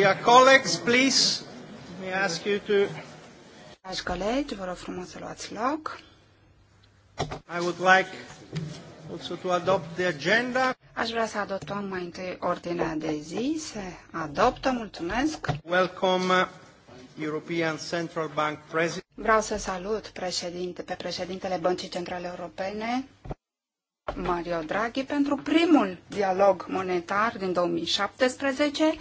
Dear colleagues, please, may ask you to... Dragi colegi, vă rog frumos să luați loc. I would like also to adopt the agenda. Aș vrea să adoptăm mai întâi ordinea de zi. Se adoptă, mulțumesc. Welcome uh, European Central Bank President. Vreau să salut președinte, pe președintele Băncii Centrale Europene, Mario Draghi pentru primul dialog monetar din 2017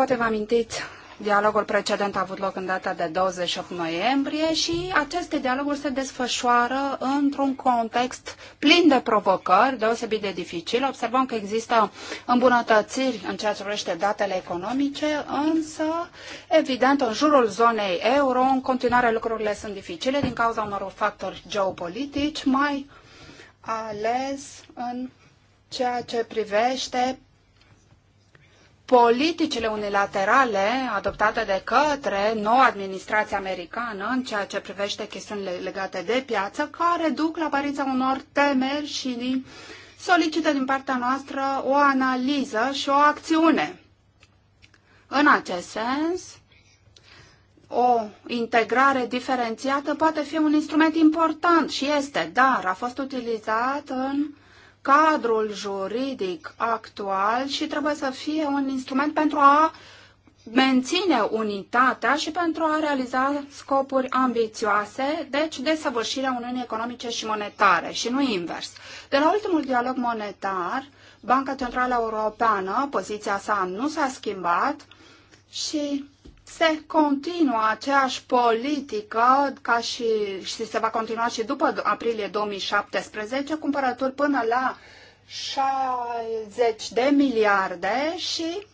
Poate vă amintiți, dialogul precedent a avut loc în data de 28 noiembrie și aceste dialoguri se desfășoară într-un context plin de provocări, deosebit de dificil. Observăm că există îmbunătățiri în ceea ce privește datele economice, însă, evident, în jurul zonei euro, în continuare lucrurile sunt dificile din cauza unor factori geopolitici, mai ales în ceea ce privește politicile unilaterale adoptate de către noua administrație americană în ceea ce privește chestiunile legate de piață, care duc la apariția unor temeri și solicită din partea noastră o analiză și o acțiune. În acest sens, o integrare diferențiată poate fi un instrument important și este, dar a fost utilizat în cadrul juridic actual și trebuie să fie un instrument pentru a menține unitatea și pentru a realiza scopuri ambițioase, deci de săvârșirea Uniunii Economice și Monetare și nu invers. De la ultimul dialog monetar, Banca Centrală Europeană, poziția sa nu s-a schimbat și se continuă aceeași politică ca și, și se va continua și după aprilie 2017, cumpărături până la 60 de miliarde și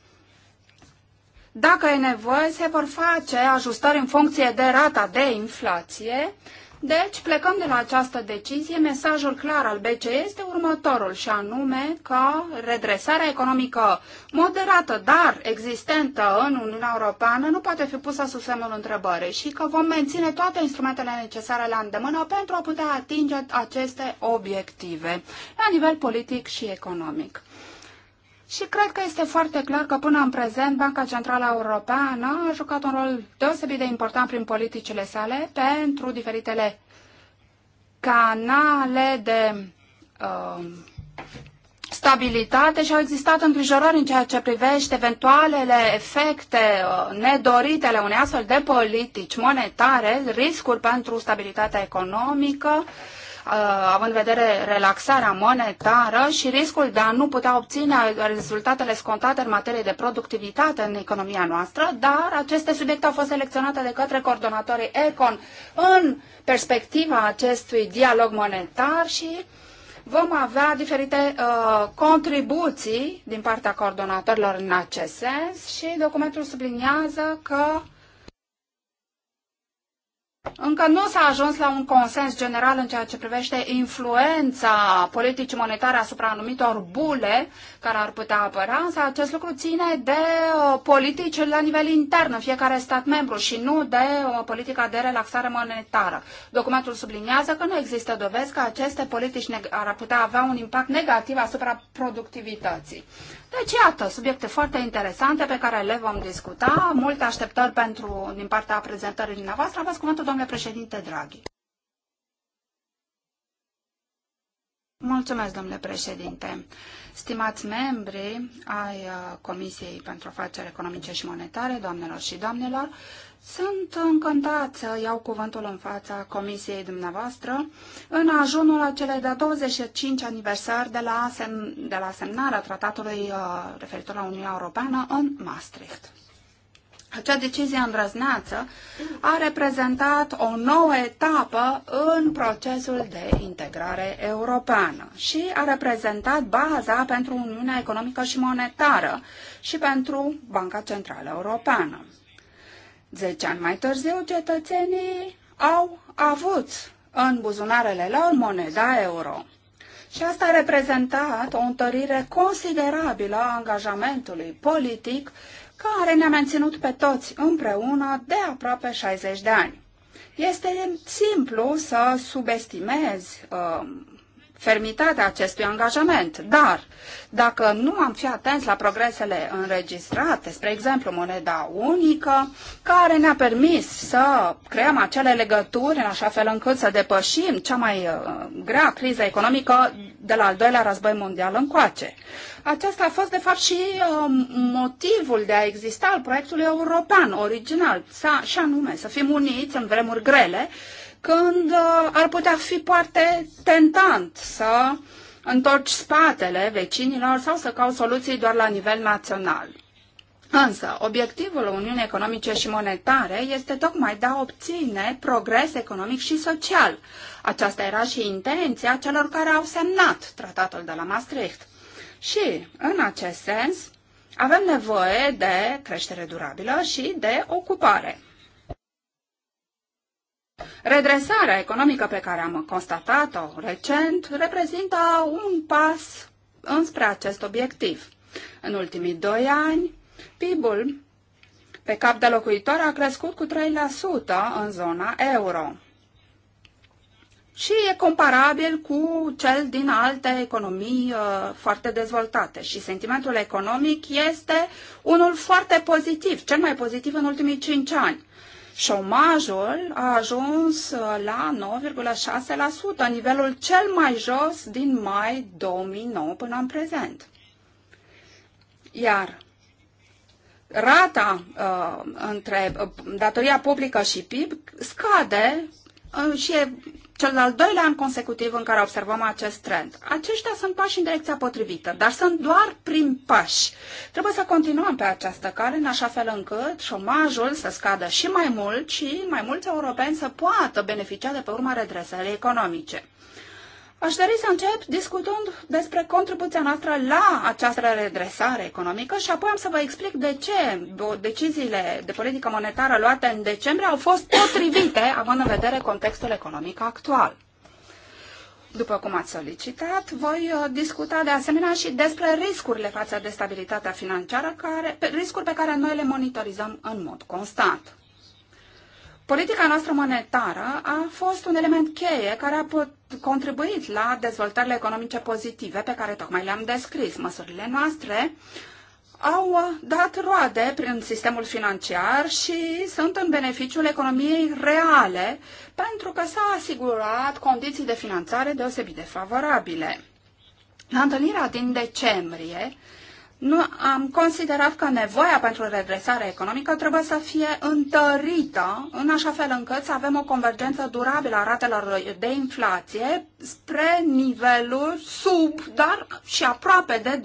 dacă e nevoie, se vor face ajustări în funcție de rata de inflație deci, plecând de la această decizie, mesajul clar al BCE este următorul, și anume că redresarea economică moderată, dar existentă în Uniunea Europeană, nu poate fi pusă sub semnul întrebării și că vom menține toate instrumentele necesare la îndemână pentru a putea atinge aceste obiective la nivel politic și economic. Și cred că este foarte clar că până în prezent Banca Centrală Europeană a jucat un rol deosebit de important prin politicile sale pentru diferitele canale de uh, stabilitate și au existat îngrijorări în ceea ce privește eventualele efecte uh, nedorite ale unei astfel de politici monetare, riscuri pentru stabilitatea economică Uh, având în vedere relaxarea monetară și riscul de a nu putea obține rezultatele scontate în materie de productivitate în economia noastră, dar aceste subiecte au fost selecționate de către coordonatorii ECON în perspectiva acestui dialog monetar și vom avea diferite uh, contribuții din partea coordonatorilor în acest sens și documentul subliniază că încă nu s-a ajuns la un consens general în ceea ce privește influența politicii monetare asupra anumitor bule care ar putea apărea, însă acest lucru ține de uh, politici la nivel intern în fiecare stat membru și nu de o uh, politică de relaxare monetară. Documentul subliniază că nu există dovezi că aceste politici ar putea avea un impact negativ asupra productivității. Deci, iată, subiecte foarte interesante pe care le vom discuta. Multe așteptări pentru, din partea prezentării dumneavoastră. Aveți cuvântul, domnule președinte Draghi. Mulțumesc, domnule președinte. Stimați membri ai uh, Comisiei pentru Afaceri Economice și Monetare, doamnelor și doamnelor, sunt încântat să iau cuvântul în fața comisiei dumneavoastră în ajunul acelei de 25 aniversări de la, sem- de la semnarea tratatului uh, referitor la Uniunea Europeană în Maastricht. Acea decizie îndrăzneață a reprezentat o nouă etapă în procesul de integrare europeană și a reprezentat baza pentru Uniunea Economică și Monetară și pentru Banca Centrală Europeană. Zece ani mai târziu, cetățenii au avut în buzunarele lor moneda euro. Și asta a reprezentat o întărire considerabilă a angajamentului politic care ne-a menținut pe toți împreună de aproape 60 de ani. Este simplu să subestimezi uh, fermitatea acestui angajament. Dar, dacă nu am fi atenți la progresele înregistrate, spre exemplu moneda unică, care ne-a permis să creăm acele legături în așa fel încât să depășim cea mai uh, grea criză economică de la al doilea război mondial încoace. Acesta a fost, de fapt, și uh, motivul de a exista al proiectului european original, și anume să fim uniți în vremuri grele, când uh, ar putea fi foarte tentant să întorci spatele vecinilor sau să cauți soluții doar la nivel național. Însă, obiectivul Uniunii Economice și Monetare este tocmai de a obține progres economic și social. Aceasta era și intenția celor care au semnat tratatul de la Maastricht. Și, în acest sens, avem nevoie de creștere durabilă și de ocupare. Redresarea economică pe care am constatat-o recent reprezintă un pas înspre acest obiectiv. În ultimii doi ani, PIB-ul pe cap de locuitor a crescut cu 3% în zona euro și e comparabil cu cel din alte economii uh, foarte dezvoltate. Și sentimentul economic este unul foarte pozitiv, cel mai pozitiv în ultimii 5 ani. Șomajul a ajuns uh, la 9,6%, nivelul cel mai jos din mai 2009 până în prezent. Iar rata uh, între uh, datoria publică și PIB scade uh, și e cel al doilea an consecutiv în care observăm acest trend. Aceștia sunt pași în direcția potrivită, dar sunt doar prim pași. Trebuie să continuăm pe această cale în așa fel încât șomajul să scadă și mai mult și mai mulți europeni să poată beneficia de pe urma redresării economice. Aș dori să încep discutând despre contribuția noastră la această redresare economică și apoi am să vă explic de ce deciziile de politică monetară luate în decembrie au fost potrivite, având în vedere contextul economic actual. După cum ați solicitat, voi uh, discuta de asemenea și despre riscurile față de stabilitatea financiară, care, riscuri pe care noi le monitorizăm în mod constant. Politica noastră monetară a fost un element cheie care a contribuit la dezvoltările economice pozitive pe care tocmai le-am descris. Măsurile noastre au dat roade prin sistemul financiar și sunt în beneficiul economiei reale pentru că s-a asigurat condiții de finanțare deosebit de favorabile. La întâlnirea din decembrie, nu am considerat că nevoia pentru redresare economică trebuie să fie întărită în așa fel încât să avem o convergență durabilă a ratelor de inflație spre nivelul sub, dar și aproape de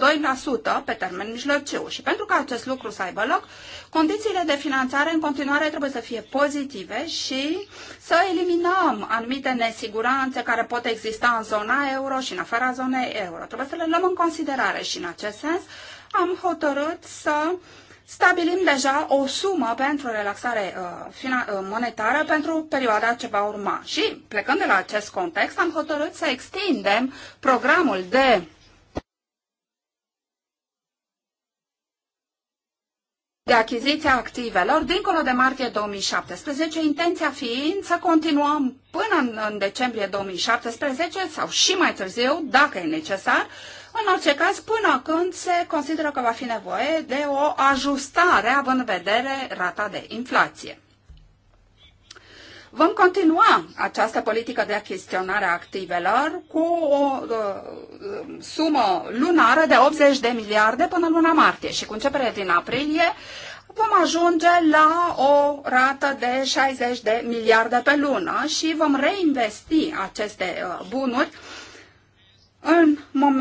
2% pe termen mijlociu. Și pentru ca acest lucru să aibă loc, Condițiile de finanțare în continuare trebuie să fie pozitive și să eliminăm anumite nesiguranțe care pot exista în zona euro și în afara zonei euro. Trebuie să le luăm în considerare și în acest sens am hotărât să stabilim deja o sumă pentru relaxare uh, uh monetară pentru perioada ce va urma. Și plecând de la acest context, am hotărât să extindem programul de de achiziția activelor, dincolo de martie 2017, intenția fiind să continuăm până în, în decembrie 2017 sau și mai târziu, dacă e necesar, în orice caz până când se consideră că va fi nevoie de o ajustare având în vedere rata de inflație. Vom continua această politică de achiziționare a activelor cu o uh, sumă lunară de 80 de miliarde până luna martie și cu începere din aprilie vom ajunge la o rată de 60 de miliarde pe lună și vom reinvesti aceste uh, bunuri în,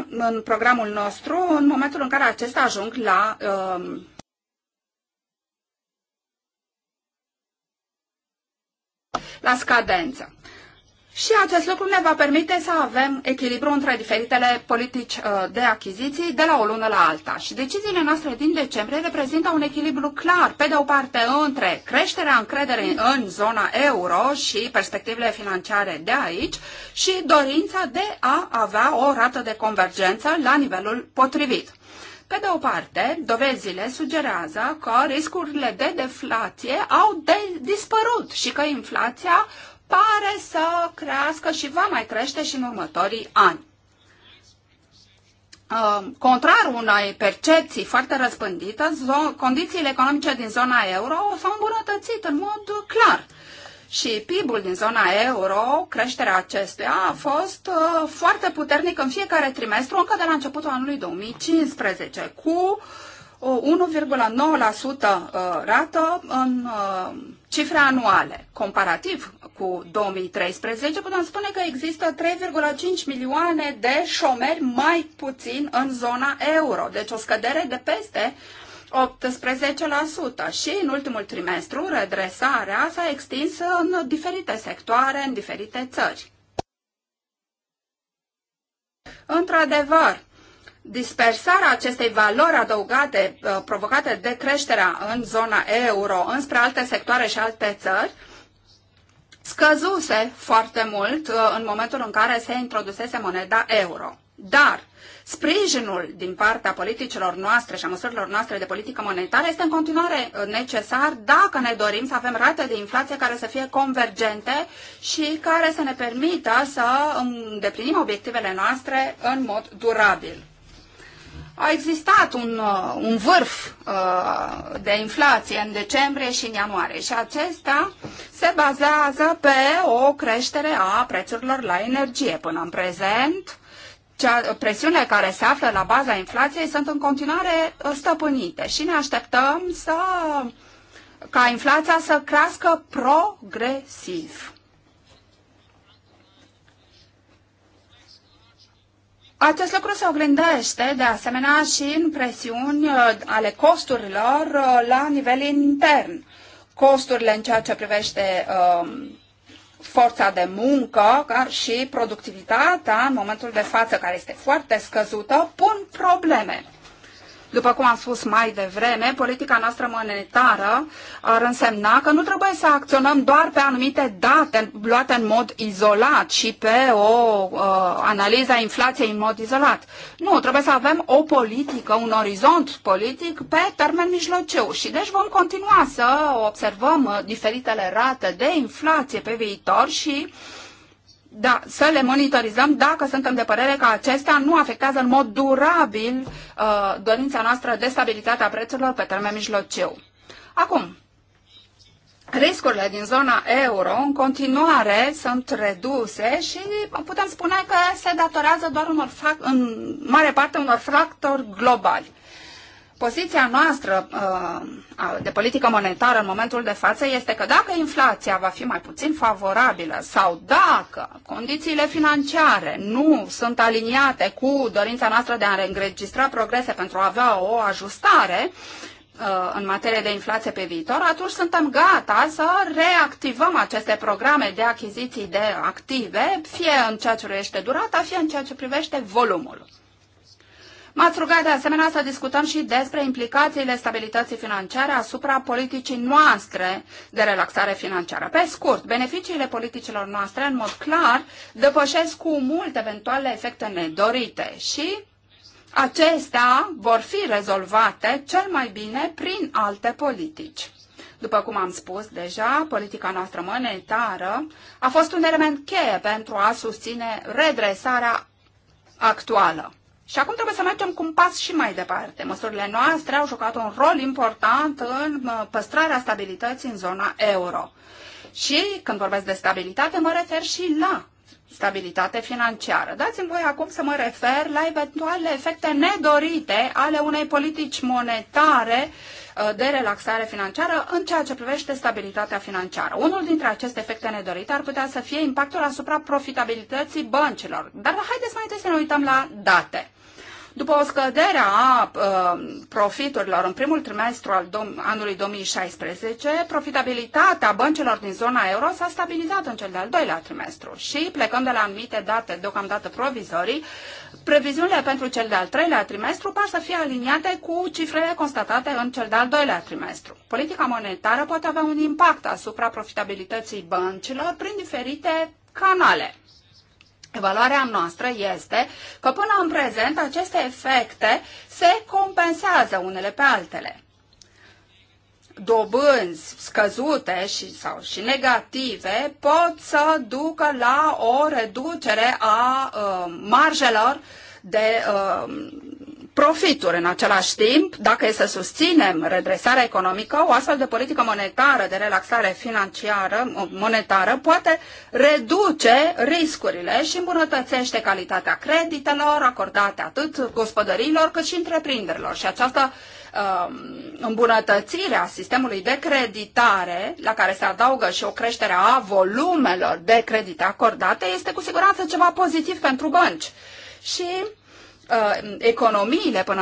în programul nostru în momentul în care acestea ajung la uh, la scadență. Și acest lucru ne va permite să avem echilibru între diferitele politici uh, de achiziții de la o lună la alta. Și deciziile noastre din decembrie reprezintă un echilibru clar, pe de o parte, între creșterea încrederii în zona euro și perspectivele financiare de aici și dorința de a avea o rată de convergență la nivelul potrivit. Pe de o parte, dovezile sugerează că riscurile de deflație au de- dispărut și că inflația pare să crească și va mai crește și în următorii ani. Uh, contrar unei percepții foarte răspândite, condițiile economice din zona euro s-au îmbunătățit în mod clar și PIB-ul din zona euro, creșterea acestuia, a fost uh, foarte puternic în fiecare trimestru, încă de la începutul anului 2015, cu 1,9% uh, uh, rată în uh, cifre anuale. Comparativ cu 2013, putem spune că există 3,5 milioane de șomeri mai puțin în zona euro, deci o scădere de peste 18% și în ultimul trimestru redresarea s-a extins în diferite sectoare, în diferite țări. Într-adevăr, dispersarea acestei valori adăugate uh, provocate de creșterea în zona euro înspre alte sectoare și alte țări scăzuse foarte mult uh, în momentul în care se introdusese moneda euro. Dar sprijinul din partea politicilor noastre și a măsurilor noastre de politică monetară este în continuare uh, necesar dacă ne dorim să avem rate de inflație care să fie convergente și care să ne permită să îndeplinim obiectivele noastre în mod durabil. A existat un, uh, un vârf uh, de inflație în decembrie și în ianuarie și acesta se bazează pe o creștere a prețurilor la energie. Până în prezent, cea, presiunile care se află la baza inflației sunt în continuare uh, stăpânite și ne așteptăm să, ca inflația să crească progresiv. Acest lucru se oglindește, de asemenea, și în presiuni uh, ale costurilor uh, la nivel intern. Costurile în ceea ce privește um, forța de muncă și productivitatea în momentul de față, care este foarte scăzută, pun probleme. După cum am spus mai devreme, politica noastră monetară ar însemna că nu trebuie să acționăm doar pe anumite date luate în mod izolat și pe o uh, analiză a inflației în mod izolat. Nu, trebuie să avem o politică, un orizont politic pe termen mijlociu și deci vom continua să observăm uh, diferitele rate de inflație pe viitor și uh, da, să le monitorizăm dacă suntem de părere că acestea nu afectează în mod durabil uh, dorința noastră de stabilitate a prețurilor pe termen mijlociu. Acum, riscurile din zona euro în continuare sunt reduse și putem spune că se datorează doar unor fac, în mare parte unor factori globali. Poziția noastră uh, de politică monetară în momentul de față este că dacă inflația va fi mai puțin favorabilă sau dacă condițiile financiare nu sunt aliniate cu dorința noastră de a înregistra progrese pentru a avea o ajustare, uh, în materie de inflație pe viitor, atunci suntem gata să reactivăm aceste programe de achiziții de active, fie în ceea ce privește durata, fie în ceea ce privește volumul. M-ați rugat de asemenea să discutăm și despre implicațiile stabilității financiare asupra politicii noastre de relaxare financiară. Pe scurt, beneficiile politicilor noastre, în mod clar, depășesc cu mult eventuale efecte nedorite și acestea vor fi rezolvate cel mai bine prin alte politici. După cum am spus deja, politica noastră monetară a fost un element cheie pentru a susține redresarea actuală. Și acum trebuie să mergem cu un pas și mai departe. Măsurile noastre au jucat un rol important în uh, păstrarea stabilității în zona euro. Și când vorbesc de stabilitate, mă refer și la stabilitate financiară. Dați-mi voi acum să mă refer la eventuale efecte nedorite ale unei politici monetare uh, de relaxare financiară în ceea ce privește stabilitatea financiară. Unul dintre aceste efecte nedorite ar putea să fie impactul asupra profitabilității băncilor. Dar haideți mai întâi să ne uităm la date. După o scădere a uh, profiturilor în primul trimestru al anului 2016, profitabilitatea băncilor din zona euro s-a stabilizat în cel de-al doilea trimestru și, plecând de la anumite date deocamdată provizorii, previziunile pentru cel de-al treilea trimestru par să fie aliniate cu cifrele constatate în cel de-al doilea trimestru. Politica monetară poate avea un impact asupra profitabilității băncilor prin diferite canale. Evaluarea noastră este că până în prezent aceste efecte se compensează unele pe altele. Dobânzi scăzute și, sau și negative pot să ducă la o reducere a uh, marjelor de uh, profituri. În același timp, dacă e să susținem redresarea economică, o astfel de politică monetară, de relaxare financiară, monetară, poate reduce riscurile și îmbunătățește calitatea creditelor acordate atât gospodăriilor cât și întreprinderilor. Și această uh, îmbunătățire a sistemului de creditare, la care se adaugă și o creștere a volumelor de credite acordate, este cu siguranță ceva pozitiv pentru bănci. Și uh, economiile până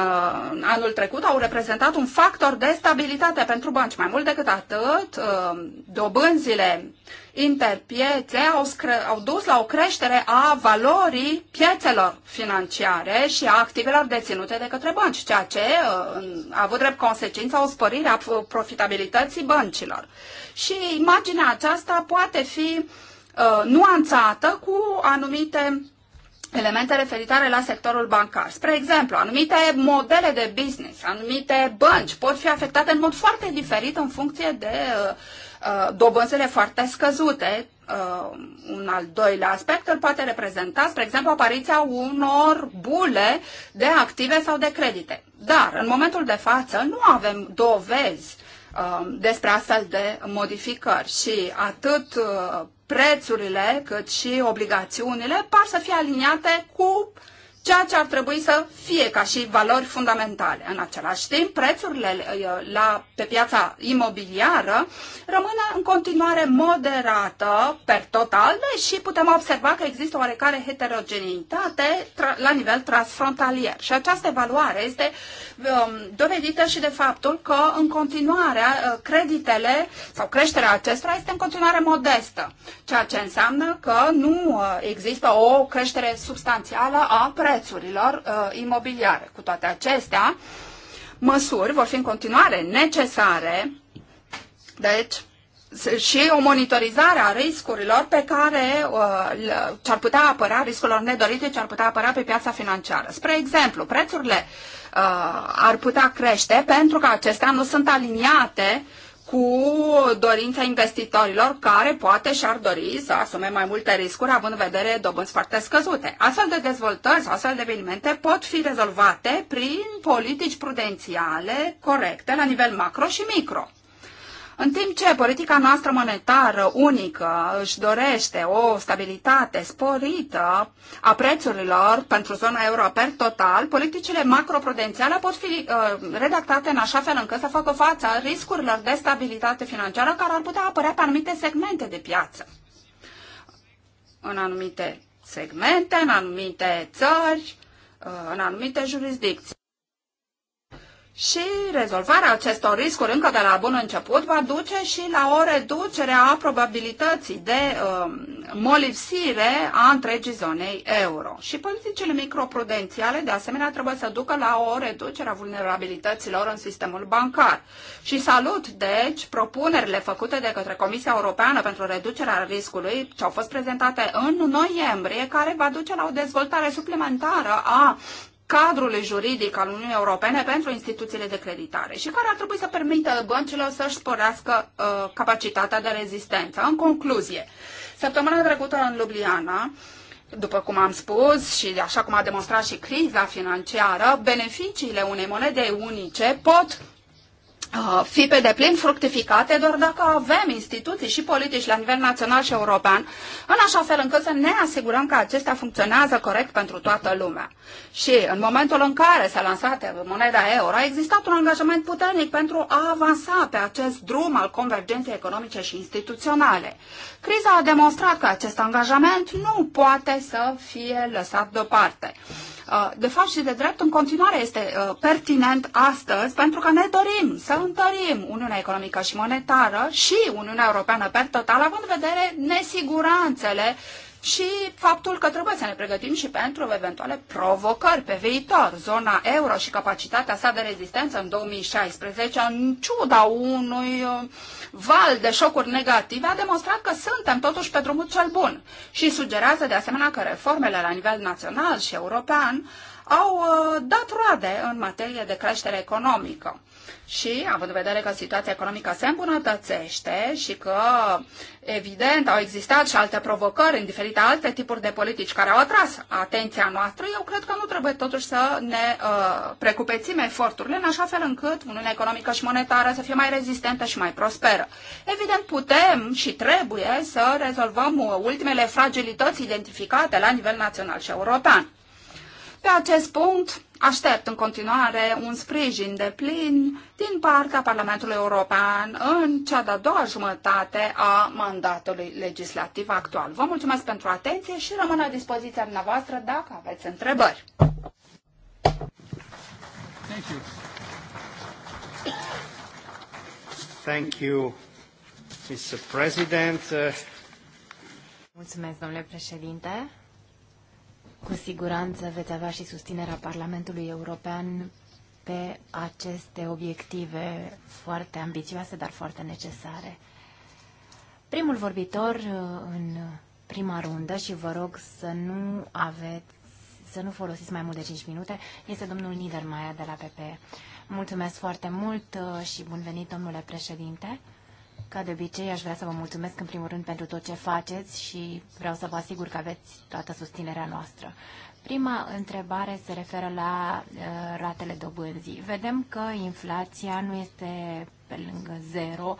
anul trecut au reprezentat un factor de stabilitate pentru bănci. Mai mult decât atât, uh, dobânzile interpiețe au, au dus la o creștere a valorii piețelor financiare și a activelor deținute de către bănci, ceea ce uh, a avut drept consecință o spărire a profitabilității băncilor. Și imaginea aceasta poate fi uh, nuanțată cu anumite elemente referitoare la sectorul bancar. Spre exemplu, anumite modele de business, anumite bănci pot fi afectate în mod foarte diferit în funcție de uh, uh dobânzele foarte scăzute. Uh, un al doilea aspect îl poate reprezenta, spre exemplu, apariția unor bule de active sau de credite. Dar, în momentul de față, nu avem dovezi uh, despre astfel de modificări și atât uh, prețurile cât și obligațiunile par să fie aliniate cu ceea ce ar trebui să fie ca și valori fundamentale. În același timp, prețurile uh, la, pe piața imobiliară rămână în continuare moderată per total și putem observa că există oarecare heterogeneitate la nivel transfrontalier. Și această evaluare este um, dovedită și de faptul că în continuare uh, creditele sau creșterea acestora este în continuare modestă, ceea ce înseamnă că nu uh, există o creștere substanțială a prețurilor prețurilor uh, imobiliare. Cu toate acestea, măsuri vor fi în continuare necesare, deci și o monitorizare a riscurilor pe care uh, ce-ar putea apăra riscurilor nedorite ce-ar putea apăra pe piața financiară. Spre exemplu, prețurile uh, ar putea crește pentru că acestea nu sunt aliniate uh, cu dorința investitorilor care poate și-ar dori să asume mai multe riscuri având în vedere dobânzi foarte scăzute. Astfel de dezvoltări sau astfel de evenimente pot fi rezolvate prin politici prudențiale corecte la nivel macro și micro. În timp ce politica noastră monetară unică își dorește o stabilitate sporită a prețurilor pentru zona euro per total, politicile macroprudențiale pot fi uh, redactate în așa fel încât să facă față riscurilor de stabilitate financiară care ar putea apărea pe anumite segmente de piață. În anumite segmente, în anumite țări, uh, în anumite jurisdicții. Și rezolvarea acestor riscuri încă de la bun început va duce și la o reducere a probabilității de uh, molipsire a întregii zonei euro. Și politicile microprudențiale, de asemenea, trebuie să ducă la o reducere a vulnerabilităților în sistemul bancar. Și salut, deci, propunerile făcute de către Comisia Europeană pentru reducerea riscului, ce au fost prezentate în noiembrie, care va duce la o dezvoltare suplimentară a cadrului juridic al Uniunii Europene pentru instituțiile de creditare și care ar trebui să permită băncilor să-și sporească uh, capacitatea de rezistență. În concluzie, săptămâna trecută în Ljubljana, după cum am spus și așa cum a demonstrat și criza financiară, beneficiile unei monede unice pot Ah, fi pe deplin fructificate doar dacă avem instituții și politici la nivel național și european, în așa fel încât să ne asigurăm că acestea funcționează corect pentru toată lumea. Și în momentul în care s-a lansat moneda euro, a existat un angajament puternic pentru a avansa pe acest drum al convergenței economice și instituționale. Criza a demonstrat că acest angajament nu poate să fie lăsat deoparte. Uh, de fapt și de drept, în continuare este uh, pertinent astăzi pentru că ne dorim să întărim Uniunea Economică și Monetară și Uniunea Europeană pe total, având în vedere nesiguranțele și faptul că trebuie să ne pregătim și pentru eventuale provocări pe viitor. Zona euro și capacitatea sa de rezistență în 2016, în ciuda unui uh, val de șocuri negative, a demonstrat că suntem totuși pe drumul cel bun și sugerează de asemenea că reformele la nivel național și european au uh, dat roade în materie de creștere economică. Și, având în vedere că situația economică se îmbunătățește și că, evident, au existat și alte provocări în diferite alte tipuri de politici care au atras atenția noastră, eu cred că nu trebuie totuși să ne uh, precupețim eforturile în așa fel încât Uniunea Economică și Monetară să fie mai rezistentă și mai prosperă. Evident, putem și trebuie să rezolvăm uh, ultimele fragilități identificate la nivel național și european. Pe acest punct, aștept în continuare un sprijin de plin din partea Parlamentului European în cea de-a doua jumătate a mandatului legislativ actual. Vă mulțumesc pentru atenție și rămân la dispoziția dumneavoastră dacă aveți întrebări. Thank you. Thank you, Mr. President. Mulțumesc, domnule președinte. Cu siguranță veți avea și susținerea Parlamentului European pe aceste obiective foarte ambițioase, dar foarte necesare. Primul vorbitor uh, în prima rundă și vă rog să nu aveți să nu folosiți mai mult de 5 minute, este domnul Niedermayer de la PP. Mulțumesc foarte mult uh, și bun venit, domnule președinte. Ca de obicei, aș vrea să vă mulțumesc în primul rând pentru tot ce faceți și vreau să vă asigur că aveți toată susținerea noastră. Prima întrebare se referă la uh, ratele dobânzii. Vedem că inflația nu este pe lângă zero,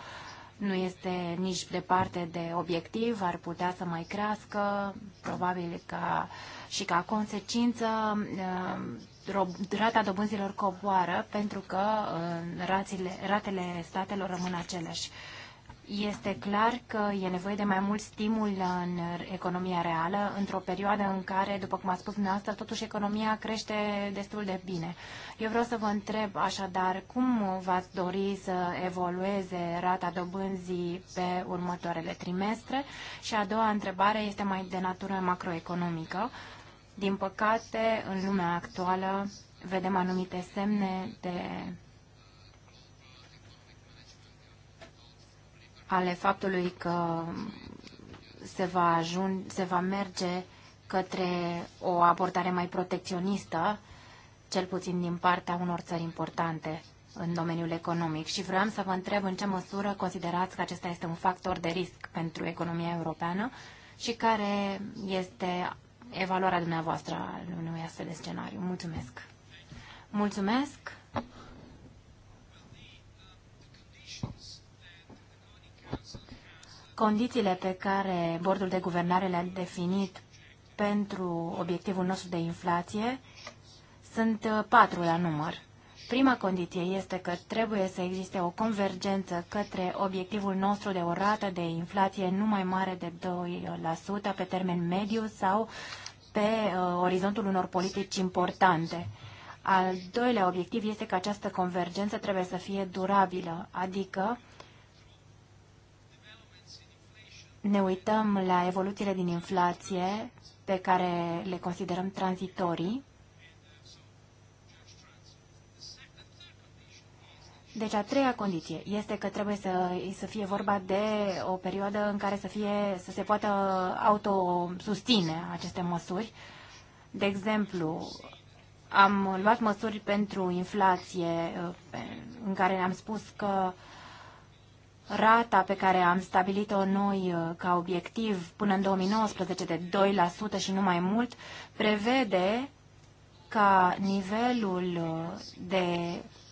nu este nici departe de obiectiv, ar putea să mai crească, probabil ca și ca consecință uh, rata dobânzilor coboară pentru că uh, ratele, ratele statelor rămân aceleași. Uh, este clar că e nevoie de mai mult stimul în economia reală, într-o perioadă în care, după cum a spus dumneavoastră, totuși economia crește destul de bine. Eu vreau să vă întreb așadar, cum v-ați dori să evolueze rata dobânzii pe următoarele trimestre? Și a doua întrebare este mai de natură macroeconomică. Din păcate, în lumea actuală vedem anumite semne de ale faptului că se va, ajun, se va merge către o abordare mai protecționistă, cel puțin din partea unor țări importante în domeniul economic. Și vreau să vă întreb în ce măsură considerați că acesta este un factor de risc pentru economia europeană și care este evaluarea dumneavoastră al unui astfel de scenariu. Mulțumesc! Mulțumesc! Condițiile pe care bordul de guvernare le-a definit pentru obiectivul nostru de inflație sunt uh, patru la număr. Prima condiție este că trebuie să existe o convergență către obiectivul nostru de o rată de inflație nu mai mare de 2% pe termen mediu sau pe uh, orizontul unor politici importante. Al doilea obiectiv este că această convergență trebuie să fie durabilă, adică ne uităm la evoluțiile din inflație pe care le considerăm tranzitorii, Deci a treia condiție este că trebuie să, să fie vorba de o perioadă în care să, fie, să se poată autosustine aceste măsuri. De exemplu, am luat măsuri pentru inflație eh, în care ne-am spus că rata pe care am stabilit-o noi uh, ca obiectiv până în 2019 de 2% și nu mai mult, prevede ca nivelul uh, de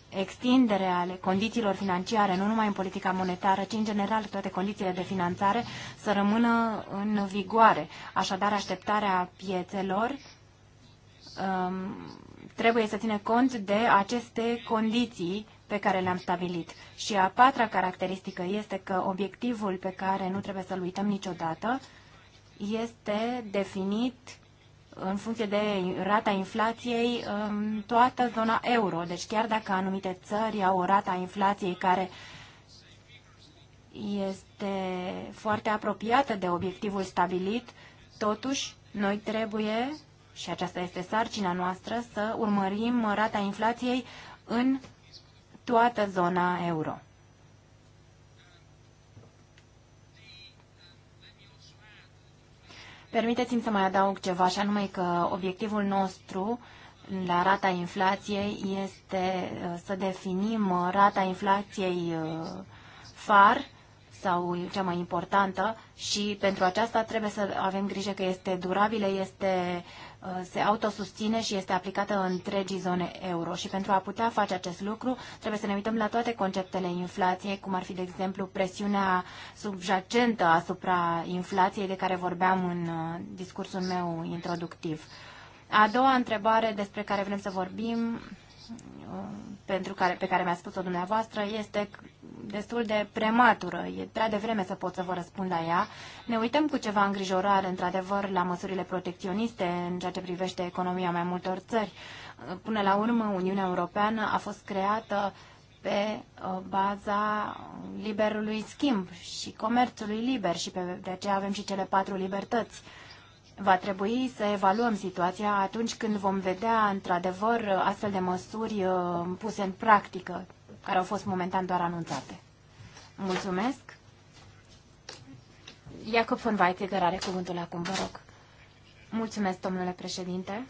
extindere ale condițiilor financiare, nu numai în politica monetară, ci în general toate condițiile de finanțare, să rămână în vigoare. Așadar, așteptarea piețelor um, trebuie să ține cont de aceste condiții pe care le-am stabilit. Și a patra caracteristică este că obiectivul pe care nu trebuie să-l uităm niciodată este definit în funcție de rata inflației în toată zona euro. Deci chiar dacă anumite țări au o rata inflației care este foarte apropiată de obiectivul stabilit, totuși noi trebuie, și aceasta este sarcina noastră, să urmărim rata inflației în toată zona euro. Permiteți-mi să mai adaug ceva, și anume că obiectivul nostru la rata inflației este uh, să definim uh, rata inflației uh, far sau cea mai importantă și pentru aceasta trebuie să avem grijă că este durabilă, este uh, Uh, se autosustine și este aplicată în întregii zone euro. Și pentru a putea face acest lucru, trebuie să ne uităm la toate conceptele inflației, cum ar fi, de exemplu, presiunea subjacentă asupra inflației de care vorbeam în uh, discursul meu introductiv. A doua întrebare despre care vrem să vorbim pentru care, pe care mi-a spus-o dumneavoastră este destul de prematură. E prea devreme să pot să vă răspund la ea. Ne uităm cu ceva îngrijorare, într-adevăr, la măsurile protecționiste în ceea ce privește economia mai multor țări. Până la urmă, Uniunea Europeană a fost creată pe uh, baza liberului schimb și comerțului liber și pe, de aceea avem și cele patru libertăți – Va trebui să evaluăm situația atunci când vom vedea, într-adevăr, astfel de măsuri uh, puse în practică, care au fost momentan doar anunțate. Mulțumesc. Iacob von Weizsäcker are cuvântul acum, vă rog. Mulțumesc, domnule președinte.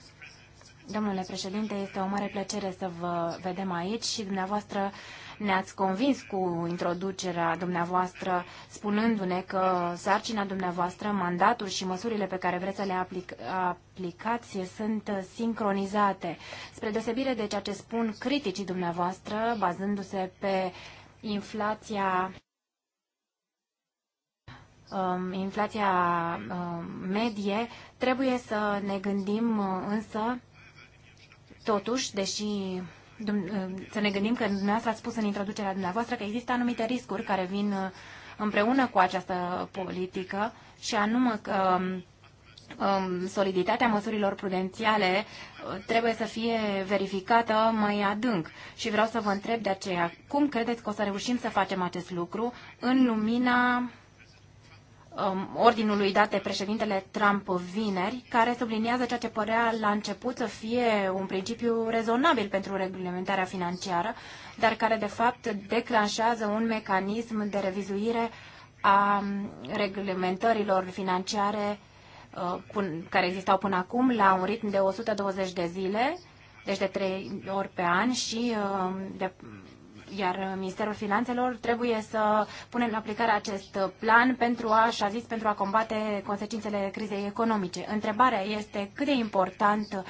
Domnule președinte, este o mare plăcere să vă vedem aici și dumneavoastră ne-ați convins cu introducerea dumneavoastră, spunându-ne că sarcina dumneavoastră, mandatul și măsurile pe care vreți să le aplic aplicați sunt sincronizate. Spre deosebire de ceea ce spun criticii dumneavoastră, bazându-se pe inflația um, inflația um, medie, trebuie să ne gândim însă, totuși, deși Uh, să ne gândim că dumneavoastră ați spus în introducerea dumneavoastră că există anumite riscuri care vin uh, împreună cu această politică și anume că um, soliditatea măsurilor prudențiale uh, trebuie să fie verificată mai adânc. Și vreau să vă întreb de aceea, cum credeți că o să reușim să facem acest lucru în lumina um, ordinului dat de președintele Trump vineri, care subliniază ceea ce părea la început să fie un principiu rezonabil pentru reglementarea financiară, dar care de fapt declanșează un mecanism de revizuire a um, reglementărilor financiare uh, care existau până acum la un ritm de 120 de zile, deci de trei ori pe an și uh, de iar Ministerul Finanțelor trebuie să pune în aplicare acest plan pentru a, așa zis, pentru a combate consecințele crizei economice. Întrebarea este cât de important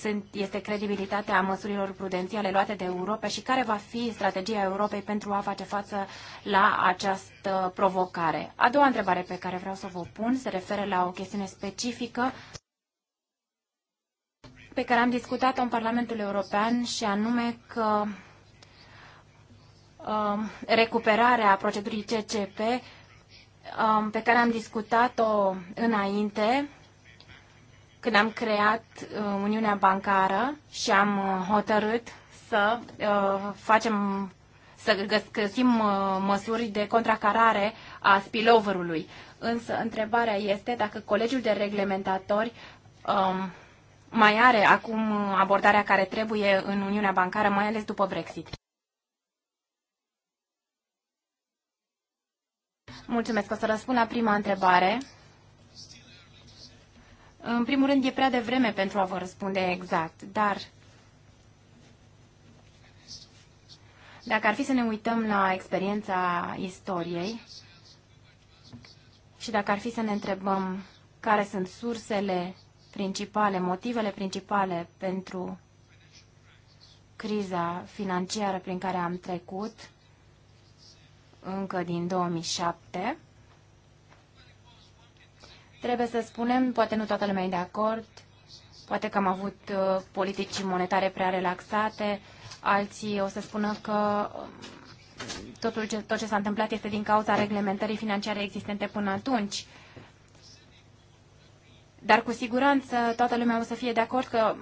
sunt, este credibilitatea măsurilor prudențiale luate de Europa și care va fi strategia Europei pentru a face față la această provocare. A doua întrebare pe care vreau să vă pun se referă la o chestiune specifică pe care am discutat-o în Parlamentul European și anume că Um, recuperarea procedurii CCP um, pe care am discutat-o înainte când am creat uh, Uniunea Bancară și am uh, hotărât să uh, facem să găsim măsuri de contracarare a spillover-ului. Însă întrebarea este dacă colegiul de reglementatori um, mai are acum abordarea care trebuie în Uniunea Bancară, mai ales după Brexit. Mulțumesc. O să răspund la prima întrebare. În primul rând, e prea devreme pentru a vă răspunde exact, dar dacă ar fi să ne uităm la experiența istoriei și dacă ar fi să ne întrebăm care sunt sursele principale, motivele principale pentru criza financiară prin care am trecut, încă din 2007. Trebuie să spunem, poate nu toată lumea e de acord, poate că am avut uh, politici monetare prea relaxate, alții o să spună că um, totul ce, tot ce s-a întâmplat este din cauza reglementării financiare existente până atunci. Dar cu siguranță toată lumea o să fie de acord că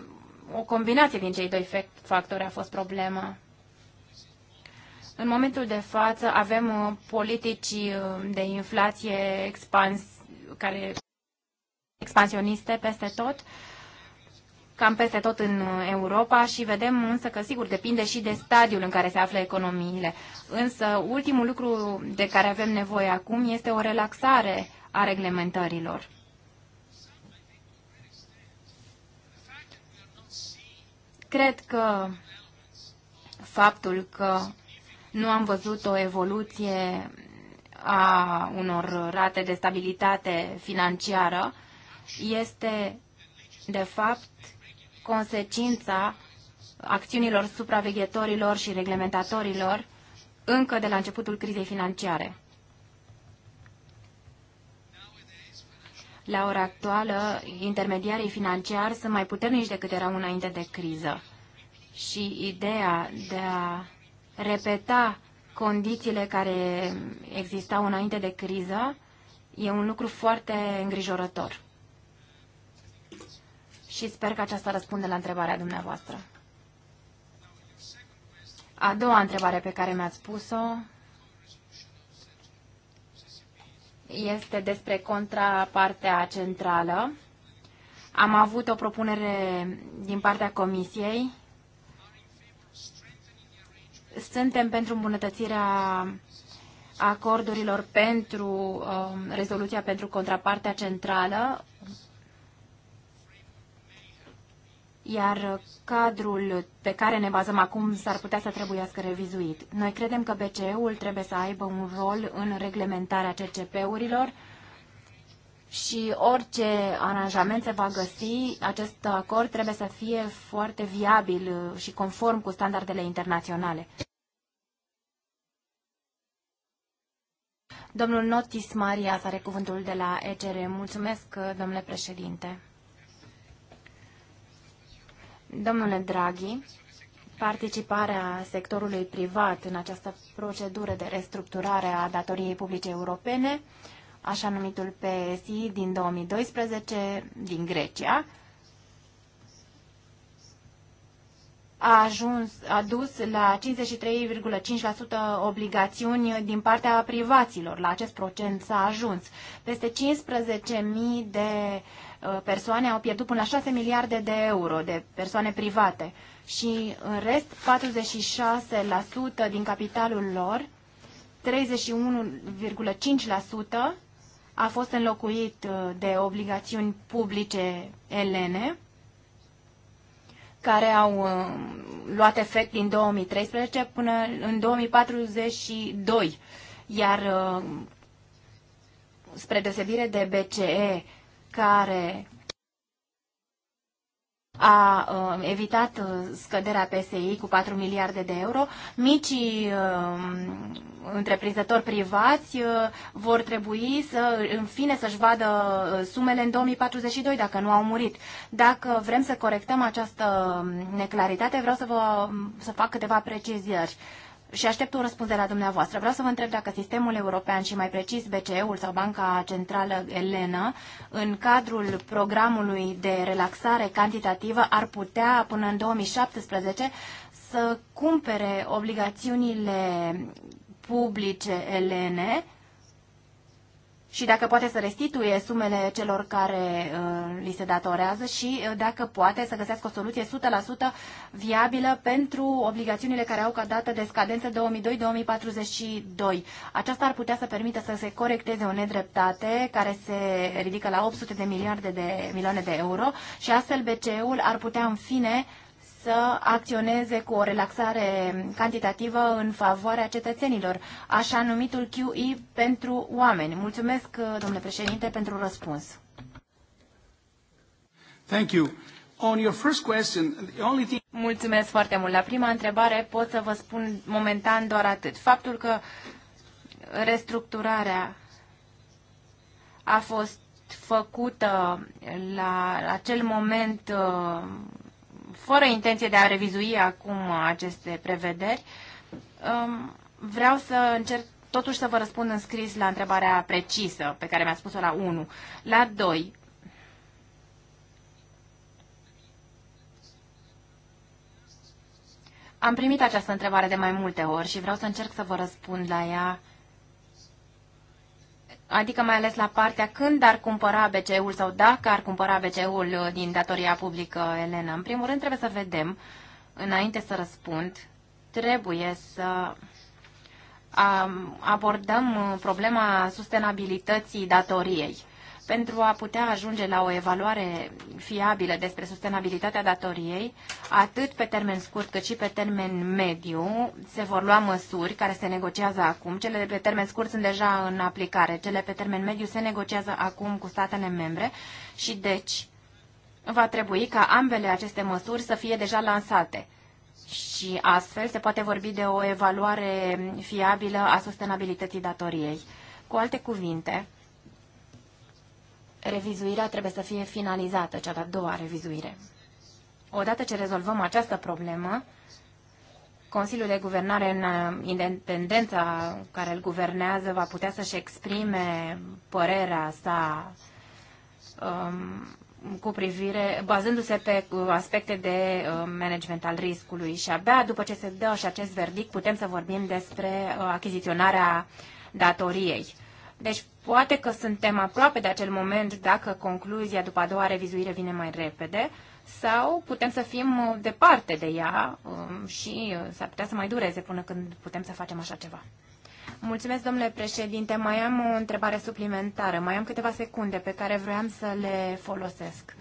o combinație din cei doi factori a fost problema. În momentul de față avem uh, politici uh, de inflație expans, care expansioniste peste tot, cam peste tot în uh, Europa și vedem însă că sigur depinde și de stadiul în care se află economiile. Însă ultimul lucru de care avem nevoie acum este o relaxare a reglementărilor. Cred că faptul că nu am văzut o evoluție a unor rate de stabilitate financiară. Este, de fapt, consecința acțiunilor supraveghetorilor și reglementatorilor încă de la începutul crizei financiare. La ora actuală, intermediarii financiari sunt mai puternici decât erau înainte de criză. Și ideea de a repeta condițiile care existau înainte de criză e un lucru foarte îngrijorător. Și sper că aceasta răspunde la întrebarea dumneavoastră. A doua întrebare pe care mi-ați pus-o este despre contrapartea centrală. Am avut o propunere din partea Comisiei suntem pentru îmbunătățirea acordurilor pentru uh, rezoluția pentru contrapartea centrală, iar cadrul pe care ne bazăm acum s-ar putea să trebuiască revizuit. Noi credem că BCE-ul trebuie să aibă un rol în reglementarea CCP-urilor și orice aranjament se va găsi, acest acord trebuie să fie foarte viabil și conform cu standardele internaționale. Domnul Notis Maria are cuvântul de la ECR. Mulțumesc, domnule președinte. Domnule Draghi, participarea sectorului privat în această procedură de restructurare a datoriei publice europene, așa numitul PSI din 2012 din Grecia, a ajuns, a dus la 53,5% obligațiuni din partea privaților. La acest procent s-a ajuns. Peste 15.000 de uh, persoane au pierdut până la 6 miliarde de euro de persoane private și în rest 46% din capitalul lor, 31,5% a fost înlocuit uh, de obligațiuni publice elene, care au uh, luat efect din 2013 până în 2042, iar uh, spre deosebire de BCE, care a evitat uh, scăderea PSI cu 4 miliarde de euro, micii um, întreprinzători privați uh, vor trebui să, în fine, să-și vadă uh, sumele în 2042, dacă nu au murit. Dacă vrem să corectăm această um, neclaritate, vreau să vă um, să fac câteva precizări și aștept un răspuns de la dumneavoastră. Vreau să vă întreb dacă sistemul european și mai precis BCE-ul sau Banca Centrală Elena, în cadrul programului de relaxare cantitativă, ar putea până în 2017 să cumpere obligațiunile publice elene și dacă poate să restituie sumele celor care uh, li se datorează și uh, dacă poate să găsească o soluție 100% viabilă pentru obligațiunile care au ca dată de scadență 2002-2042. Aceasta ar putea să permită să se corecteze o nedreptate care se ridică la 800 de miliarde de milioane de euro și astfel BCE-ul ar putea în fine uh, să acționeze cu o relaxare cantitativă în favoarea cetățenilor, așa numitul QE pentru oameni. Mulțumesc, domnule președinte, pentru răspuns. Thank you. On your first question, the only thing... Mulțumesc foarte mult. La prima întrebare pot să vă spun momentan doar atât. Faptul că restructurarea a fost făcută la acel moment uh, fără intenție de a revizui acum aceste prevederi, um, vreau să încerc totuși să vă răspund în scris la întrebarea precisă pe care mi-a spus-o la 1. La 2, Am primit această întrebare de mai multe ori și vreau să încerc să vă răspund la ea adică mai ales la partea când ar cumpăra BCE-ul sau dacă ar cumpăra BCE-ul uh, din datoria publică, Elena. În primul rând trebuie să vedem, înainte să răspund, trebuie să abordăm uh, problema sustenabilității datoriei pentru a putea ajunge la o evaluare fiabilă despre sustenabilitatea datoriei, atât pe termen scurt cât și pe termen mediu, se vor lua măsuri care se negociază acum. Cele pe termen scurt sunt deja în aplicare, cele pe termen mediu se negociază acum cu statele membre și deci va trebui ca ambele aceste măsuri să fie deja lansate. Și astfel se poate vorbi de o evaluare fiabilă a sustenabilității datoriei. Cu alte cuvinte, revizuirea trebuie să fie finalizată, cea de-a doua revizuire. Odată ce rezolvăm această problemă, Consiliul de Guvernare în uh, independența care îl guvernează va putea să-și exprime părerea sa um, cu privire, bazându-se pe uh, aspecte de uh, management al riscului și abia după ce se dă și acest verdict putem să vorbim despre achiziționarea datoriei. Deci poate că suntem aproape de acel moment dacă concluzia după a doua revizuire vine mai repede sau putem să fim uh, departe de ea um, și uh, s-ar putea să mai dureze până când putem să facem așa ceva. Mulțumesc, domnule președinte. Mai am o întrebare suplimentară. Mai am câteva secunde pe care vroiam să le folosesc.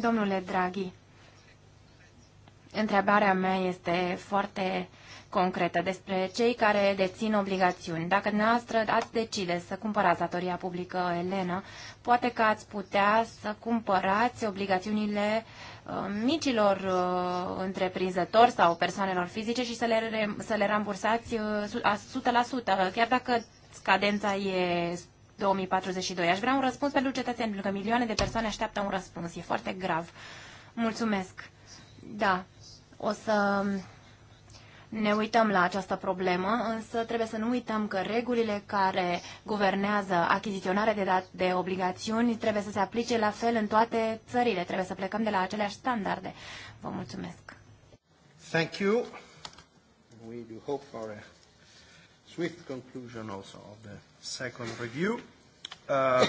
Domnule Draghi, întrebarea mea este foarte concretă despre cei care dețin obligațiuni. Dacă dumneavoastră ați decide să cumpărați datoria publică Elena, poate că ați putea să cumpărați obligațiunile uh, micilor uh, întreprinzători sau persoanelor fizice și să le, re, să le rambursați uh, 100%, chiar dacă scadența e 2042. Aș vrea un răspuns pentru cetățeni, pentru că milioane de persoane așteaptă un răspuns. E foarte grav. Mulțumesc. Da, o să ne uităm la această problemă, însă trebuie să nu uităm că regulile care guvernează achiziționarea de, dat, de obligațiuni trebuie să se aplice la fel în toate țările. Trebuie să plecăm de la aceleași standarde. Vă mulțumesc. Thank you. We do hope for a swift conclusion also of the second review. Uh,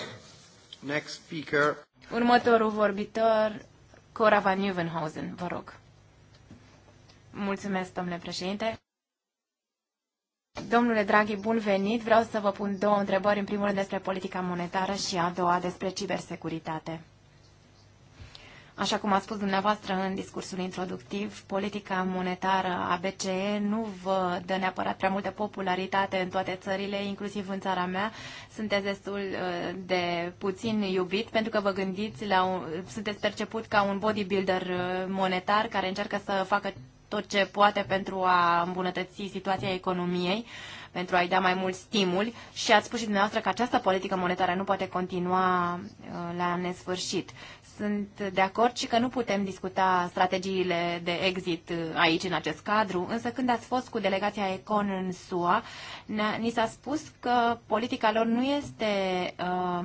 next speaker. Următorul vorbitor, Cora van Nieuwenhausen, vă rog. Mulțumesc, domnule președinte. Domnule Draghi, bun venit. Vreau să vă pun două întrebări, în primul rând despre politica monetară și a doua despre cibersecuritate. Așa cum a spus dumneavoastră în discursul introductiv, politica monetară a BCE nu vă dă neapărat prea multă popularitate în toate țările, inclusiv în țara mea. Sunteți destul uh, de puțin iubit pentru că vă gândiți la un, sunteți perceput ca un bodybuilder uh, monetar care încearcă să facă tot ce poate pentru a îmbunătăți situația economiei, pentru a-i da mai mult stimul și ați spus și dumneavoastră că această politică monetară nu poate continua uh, la nesfârșit. Sunt de acord și că nu putem discuta strategiile de exit uh, aici, în acest cadru, însă când ați fost cu delegația Econ în SUA, ni s-a spus că politica lor nu este uh,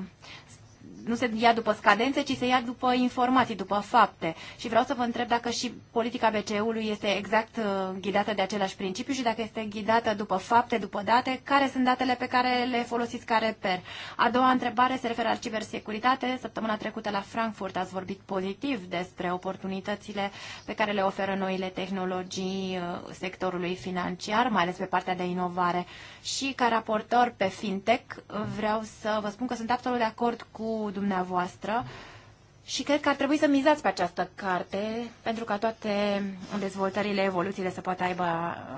nu se ia după scadențe, ci se ia după informații, după fapte. Și vreau să vă întreb dacă și politica BCE-ului este exact uh, ghidată de același principiu și dacă este ghidată după fapte, după date, care sunt datele pe care le folosiți ca reper. A doua întrebare se referă la cibersecuritate. Săptămâna trecută la Frankfurt ați vorbit pozitiv despre oportunitățile pe care le oferă noile tehnologii uh, sectorului financiar, mai ales pe partea de inovare. Și ca raportor pe fintech vreau să vă spun că sunt absolut de acord cu dumneavoastră și cred că ar trebui să mizați pe această carte pentru ca toate dezvoltările, evoluțiile să poată aibă,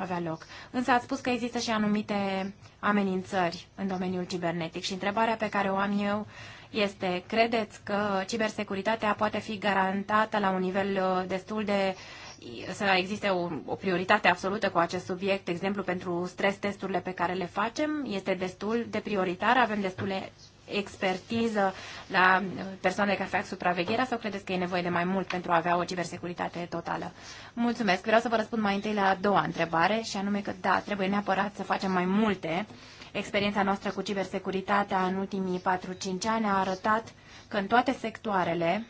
avea loc. Însă ați spus că există și anumite amenințări în domeniul cibernetic și întrebarea pe care o am eu este, credeți că cibersecuritatea poate fi garantată la un nivel uh, destul de să existe o, o prioritate absolută cu acest subiect, de exemplu pentru stres testurile pe care le facem, este destul de prioritar, avem destule expertiză la persoanele care fac supravegherea sau credeți că e nevoie de mai mult pentru a avea o cibersecuritate totală? Mulțumesc. Vreau să vă răspund mai întâi la a doua întrebare și anume că da, trebuie neapărat să facem mai multe. Experiența noastră cu cibersecuritatea în ultimii 4-5 ani a arătat că în toate sectoarele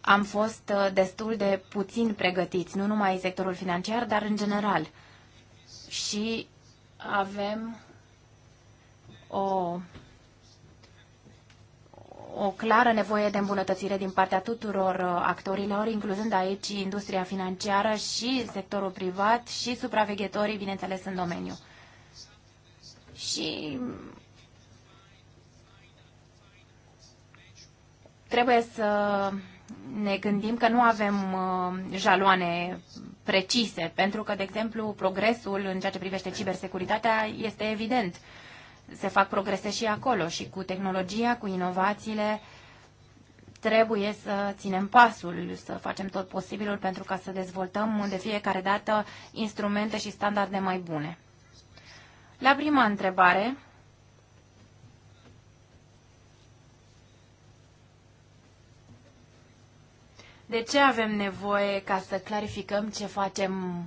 am fost uh, destul de puțin pregătiți, nu numai sectorul financiar, dar în general. Și avem o o clară nevoie de îmbunătățire din partea tuturor uh, actorilor, incluzând aici industria financiară și sectorul privat și supraveghetorii, bineînțeles, în domeniu. Și trebuie să ne gândim că nu avem uh, jaloane precise, pentru că, de exemplu, progresul în ceea ce privește cibersecuritatea este evident se fac progrese și acolo și cu tehnologia, cu inovațiile, trebuie să ținem pasul, să facem tot posibilul pentru ca să dezvoltăm de fiecare dată instrumente și standarde mai bune. La prima întrebare, de ce avem nevoie ca să clarificăm ce facem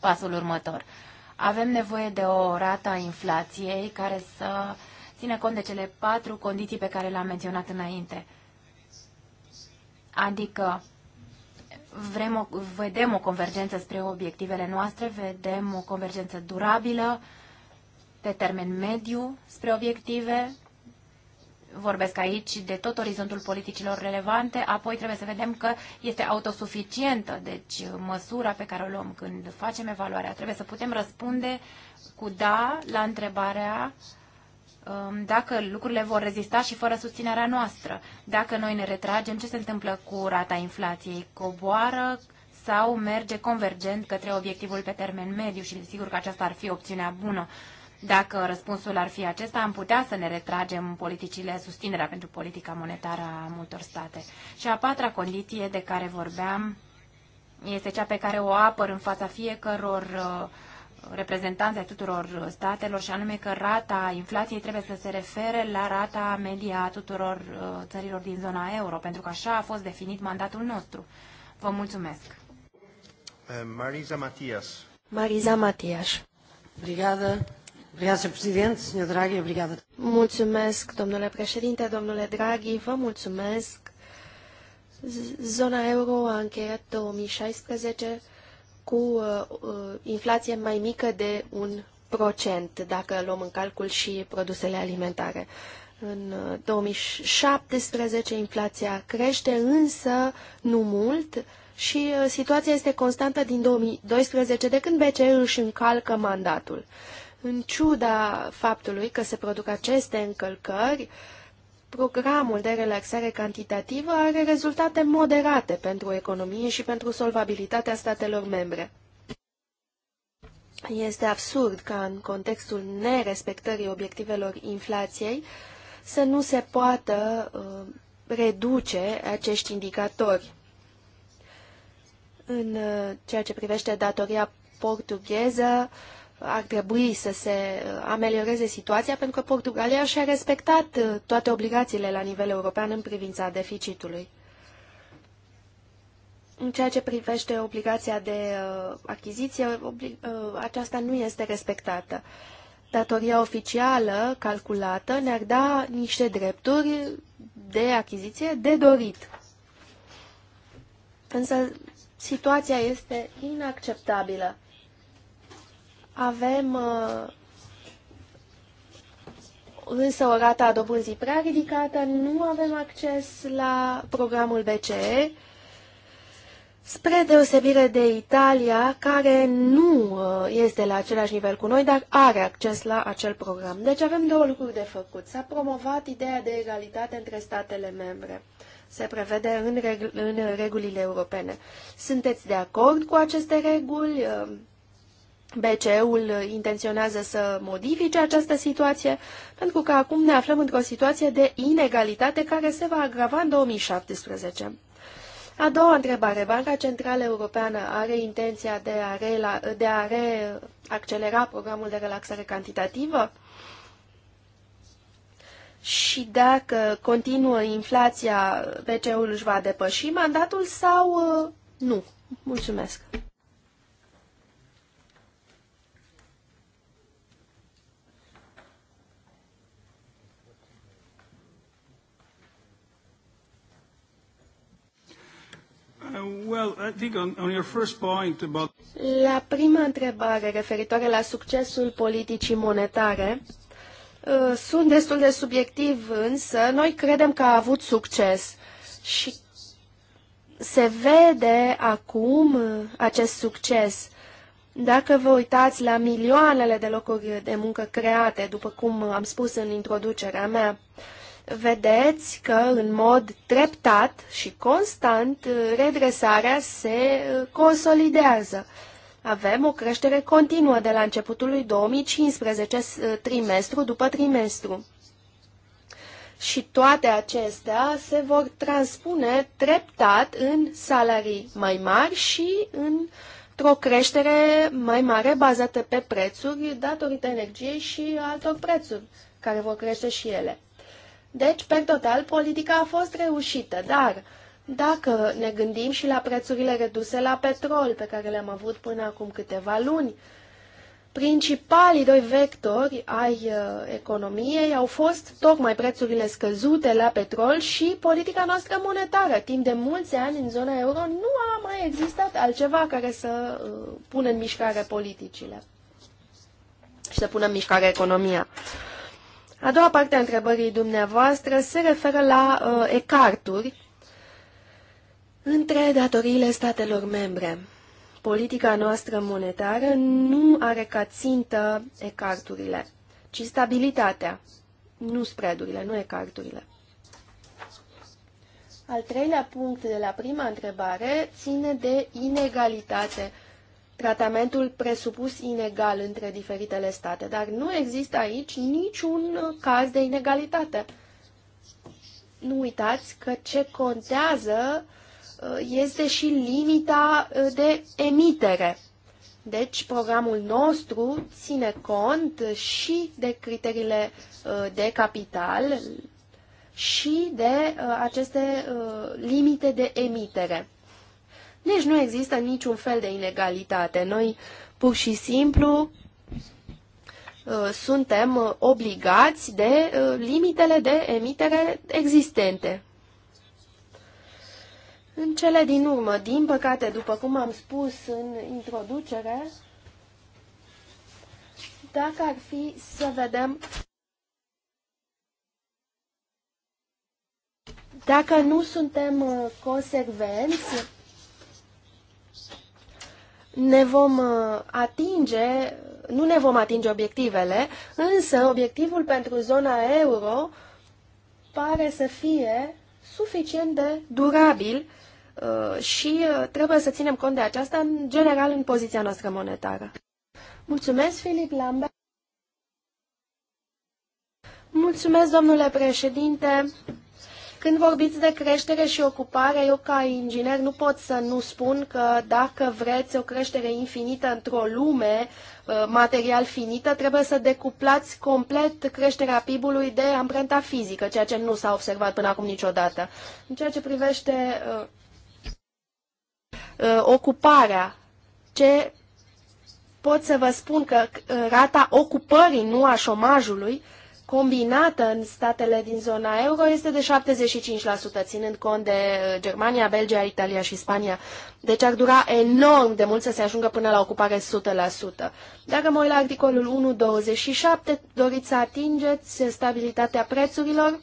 pasul următor? Uh, avem nevoie de o rată a inflației care să ține cont de cele patru condiții pe care le-am menționat înainte. Adică vrem o, vedem o convergență spre obiectivele noastre, vedem o convergență durabilă pe termen mediu spre obiective, vorbesc aici de tot orizontul politicilor relevante, apoi trebuie să vedem că este autosuficientă, deci măsura pe care o luăm când facem evaluarea, trebuie să putem răspunde cu da la întrebarea um, dacă lucrurile vor rezista și fără susținerea noastră. Dacă noi ne retragem, ce se întâmplă cu rata inflației? Coboară sau merge convergent către obiectivul pe termen mediu și sigur că aceasta ar fi opțiunea bună. Dacă răspunsul ar fi acesta, am putea să ne retragem politicile, susținerea pentru politica monetară a multor state. Și a patra condiție de care vorbeam este cea pe care o apăr în fața fiecăror uh, reprezentanți ai tuturor statelor și anume că rata inflației trebuie să se refere la rata media a tuturor uh, țărilor din zona euro, pentru că așa a fost definit mandatul nostru. Vă mulțumesc. Uh, Mariza Matias. Mariza Matias. Obrigada. Mulțumesc, domnule președinte, domnule Draghi, vă mulțumesc. Zona euro a încheiat 2016 cu uh, uh, inflație mai mică de un procent, dacă luăm în calcul și produsele alimentare. În 2017 uh, inflația crește, însă nu mult și uh, situația este constantă din 2012, de când BCE își încalcă mandatul. În ciuda faptului că se produc aceste încălcări, programul de relaxare cantitativă are rezultate moderate pentru economie și pentru solvabilitatea statelor membre. Este absurd ca în contextul nerespectării obiectivelor inflației să nu se poată uh, reduce acești indicatori. În uh, ceea ce privește datoria portugheză, uh, ar trebui să se uh, amelioreze situația pentru că Portugalia și-a respectat uh, toate obligațiile la nivel european în privința deficitului. În ceea ce privește obligația de uh, achiziție, aceasta nu este respectată. Datoria oficială calculată ne-ar da niște drepturi de achiziție de dorit. Însă situația este inacceptabilă. Avem uh, însă o rată a dobânzii prea ridicată, nu avem acces la programul BCE, spre deosebire de Italia, care nu uh, este la același nivel cu noi, dar are acces la acel program. Deci avem două lucruri de făcut. S-a promovat ideea de egalitate între statele membre. Se prevede în, reg în regulile europene. Sunteți de acord cu aceste reguli? Uh, BCE-ul intenționează să modifice această situație, pentru că acum ne aflăm într-o situație de inegalitate care se va agrava în 2017. A doua întrebare. Banca Centrală Europeană are intenția de a, rela, de a reaccelera programul de relaxare cantitativă? Și dacă continuă inflația, BCE-ul își va depăși mandatul sau uh, nu? Mulțumesc! La prima întrebare referitoare la succesul politicii monetare, uh, sunt destul de subiectiv, însă noi credem că a avut succes și se vede acum uh, acest succes. Dacă vă uitați la milioanele de locuri de muncă create, după cum am spus în introducerea mea, uh, vedeți că în mod treptat și constant redresarea se uh, consolidează. Avem o creștere continuă de la începutul lui 2015, uh, trimestru după trimestru. Și toate acestea se vor transpune treptat în salarii mai mari și într-o creștere mai mare bazată pe prețuri datorită energiei și altor prețuri care vor crește și ele. Deci, pe total, politica a fost reușită, dar dacă ne gândim și la prețurile reduse la petrol pe care le-am avut până acum câteva luni, principalii doi vectori ai uh, economiei au fost tocmai prețurile scăzute la petrol și politica noastră monetară. Timp de mulți ani în zona euro nu a mai existat altceva care să uh, pună în mișcare politicile și să pună în mișcare economia. Uh, a doua parte a întrebării dumneavoastră se referă la uh, ecarturi între datoriile statelor membre. Politica noastră monetară nu are ca țintă ecarturile, ci stabilitatea, nu spreadurile, nu ecarturile. Al treilea punct de la prima întrebare ține de inegalitate tratamentul presupus inegal între diferitele state, dar nu există aici niciun caz de inegalitate. Nu uitați că ce contează uh, este și limita uh, de emitere. Deci, programul nostru ține cont și de criteriile uh, de capital și de aceste limite de emitere. Deci nu există niciun fel de inegalitate. Noi pur și simplu uh, suntem uh, obligați de uh, limitele de emitere existente. În cele din urmă, din păcate, după cum am spus în introducere, dacă ar fi să vedem dacă nu suntem consecvenți ne vom uh, atinge, nu ne vom atinge obiectivele, însă obiectivul pentru zona euro pare să fie suficient de durabil uh, și uh, trebuie să ținem cont de aceasta în general în poziția noastră monetară. Mulțumesc, Filip Lambert. Mulțumesc, domnule președinte. Când vorbiți de creștere și ocupare, eu ca inginer nu pot să nu spun că dacă vreți o creștere infinită într-o lume uh, material finită, trebuie să decuplați complet creșterea PIB-ului de amprenta fizică, ceea ce nu s-a observat până acum niciodată. În ceea ce privește uh, uh ocuparea, ce pot să vă spun că uh, rata ocupării, nu a șomajului, uh, combinată în statele din zona euro este de 75%, ținând cont de uh, Germania, Belgia, Italia și Spania. Deci ar dura enorm de mult să se ajungă până la ocupare 100%. Dacă mă uit la articolul 1.27, doriți să atingeți stabilitatea prețurilor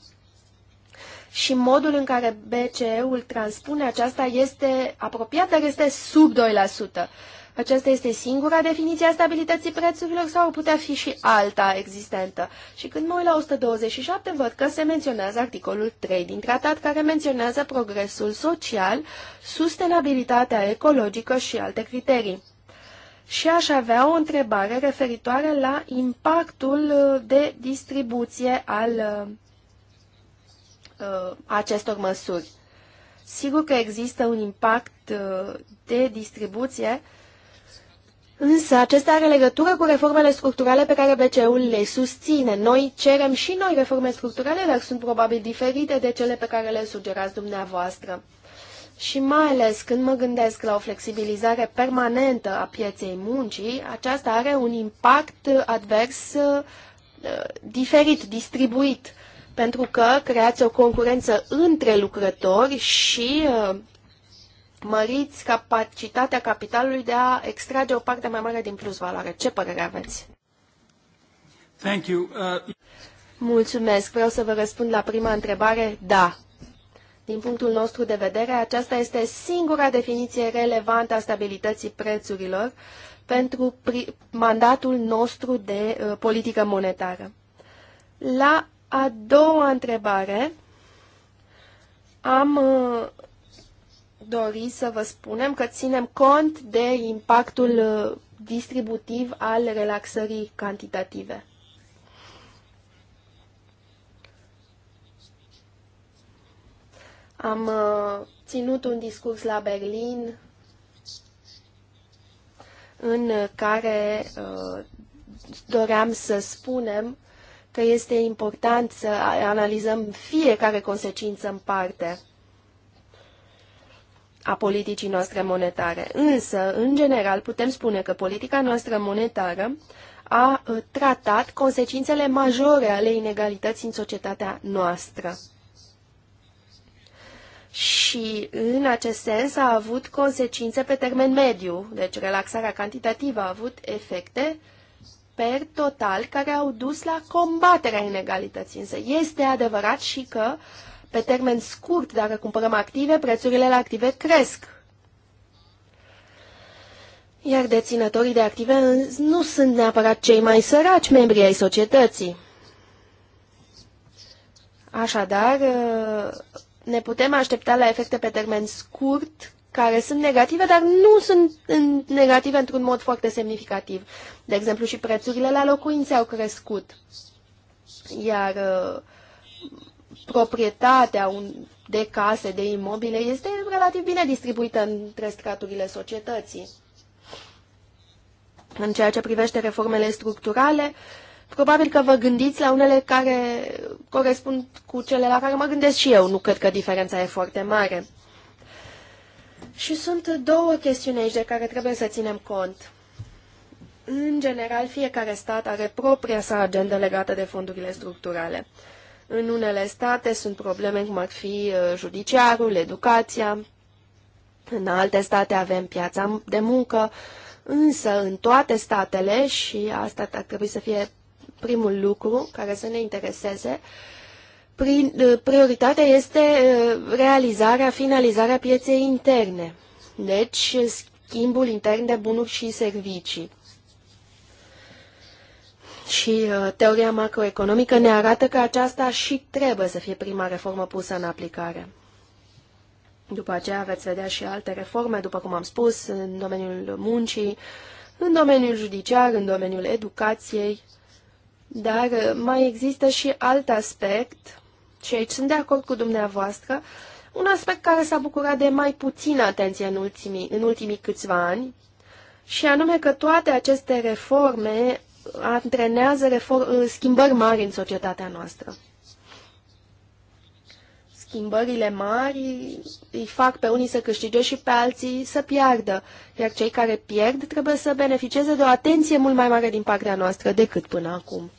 și modul în care BCE-ul transpune aceasta este apropiat, dar este sub 2%. Aceasta este singura definiție a stabilității prețurilor sau putea fi și alta existentă? Și când mă uit la 127, văd că se menționează articolul 3 din tratat, care menționează progresul social, sustenabilitatea ecologică și alte criterii. Și aș avea o întrebare referitoare la impactul uh, de distribuție al uh, uh, acestor măsuri. Sigur că există un impact uh, de distribuție Însă acesta are legătură cu reformele structurale pe care BCE-ul le susține. Noi cerem și noi reforme structurale, dar sunt probabil diferite de cele pe care le sugerați dumneavoastră. Și mai ales când mă gândesc la o flexibilizare permanentă a pieței muncii, aceasta are un impact advers uh, diferit, distribuit, pentru că creați o concurență între lucrători și uh, măriți capacitatea capitalului de a extrage o parte mai mare din plus valoare. Ce părere aveți? Thank you. Uh... Mulțumesc. Vreau să vă răspund la prima întrebare. Da. Din punctul nostru de vedere, aceasta este singura definiție relevantă a stabilității prețurilor pentru mandatul nostru de uh, politică monetară. La a doua întrebare, am uh, dori să vă spunem că ținem cont de impactul uh, distributiv al relaxării cantitative. Am uh, ținut un discurs la Berlin în care uh, doream să spunem că este important să analizăm fiecare consecință în parte a politicii noastre monetare. Însă, în general, putem spune că politica noastră monetară a uh, tratat consecințele majore ale inegalității în societatea noastră. Și, în acest sens, a avut consecințe pe termen mediu, deci relaxarea cantitativă a avut efecte per total care au dus la combaterea inegalității. Însă este adevărat și că uh, pe termen scurt, dacă cumpărăm active, prețurile la active cresc. Iar deținătorii de active nu sunt neapărat cei mai săraci membri ai societății. Așadar, ne putem aștepta la efecte pe termen scurt care sunt negative, dar nu sunt negative într-un mod foarte semnificativ. De exemplu, și prețurile la locuințe au crescut. Iar proprietatea de case, de imobile, este relativ bine distribuită între straturile societății. În ceea ce privește reformele structurale, probabil că vă gândiți la unele care corespund cu cele la care mă gândesc și eu. Nu cred că diferența e foarte mare. Și sunt două chestiuni aici de care trebuie să ținem cont. În general, fiecare stat are propria sa agendă legată de fondurile structurale. În unele state sunt probleme cum ar fi uh, judiciarul, educația, în alte state avem piața de muncă, însă în toate statele, și asta ar trebui să fie primul lucru care să ne intereseze, uh, prioritatea este uh, realizarea, finalizarea pieței interne, deci schimbul intern de bunuri și servicii. Și uh, teoria macroeconomică ne arată că aceasta și trebuie să fie prima reformă pusă în aplicare. După aceea veți vedea și alte reforme, după cum am spus, în domeniul muncii, în domeniul judiciar, în domeniul educației, dar uh, mai există și alt aspect, și aici sunt de acord cu dumneavoastră, un aspect care s-a bucurat de mai puțină atenție în ultimii, în ultimii câțiva ani, și anume că toate aceste reforme antrenează uh, schimbări mari în societatea noastră. Schimbările mari îi fac pe unii să câștige și pe alții să piardă, iar cei care pierd trebuie să beneficieze de o atenție mult mai mare din partea noastră decât până acum.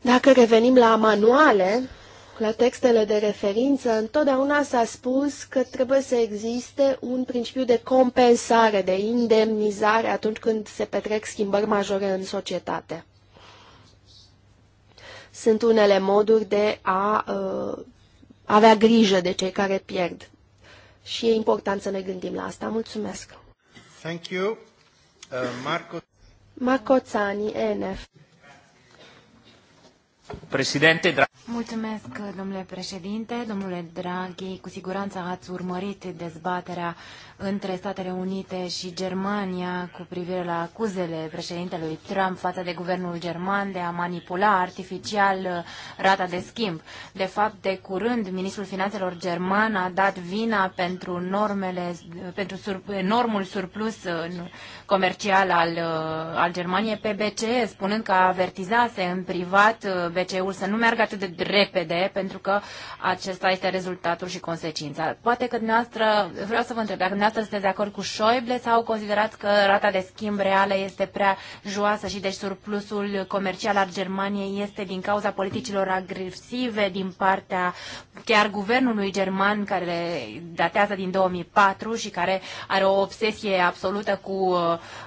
Dacă revenim la manuale, la textele de referință întotdeauna s-a spus că trebuie să existe un principiu de compensare, de indemnizare atunci când se petrec schimbări majore în societate. Sunt unele moduri de a uh, avea grijă de cei care pierd. Și e important să ne gândim la asta. Mulțumesc! Thank you. Uh, Marco... Marco Zani, NF. Președinte, dra- Mulțumesc, domnule președinte. Domnule Draghi, cu siguranță ați urmărit dezbaterea între Statele Unite și Germania cu privire la acuzele președintelui Trump față de guvernul german de a manipula artificial uh, rata de schimb. De fapt, de curând, ministrul finanțelor german a dat vina pentru, normele, pentru sur, normul surplus uh, comercial al, uh, al Germaniei pe BCE, spunând că avertizase în privat BCE-ul să nu meargă atât de repede, pentru că acesta este rezultatul și consecința. Poate că dumneavoastră, vreau să vă întreb, dacă dumneavoastră sunteți de acord cu Schäuble sau considerați că rata de schimb reală este prea joasă și deci surplusul comercial al Germaniei este din cauza politicilor agresive din partea chiar guvernului german care datează din 2004 și care are o obsesie absolută cu uh,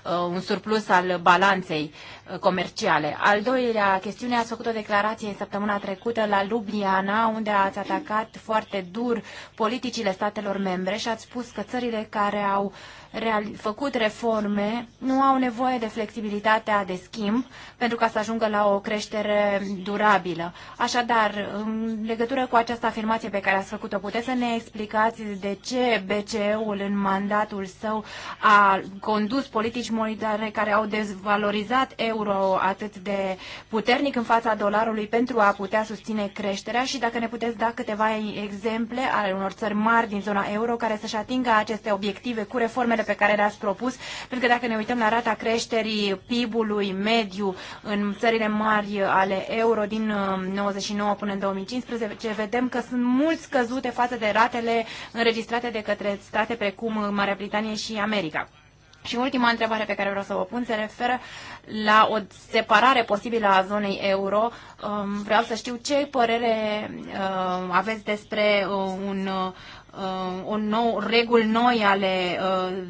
uh un surplus al balanței uh, comerciale. Al doilea chestiune, ați făcut o declarație declarației săptămâna trecută la Ljubljana, unde ați atacat foarte dur politicile statelor membre și ați spus că țările care au uh, făcut reforme nu au nevoie de flexibilitatea de schimb pentru ca să ajungă la o creștere durabilă. Așadar, în legătură cu această afirmație pe care ați făcut-o, puteți să ne explicați de ce BCE-ul în mandatul său a condus politici monetare care au dezvalorizat euro atât de puternic în fața dolarului pentru a putea susține creșterea și dacă ne puteți da câteva exemple ale unor țări mari din zona euro care să-și atingă aceste obiective cu reforme obiectivele pe care le-ați propus, pentru că dacă ne uităm la rata creșterii PIB-ului mediu în țările mari ale euro din 99 uh, până în 2015, vedem că sunt mult scăzute față de ratele înregistrate de către state precum Marea Britanie și America. Și ultima întrebare pe care vreau să o pun se referă la o separare posibilă a zonei euro. Um, vreau să știu ce părere uh, aveți despre uh, un uh, un nou, reguli noi ale uh,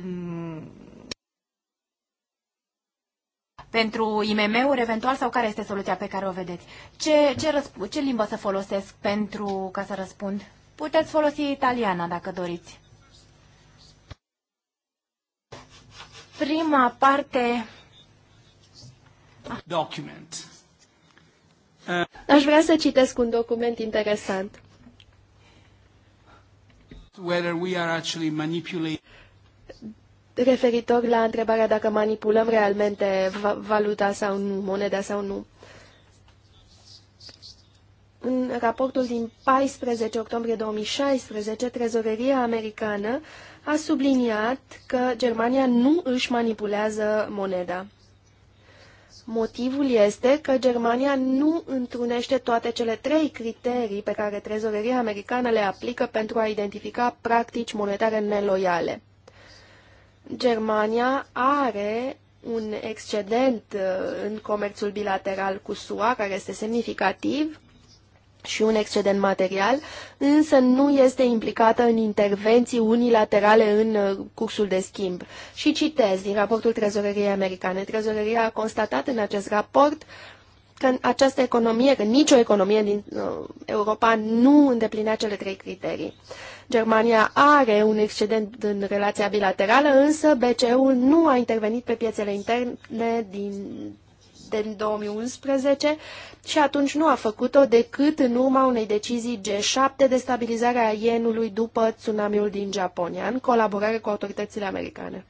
pentru IMM-uri eventual sau care este soluția pe care o vedeți? Ce, ce, ce limbă să folosesc pentru ca să răspund? Puteți folosi italiana dacă doriți. Prima parte... Document. Aș vrea să citesc un document interesant referitor la întrebarea dacă manipulăm realmente valuta sau nu, moneda sau nu. În raportul din 14 octombrie 2016, Trezoreria americană a subliniat că Germania nu își manipulează moneda. Motivul este că Germania nu întrunește toate cele trei criterii pe care trezoreria americană le aplică pentru a identifica practici monetare neloiale. Germania are un excedent uh, în comerțul bilateral cu SUA, care este semnificativ, și un excedent material, însă nu este implicată în intervenții unilaterale în uh, cursul de schimb. Și citez din raportul Trezoreriei Americane. Trezoreria a constatat în acest raport că această economie, că nicio economie din uh, Europa nu îndeplinea cele trei criterii. Germania are un excedent în relația bilaterală, însă BCE-ul nu a intervenit pe piețele interne din din 2011 și atunci nu a făcut-o decât în urma unei decizii G7 de stabilizare a ienului după tsunamiul din Japonia, în colaborare cu autoritățile americane.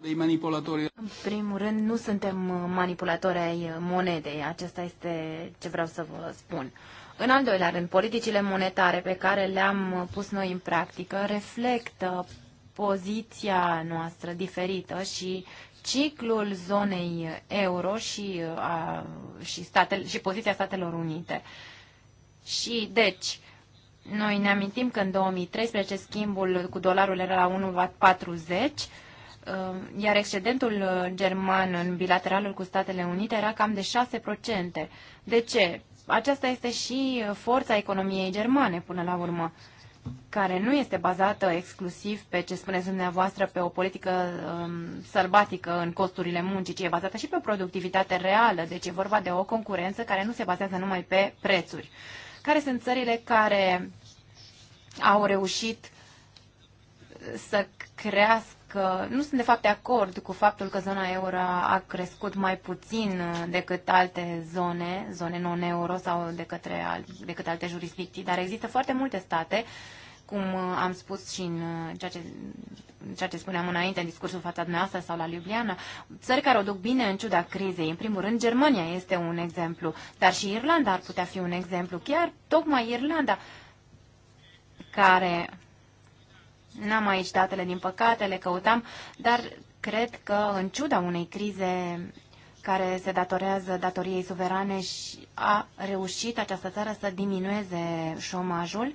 În primul rând, nu suntem manipulatori ai monedei. Acesta este ce vreau să vă spun. În al doilea rând, politicile monetare pe care le-am pus noi în practică reflectă poziția noastră diferită și ciclul zonei euro și, uh, a, și, statele, și poziția Statelor Unite. Și deci, noi ne amintim că în 2013 schimbul cu dolarul era la 1,40, uh, iar excedentul uh, german în bilateralul cu Statele Unite era cam de 6%. De ce? Aceasta este și forța economiei germane până la urmă care nu este bazată exclusiv pe ce spuneți dumneavoastră, pe o politică um, sălbatică în costurile muncii, ci e bazată și pe o productivitate reală. Deci e vorba de o concurență care nu se bazează numai pe prețuri. Care sunt țările care au reușit să crească că nu sunt de fapt de acord cu faptul că zona euro a crescut mai puțin uh, decât alte zone, zone non-euro sau de către, decât alte jurisdicții, dar există foarte multe state, cum uh, am spus și în uh, ceea ce, ceea ce spuneam înainte, în discursul fața dumneavoastră sau la Ljubljana, țări care o duc bine în ciuda crizei. În primul rând, Germania este un exemplu, dar și Irlanda ar putea fi un exemplu, chiar tocmai Irlanda, care N-am aici datele, din păcate, le căutam, dar cred că, în ciuda unei crize care se datorează datoriei suverane și a reușit această țară să diminueze șomajul, uh,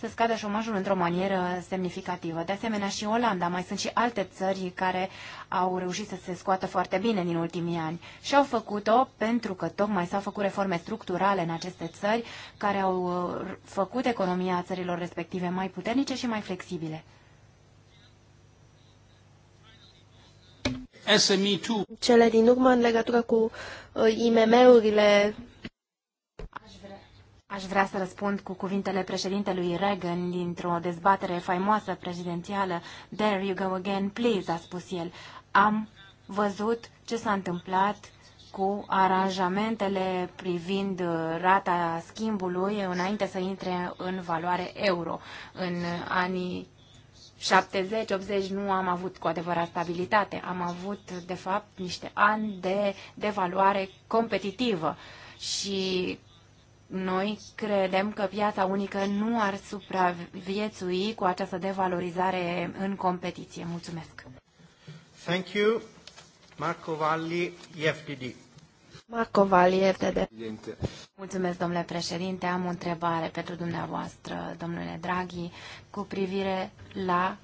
să scadă șomajul într-o manieră semnificativă. De asemenea și Olanda, mai sunt și alte țări care au reușit să se scoată foarte bine din ultimii ani și au făcut-o pentru că tocmai s-au făcut reforme structurale în aceste țări care au uh, făcut economia țărilor respective mai puternice și mai flexibile. SME2. Cele din urmă în legătură cu uh, IMM-urile Aș vrea să răspund cu cuvintele președintelui Reagan dintr-o dezbatere faimoasă prezidențială. There you go again, please, a spus el. Am văzut ce s-a întâmplat cu aranjamentele privind rata schimbului înainte să intre în valoare euro. În anii 70-80 nu am avut cu adevărat stabilitate. Am avut, de fapt, niște ani de devaluare competitivă și noi credem că piața unică nu ar supraviețui cu această devalorizare în competiție. Mulțumesc. Thank you. Marco Valli, FTD. Marco Valli, FTD. Mulțumesc, domnule președinte. Am o întrebare pentru dumneavoastră, domnule Draghi, cu privire la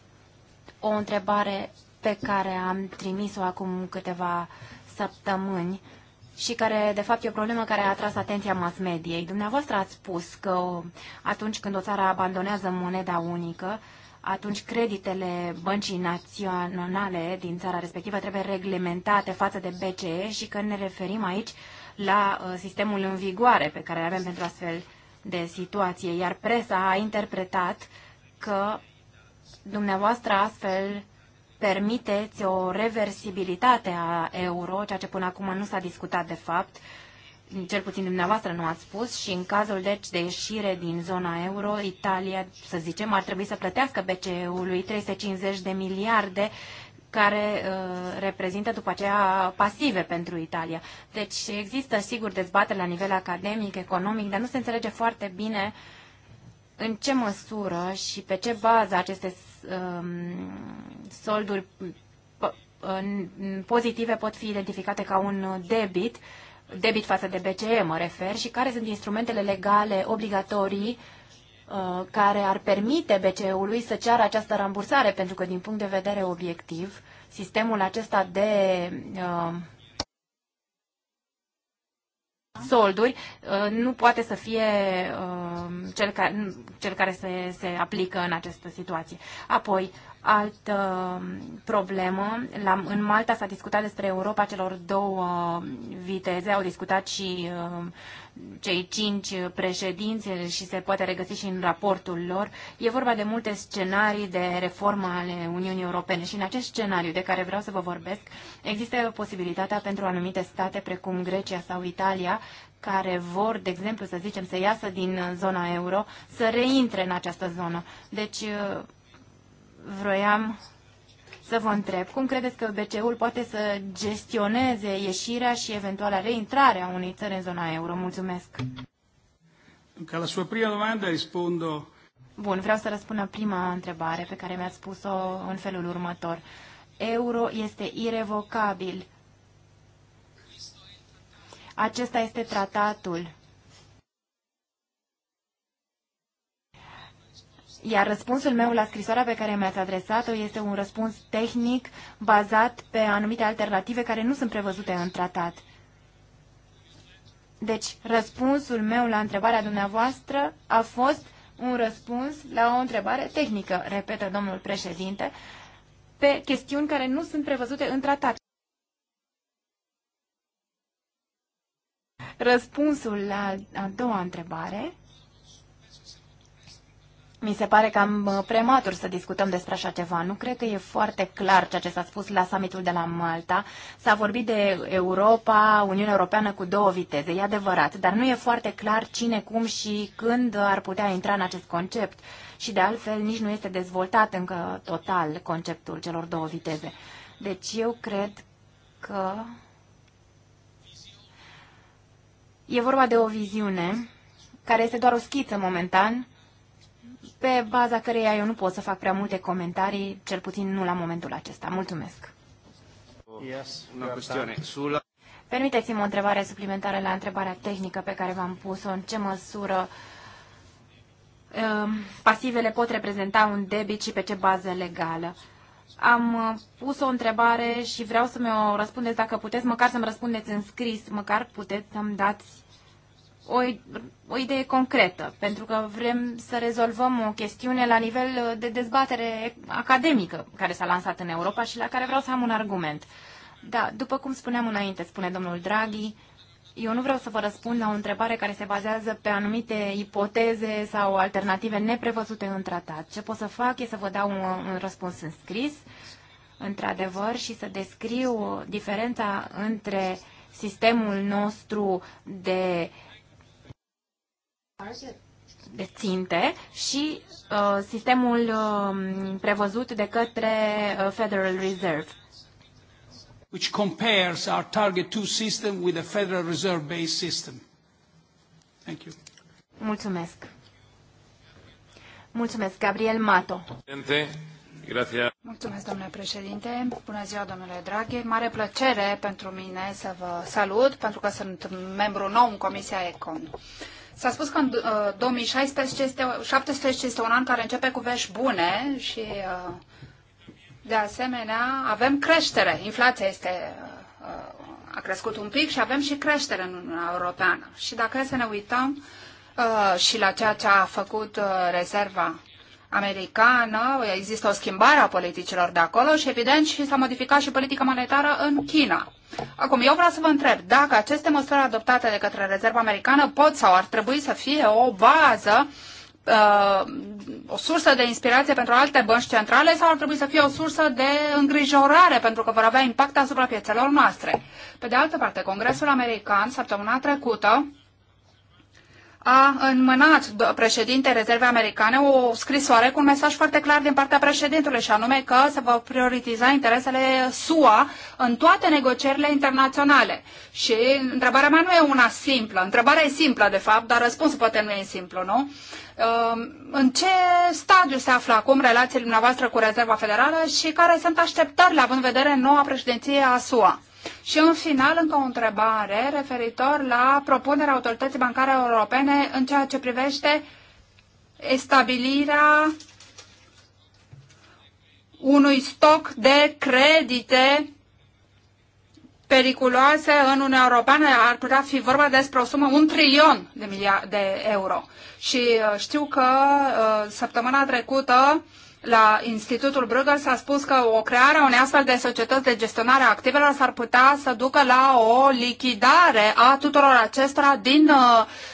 o întrebare pe care am trimis-o acum câteva săptămâni și care, de fapt, e o problemă care a atras atenția mass mediei. Dumneavoastră ați spus că atunci când o țară abandonează moneda unică, atunci creditele băncii naționale din țara respectivă trebuie reglementate față de BCE și că ne referim aici la uh, sistemul în vigoare pe care îl avem pentru astfel de situație, iar presa a interpretat că dumneavoastră astfel permiteți o reversibilitate a euro, ceea ce până acum nu s-a discutat de fapt, cel puțin dumneavoastră nu ați spus, și în cazul deci de ieșire din zona euro, Italia, să zicem, ar trebui să plătească BCE-ului 350 de miliarde care uh, reprezintă după aceea pasive pentru Italia. Deci există, sigur, dezbatere la nivel academic, economic, dar nu se înțelege foarte bine în ce măsură și pe ce bază aceste Um, solduri pozitive pot fi identificate ca un debit, debit față de BCE mă refer, și care sunt instrumentele legale obligatorii uh, care ar permite BCE-ului să ceară această rambursare, pentru că din punct de vedere obiectiv, sistemul acesta de uh, solduri uh, nu poate să fie uh, cel care, cel care se, se aplică în această situație. Apoi, altă problemă. La, în Malta s-a discutat despre Europa celor două viteze, au discutat și uh, cei cinci președinți și se poate regăsi și în raportul lor. E vorba de multe scenarii de reformă ale Uniunii Europene și în acest scenariu de care vreau să vă vorbesc există posibilitatea pentru anumite state precum Grecia sau Italia care vor, de exemplu, să zicem, să iasă din zona euro, să reintre în această zonă. Deci uh, vroiam să vă întreb cum credeți că BCE-ul poate să gestioneze ieșirea și eventuala reintrare a unei țări în zona euro. Mulțumesc. Ca la sua prima domanda Bun, vreau să răspund la prima întrebare pe care mi-ați spus-o în felul următor. Euro este irrevocabil. Acesta este tratatul Iar răspunsul meu la scrisoarea pe care mi-ați adresat-o este un răspuns tehnic bazat pe anumite alternative care nu sunt prevăzute în tratat. Deci, răspunsul meu la întrebarea dumneavoastră a fost un răspuns la o întrebare tehnică, repetă domnul președinte, pe chestiuni care nu sunt prevăzute în tratat. Răspunsul la a doua întrebare mi se pare cam uh, prematur să discutăm despre așa ceva. Nu cred că e foarte clar ceea ce s-a spus la summitul de la Malta. S-a vorbit de Europa, Uniunea Europeană cu două viteze, e adevărat, dar nu e foarte clar cine, cum și când ar putea intra în acest concept. Și de altfel nici nu este dezvoltat încă total conceptul celor două viteze. Deci eu cred că e vorba de o viziune care este doar o schiță momentan pe baza căreia eu nu pot să fac prea multe comentarii, cel puțin nu la momentul acesta. Mulțumesc. Yes, Permiteți-mi o întrebare suplimentară la întrebarea tehnică pe care v-am pus-o. În ce măsură um, pasivele pot reprezenta un debit și pe ce bază legală? Am uh, pus o întrebare și vreau să mi-o răspundeți, dacă puteți, măcar să-mi răspundeți în scris, măcar puteți să-mi dați o, o idee concretă, pentru că vrem să rezolvăm o chestiune la nivel uh, de dezbatere academică care s-a lansat în Europa și la care vreau să am un argument. Da, după cum spuneam înainte, spune domnul Draghi, eu nu vreau să vă răspund la o întrebare care se bazează pe anumite ipoteze sau alternative neprevăzute în tratat. Ce pot să fac e să vă dau un, un răspuns în scris, într-adevăr, și să descriu diferența între sistemul nostru de uh, de ținte și uh, sistemul uh, prevăzut de către uh, Federal Reserve. Which compares our Target 2 system with the Federal Reserve based system. Thank you. Mulțumesc. Mulțumesc, Gabriel Mato. Mulțumesc, domnule președinte. Bună ziua, domnule Draghi. Mare plăcere pentru mine să vă salut, pentru că sunt membru nou în Comisia Econ. Uh, S-a spus că în 2016 uh, este, 17 este un an care începe cu vești bune și uh, de asemenea avem creștere. Inflația este uh, a crescut un pic și avem și creștere în Uniunea Europeană. Și dacă să ne uităm și la ceea ce a făcut rezerva americană, există o schimbare a politicilor de acolo și evident și s-a modificat și politica monetară în China. Acum, eu vreau să vă întreb dacă aceste măsuri adoptate de către Rezerva Americană pot sau ar trebui să fie o bază uh, o sursă de inspirație pentru alte bănci centrale sau ar trebui să fie o sursă de îngrijorare pentru că vor avea impact asupra piețelor noastre. Pe de altă parte, Congresul American săptămâna trecută a înmânat președinte rezerve americane o scrisoare cu un mesaj foarte clar din partea președintelui și anume că se va prioritiza interesele SUA în toate negocierile internaționale. Și întrebarea mea nu e una simplă. Întrebarea e simplă, de fapt, dar răspunsul poate nu e simplu, nu? Ehm, în ce stadiu se află acum relațiile dumneavoastră cu Rezerva Federală și care sunt așteptările având în vedere noua președinție a SUA? Și în final, încă o întrebare referitor la propunerea Autorității Bancare Europene în ceea ce privește stabilirea unui stoc de credite periculoase în Uniunea Europeană ar putea fi vorba despre o sumă, un trilion de, de euro. Și uh, știu că uh, săptămâna trecută la Institutul Bruegel s-a spus că o creare a unei astfel de societăți de gestionare a activelor s-ar putea să ducă la o lichidare a tuturor acestora din uh,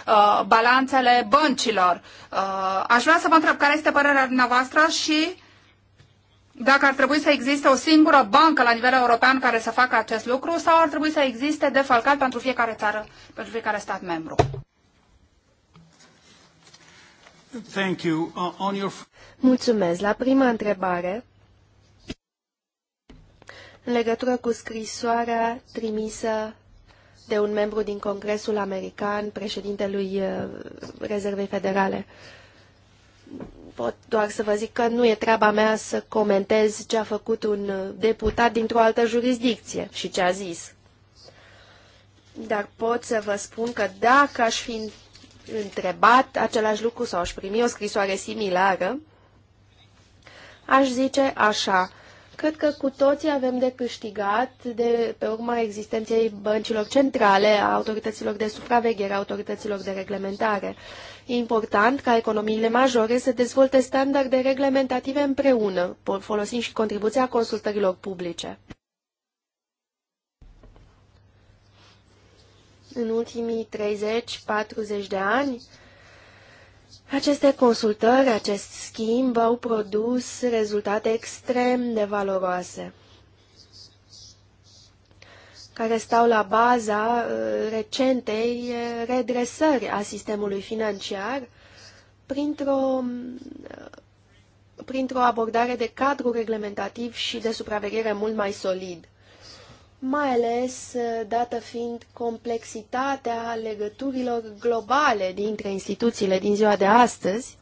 uh, balanțele băncilor. Uh, aș vrea să vă întreb care este părerea dumneavoastră și dacă ar trebui să existe o singură bancă la nivel european care să facă acest lucru sau ar trebui să existe defalcat pentru fiecare țară, pentru fiecare stat membru. Thank you. Uh, on your... Mulțumesc. La prima întrebare, în legătură cu scrisoarea trimisă de un membru din Congresul American, președintelui uh, Rezervei Federale. Pot doar să vă zic că nu e treaba mea să comentez ce a făcut un deputat dintr-o altă jurisdicție și ce a zis. Dar pot să vă spun că dacă aș fi întrebat același lucru sau aș primi o scrisoare similară, aș zice așa, cred că cu toții avem de câștigat de pe urma existenței băncilor centrale, a autorităților de supraveghere, a autorităților de reglementare. E important ca economiile majore să dezvolte standarde reglementative împreună, folosind și contribuția consultărilor publice. în ultimii 30-40 de ani, aceste consultări, acest schimb au produs rezultate extrem de valoroase care stau la baza uh, recentei uh, redresări a sistemului financiar printr-o mm, printr-o abordare de cadru reglementativ și de supraveghere mult mai solid mai ales uh, dată fiind complexitatea legăturilor globale dintre instituțiile din ziua de astăzi,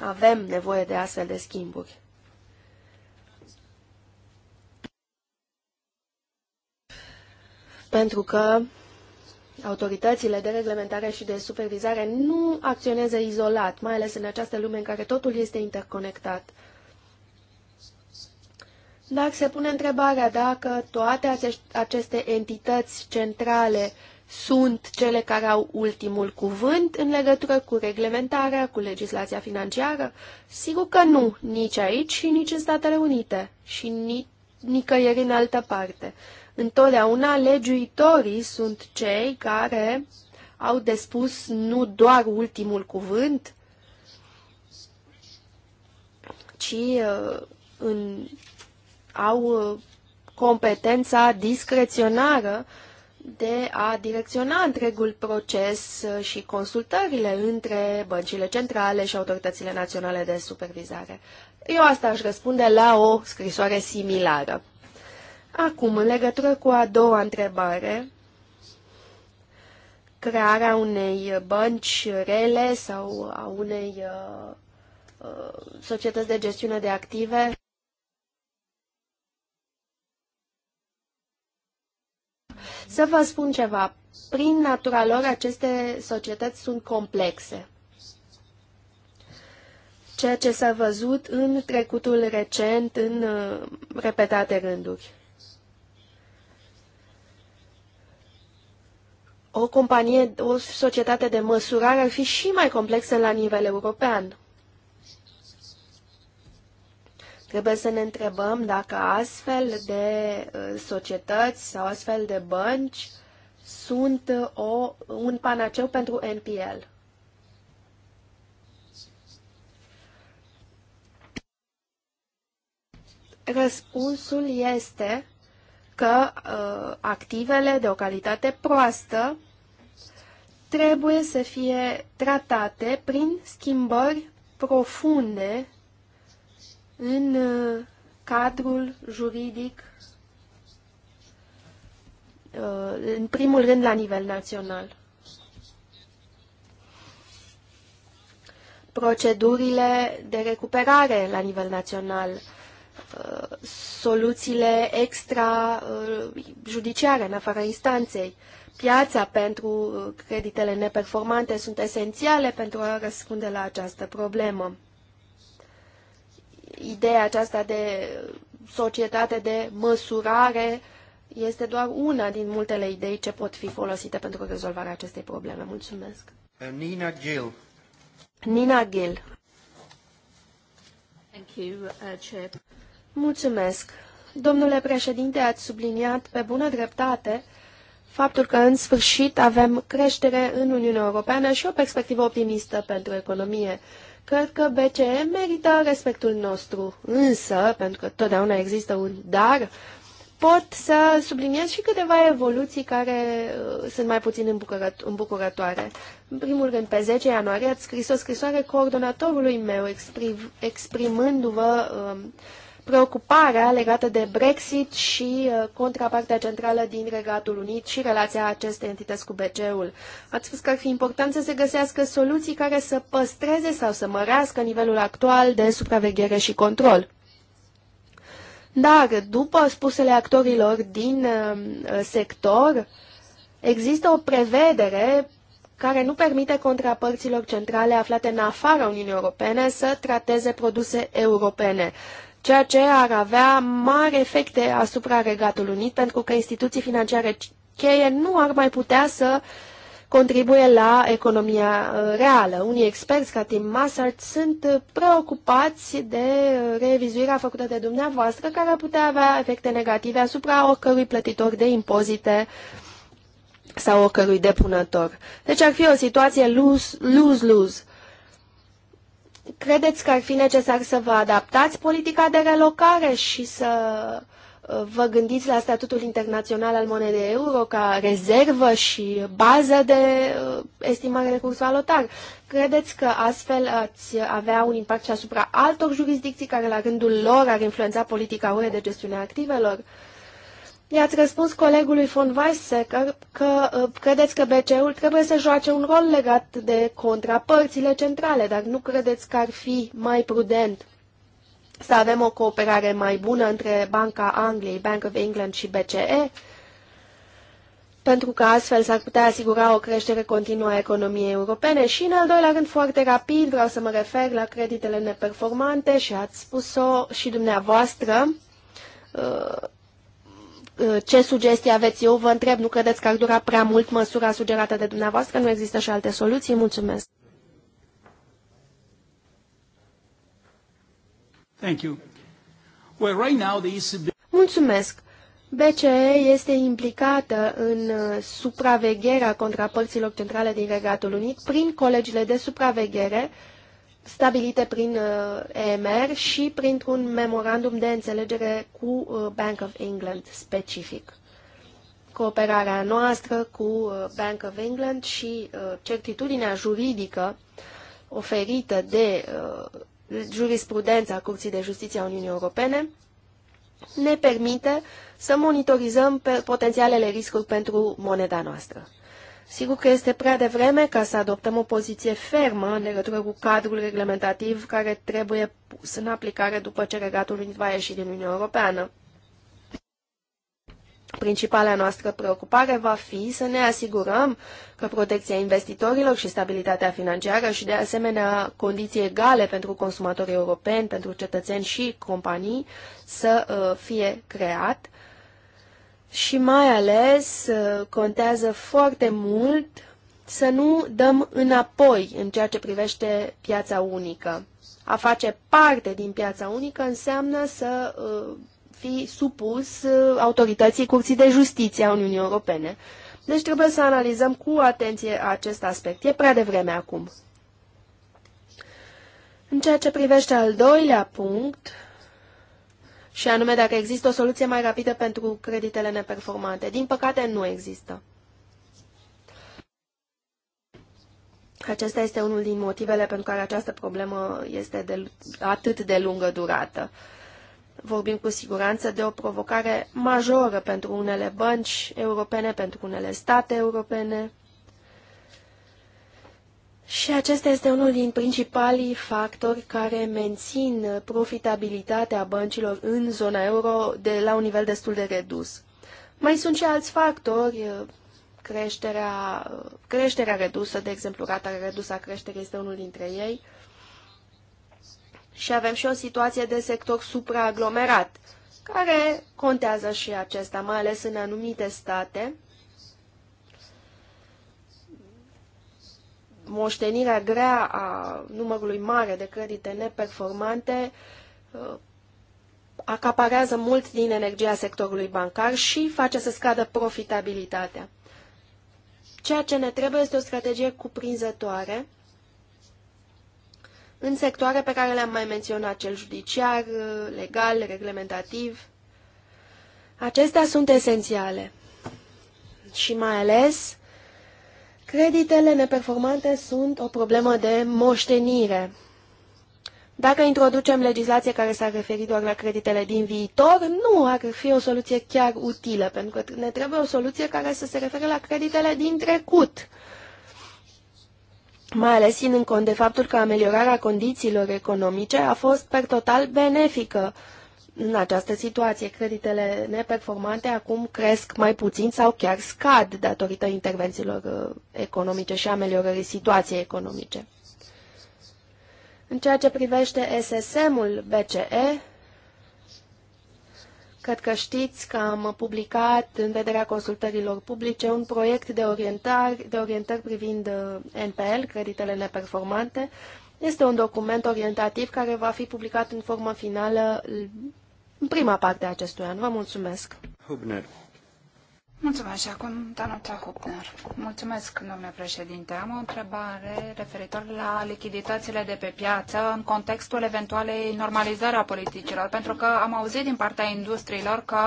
avem nevoie de astfel de schimburi. Pentru că autoritățile de reglementare și de supervizare nu acționează izolat, mai ales în această lume în care totul este interconectat. Dar se pune întrebarea dacă toate aceste entități centrale sunt cele care au ultimul cuvânt în legătură cu reglementarea, cu legislația financiară? Sigur că nu, nici aici și nici în Statele Unite și ni nicăieri în altă parte. Întotdeauna legiuitorii sunt cei care au despus nu doar ultimul cuvânt, ci uh, în au uh, competența discreționară de a direcționa întregul proces uh, și consultările între băncile centrale și autoritățile naționale de supervizare. Eu asta aș răspunde la o scrisoare similară. Acum, în legătură cu a doua întrebare, crearea unei bănci rele sau a unei uh, uh societăți de gestiune de active Să vă spun ceva. Prin natura lor, aceste societăți sunt complexe. Ceea ce s-a văzut în trecutul recent, în uh, repetate rânduri. O companie, o societate de măsurare ar fi și mai complexă la nivel european. Trebuie să ne întrebăm dacă astfel de uh, societăți sau astfel de bănci sunt uh, o, un panaceu pentru NPL. Răspunsul este că uh, activele de o calitate proastă trebuie să fie tratate prin schimbări profunde în uh, cadrul juridic, uh, în primul rând la nivel național. Procedurile de recuperare la nivel național, uh, soluțiile extrajudiciare în afara instanței, piața pentru creditele neperformante sunt esențiale pentru a răspunde la această problemă ideea aceasta de societate de măsurare este doar una din multele idei ce pot fi folosite pentru rezolvarea acestei probleme. Mulțumesc. Uh, Nina Gill. Nina Gill. Thank you, uh, Chair. Mulțumesc. Domnule președinte, ați subliniat pe bună dreptate faptul că în sfârșit avem creștere în Uniunea Europeană și o perspectivă optimistă pentru economie. Cred că BCE merită respectul nostru, însă, pentru că totdeauna există un dar, pot să subliniez și câteva evoluții care uh, sunt mai puțin îmbucurătoare. În primul rând, pe 10 ianuarie ați scris o scrisoare coordonatorului meu exprim, exprimându-vă uh, preocuparea legată de Brexit și uh, contrapartea centrală din Regatul Unit și relația acestei entități cu BCE-ul. Ați spus că ar fi important să se găsească soluții care să păstreze sau să mărească nivelul actual de supraveghere și control. Dar, după spusele actorilor din uh, sector, există o prevedere care nu permite contrapărților centrale aflate în afara Uniunii Europene să trateze produse europene ceea ce ar avea mari efecte asupra Regatului Unit, pentru că instituții financiare cheie nu ar mai putea să contribuie la economia uh, reală. Unii experți, ca Tim Massard, sunt preocupați de uh, revizuirea făcută de dumneavoastră, care ar putea avea efecte negative asupra oricărui plătitor de impozite sau oricărui depunător. Deci ar fi o situație lose-lose Credeți că ar fi necesar să vă adaptați politica de relocare și să uh, vă gândiți la statutul internațional al monedei euro ca rezervă și bază de uh, estimare de cursul alotar? Credeți că astfel ați avea un impact și asupra altor jurisdicții care la rândul lor ar influența politica UE de gestiune a activelor? Uh, I-ați răspuns colegului von Weissecker că uh, credeți că BCE-ul trebuie să joace un rol legat de contrapărțile centrale, dar nu credeți că ar fi mai prudent să avem o cooperare mai bună între Banca Angliei, Bank of England și BCE, pentru că astfel s-ar putea asigura o creștere continuă a economiei europene și, în al doilea rând, foarte rapid, vreau să mă refer la creditele neperformante și ați spus-o și dumneavoastră, uh, Eh, ce sugestii aveți eu, vă întreb, nu credeți că ar dura prea mult măsura sugerată de dumneavoastră? Nu există și alte soluții? Mulțumesc! Thank you. Well, right now the ECB... Mulțumesc! BCE este implicată în eh, supravegherea contrapărților centrale din Regatul Unit prin colegiile de supraveghere uh, stabilite prin uh, EMR și printr-un memorandum de înțelegere cu uh, Bank of England specific. Cooperarea noastră cu uh, Bank of England și certitudinea juridică oferită de jurisprudența Curții de Justiție a Uniunii Europene ne permite să monitorizăm pe potențialele riscuri pentru moneda noastră. Sigur că este prea devreme ca să adoptăm o poziție fermă în legătură cu cadrul reglementativ care trebuie pus în aplicare după ce Regatul Unit va ieși din Uniunea Europeană. Principala noastră preocupare va fi să ne asigurăm că protecția investitorilor și stabilitatea financiară și de asemenea condiții egale pentru consumatorii europeni, pentru cetățeni și companii să uh, fie creat și mai ales uh, contează foarte mult să nu dăm înapoi în ceea ce privește piața unică. A face parte din piața unică înseamnă să uh, fii supus uh, autorității Curții de Justiție a Uniunii Europene. Deci trebuie să analizăm cu atenție acest aspect. E prea devreme acum. În ceea ce privește al doilea punct, și anume dacă există o soluție mai rapidă pentru creditele neperformante. Din păcate, nu există. Acesta este unul din motivele pentru care această problemă este de, atât de lungă durată. Vorbim cu siguranță de o provocare majoră pentru unele bănci europene, pentru unele state europene. Și acesta este unul din principalii factori care mențin profitabilitatea băncilor în zona euro de la un nivel destul de redus. Mai sunt și alți factori, creșterea, creșterea redusă, de exemplu, rata redusă a creșterii este unul dintre ei. Și avem și o situație de sector supraaglomerat, care contează și acesta, mai ales în anumite state, moștenirea grea a numărului mare de credite neperformante uh, acaparează mult din energia sectorului bancar și face să scadă profitabilitatea. Ceea ce ne trebuie este o strategie cuprinzătoare în sectoare pe care le-am mai menționat, cel judiciar, uh, legal, reglementativ. Acestea sunt esențiale și mai ales Creditele neperformante sunt o problemă de moștenire. Dacă introducem legislație care s-ar referi doar la creditele din viitor, nu ar fi o soluție chiar utilă, pentru că ne trebuie o soluție care să se refere la creditele din trecut. Mai ales ținând cont de faptul că ameliorarea condițiilor economice a fost per total benefică în această situație. Creditele neperformante acum cresc mai puțin sau chiar scad datorită intervențiilor uh, economice și ameliorării situației economice. În ceea ce privește SSM-ul BCE, cred că știți că am publicat în vederea consultărilor publice un proiect de orientări, de orientări privind uh, NPL, creditele neperformante. Este un document orientativ care va fi publicat în formă finală în prima parte a acestui an. Vă mulțumesc! Hubner. Mulțumesc și acum, Danuța Hubner. Mulțumesc, domnule președinte. Am o întrebare referitor la lichiditățile de pe piață în contextul eventualei normalizări a politicilor, pentru că am auzit din partea industriilor că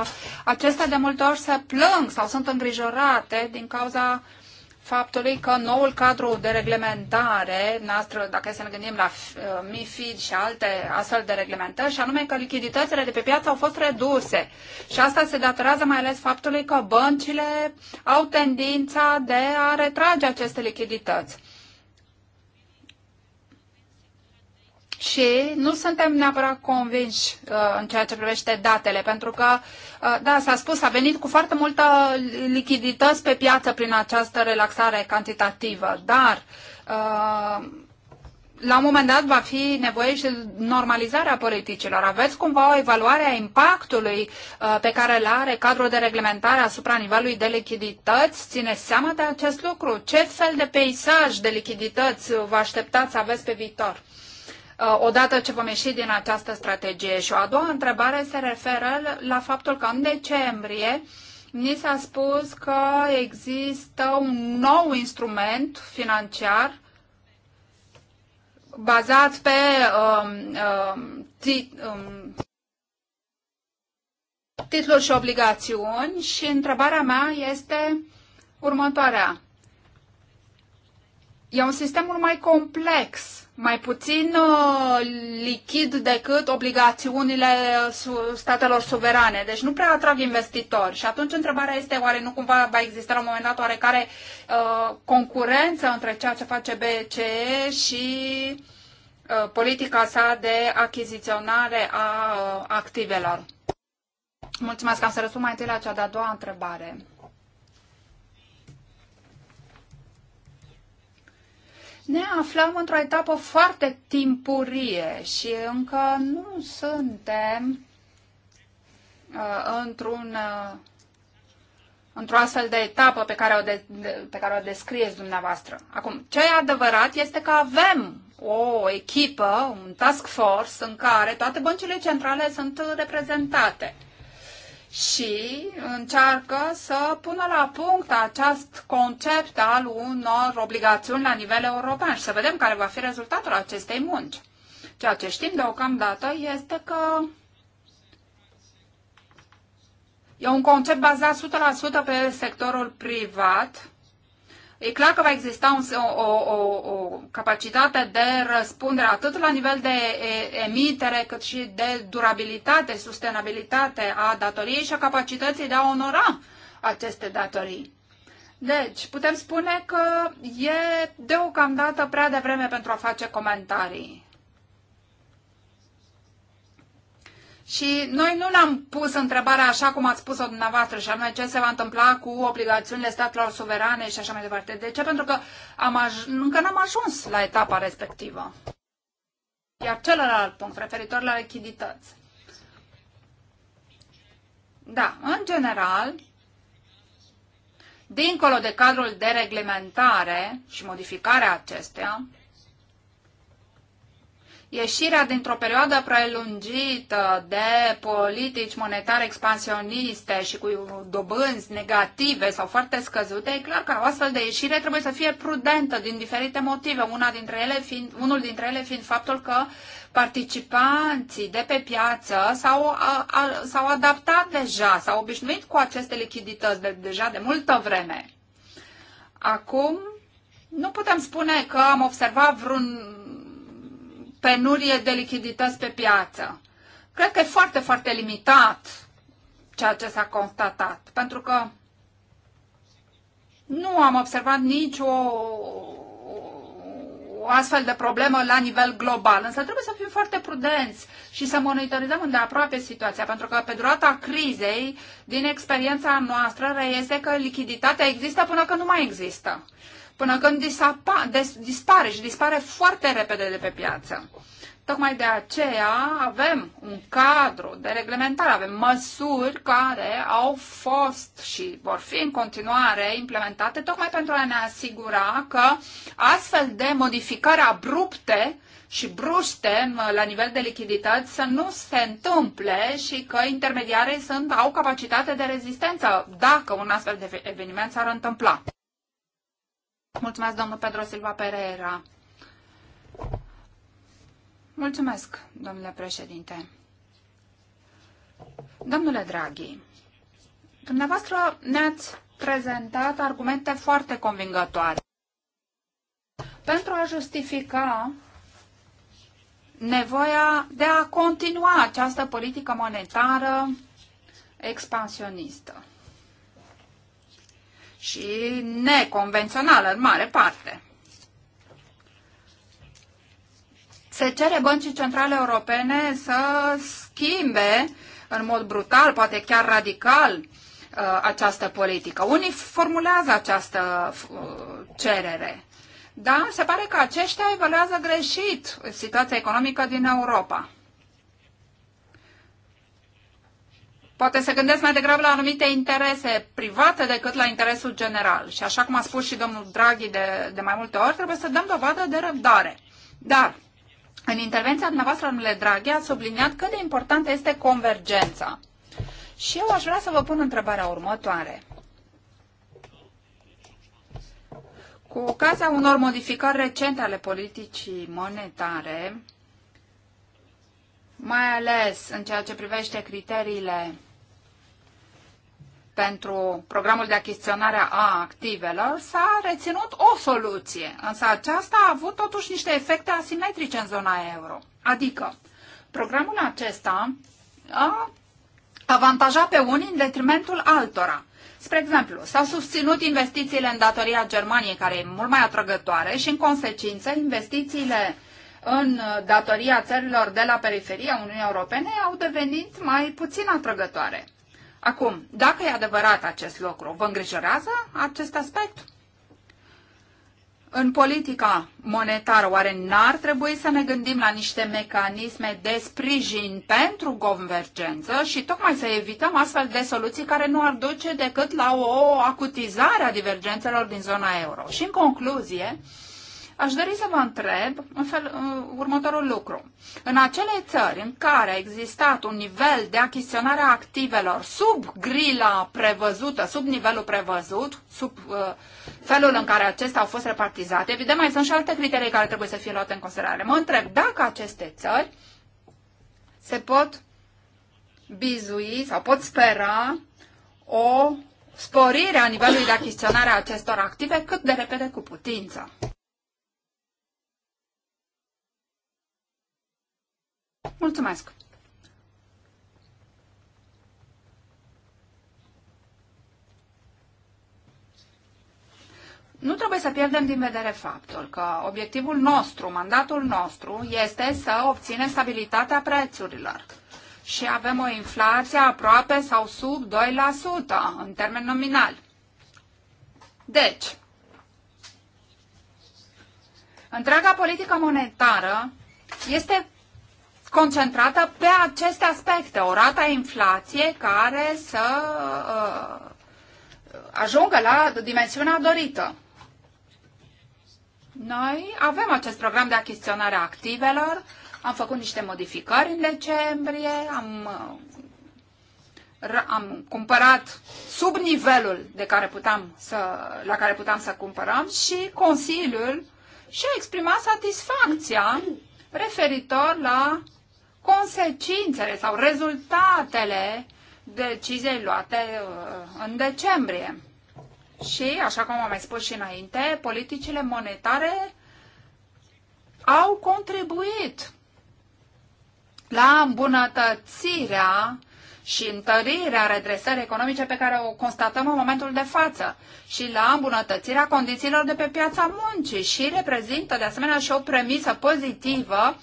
acestea de multe ori se plâng sau sunt îngrijorate din cauza uh, faptului că noul cadru de reglementare noastră, dacă să ne gândim la uh, MIFID și alte astfel de reglementări, și anume că lichiditățile de pe piață au fost reduse. Și asta se datorează mai ales faptului că băncile au tendința de a retrage aceste lichidități. și nu suntem neapărat convinși uh, în ceea ce privește datele, pentru că, uh, da, s-a spus, a venit cu foarte multă lichidități pe piață prin această relaxare cantitativă, dar uh, la un moment dat va fi nevoie și normalizarea politicilor. Aveți cumva o evaluare a impactului uh, pe care îl are cadrul de reglementare asupra nivelului de lichidități? Țineți seama de acest lucru? Ce fel de peisaj de lichidități vă așteptați să aveți pe viitor? Uh, odată ce vom ieși din această strategie. Și o a doua întrebare se referă la faptul că în decembrie ni s-a spus că există un nou instrument financiar bazat pe um, um, tit, um, titluri și obligațiuni și întrebarea mea este următoarea. E un sistem mult mai complex, mai puțin uh, lichid decât obligațiunile statelor suverane. Deci nu prea atrag investitori. Și atunci întrebarea este oare nu cumva va exista la un moment dat oarecare uh, concurență între ceea ce face BCE și uh, politica sa de achiziționare a uh, activelor. Mulțumesc, am să răspund mai întâi la cea de-a doua întrebare. Ne aflăm într-o etapă foarte timpurie și încă nu suntem uh, într-un uh, într-o astfel de etapă pe care, o de, pe care o descrieți dumneavoastră. Acum, ce e adevărat este că avem o echipă, un task force în care toate băncile centrale sunt reprezentate și încearcă să pună la punct acest concept al unor obligațiuni la nivel european și să vedem care va fi rezultatul acestei munci. Ceea ce știm deocamdată este că e un concept bazat 100% pe sectorul privat, E clar că va exista un, o, o, o capacitate de răspundere atât la nivel de emitere cât și de durabilitate, sustenabilitate a datoriei și a capacității de a onora aceste datorii. Deci, putem spune că e deocamdată prea devreme pentru a face comentarii. Și noi nu ne-am pus întrebarea așa cum ați spus-o dumneavoastră, și anume ce se va întâmpla cu obligațiunile statelor suverane și așa mai departe. De ce? Pentru că am aj- încă n-am ajuns la etapa respectivă. Iar celălalt punct, referitor la lichidități. Da, în general, dincolo de cadrul de reglementare și modificarea acestea, ieșirea dintr-o perioadă prelungită de politici monetare expansioniste și cu dobânzi negative sau foarte scăzute, e clar că o astfel de ieșire trebuie să fie prudentă din diferite motive, una dintre ele fiind, unul dintre ele fiind faptul că participanții de pe piață s-au, s-au adaptat deja, s-au obișnuit cu aceste lichidități de, deja de multă vreme. Acum, nu putem spune că am observat vreun penurie de lichidități pe piață. Cred că e foarte, foarte limitat ceea ce s-a constatat, pentru că nu am observat nicio o astfel de problemă la nivel global. Însă trebuie să fim foarte prudenți și să monitorizăm îndeaproape situația, pentru că pe durata crizei, din experiența noastră, reiese că lichiditatea există până când nu mai există până când disapa, des, dispare și dispare foarte repede de pe piață. Tocmai de aceea avem un cadru de reglementare, avem măsuri care au fost și vor fi în continuare implementate tocmai pentru a ne asigura că astfel de modificări abrupte și bruște la nivel de lichidități să nu se întâmple și că intermediarii sunt, au capacitate de rezistență dacă un astfel de eveniment s-ar întâmpla. Mulțumesc, domnul Pedro Silva Pereira. Mulțumesc, domnule președinte. Domnule Draghi, dumneavoastră ne-ați prezentat argumente foarte convingătoare pentru a justifica nevoia de a continua această politică monetară expansionistă și neconvențională în mare parte. Se cere băncii centrale europene să schimbe în mod brutal, poate chiar radical, uh, această politică. Unii formulează această uh, cerere. Dar se pare că aceștia evaluează greșit situația economică din Europa. poate se gândesc mai degrabă la anumite interese private decât la interesul general. Și așa cum a spus și domnul Draghi de, de mai multe ori, trebuie să dăm dovadă de răbdare. Dar, în intervenția dumneavoastră, domnule Draghi, a subliniat cât de importantă este convergența. Și eu aș vrea să vă pun întrebarea următoare. Cu ocazia unor modificări recente ale politicii monetare, mai ales în ceea ce privește criteriile pentru programul de achiziționare a activelor, s-a reținut o soluție, însă aceasta a avut totuși niște efecte asimetrice în zona euro. Adică, programul acesta a avantajat pe unii în detrimentul altora. Spre exemplu, s-au susținut investițiile în datoria Germaniei, care e mult mai atrăgătoare, și în consecință investițiile în datoria țărilor de la periferia Uniunii Europene au devenit mai puțin atrăgătoare. Acum, dacă e adevărat acest lucru, vă îngrijorează acest aspect? În politica monetară, oare n-ar trebui să ne gândim la niște mecanisme de sprijin pentru convergență și tocmai să evităm astfel de soluții care nu ar duce decât la o acutizare a divergențelor din zona euro? Și în concluzie, uh, Aș dori să vă întreb în fel, uh, următorul lucru. În acele țări în care a existat un nivel de achiziționare a activelor sub grila prevăzută, sub nivelul prevăzut, sub uh, felul în care acestea au fost repartizate, evident mai sunt și alte criterii care trebuie să fie luate în considerare. Mă întreb dacă aceste țări se pot bizui sau pot spera o sporire a nivelului de achiziționare a acestor active cât de repede cu putință. Mulțumesc! Nu trebuie să pierdem din vedere faptul că obiectivul nostru, mandatul nostru, este să obținem stabilitatea prețurilor. Și avem o inflație aproape sau sub 2% în termen nominal. Deci, întreaga politică monetară este concentrată pe aceste aspecte, o rata inflației care să uh, ajungă la dimensiunea dorită. Noi avem acest program de achiziționare a activelor, am făcut niște modificări în decembrie, am, uh, am cumpărat sub nivelul de care puteam să, la care puteam să cumpărăm și Consiliul și-a exprimat satisfacția referitor la consecințele sau rezultatele deciziei luate uh, în decembrie. Și, așa cum am mai spus și înainte, politicile monetare au contribuit la îmbunătățirea și întărirea redresării economice pe care o constatăm în momentul de față și la îmbunătățirea condițiilor de pe piața muncii și reprezintă de asemenea și o premisă pozitivă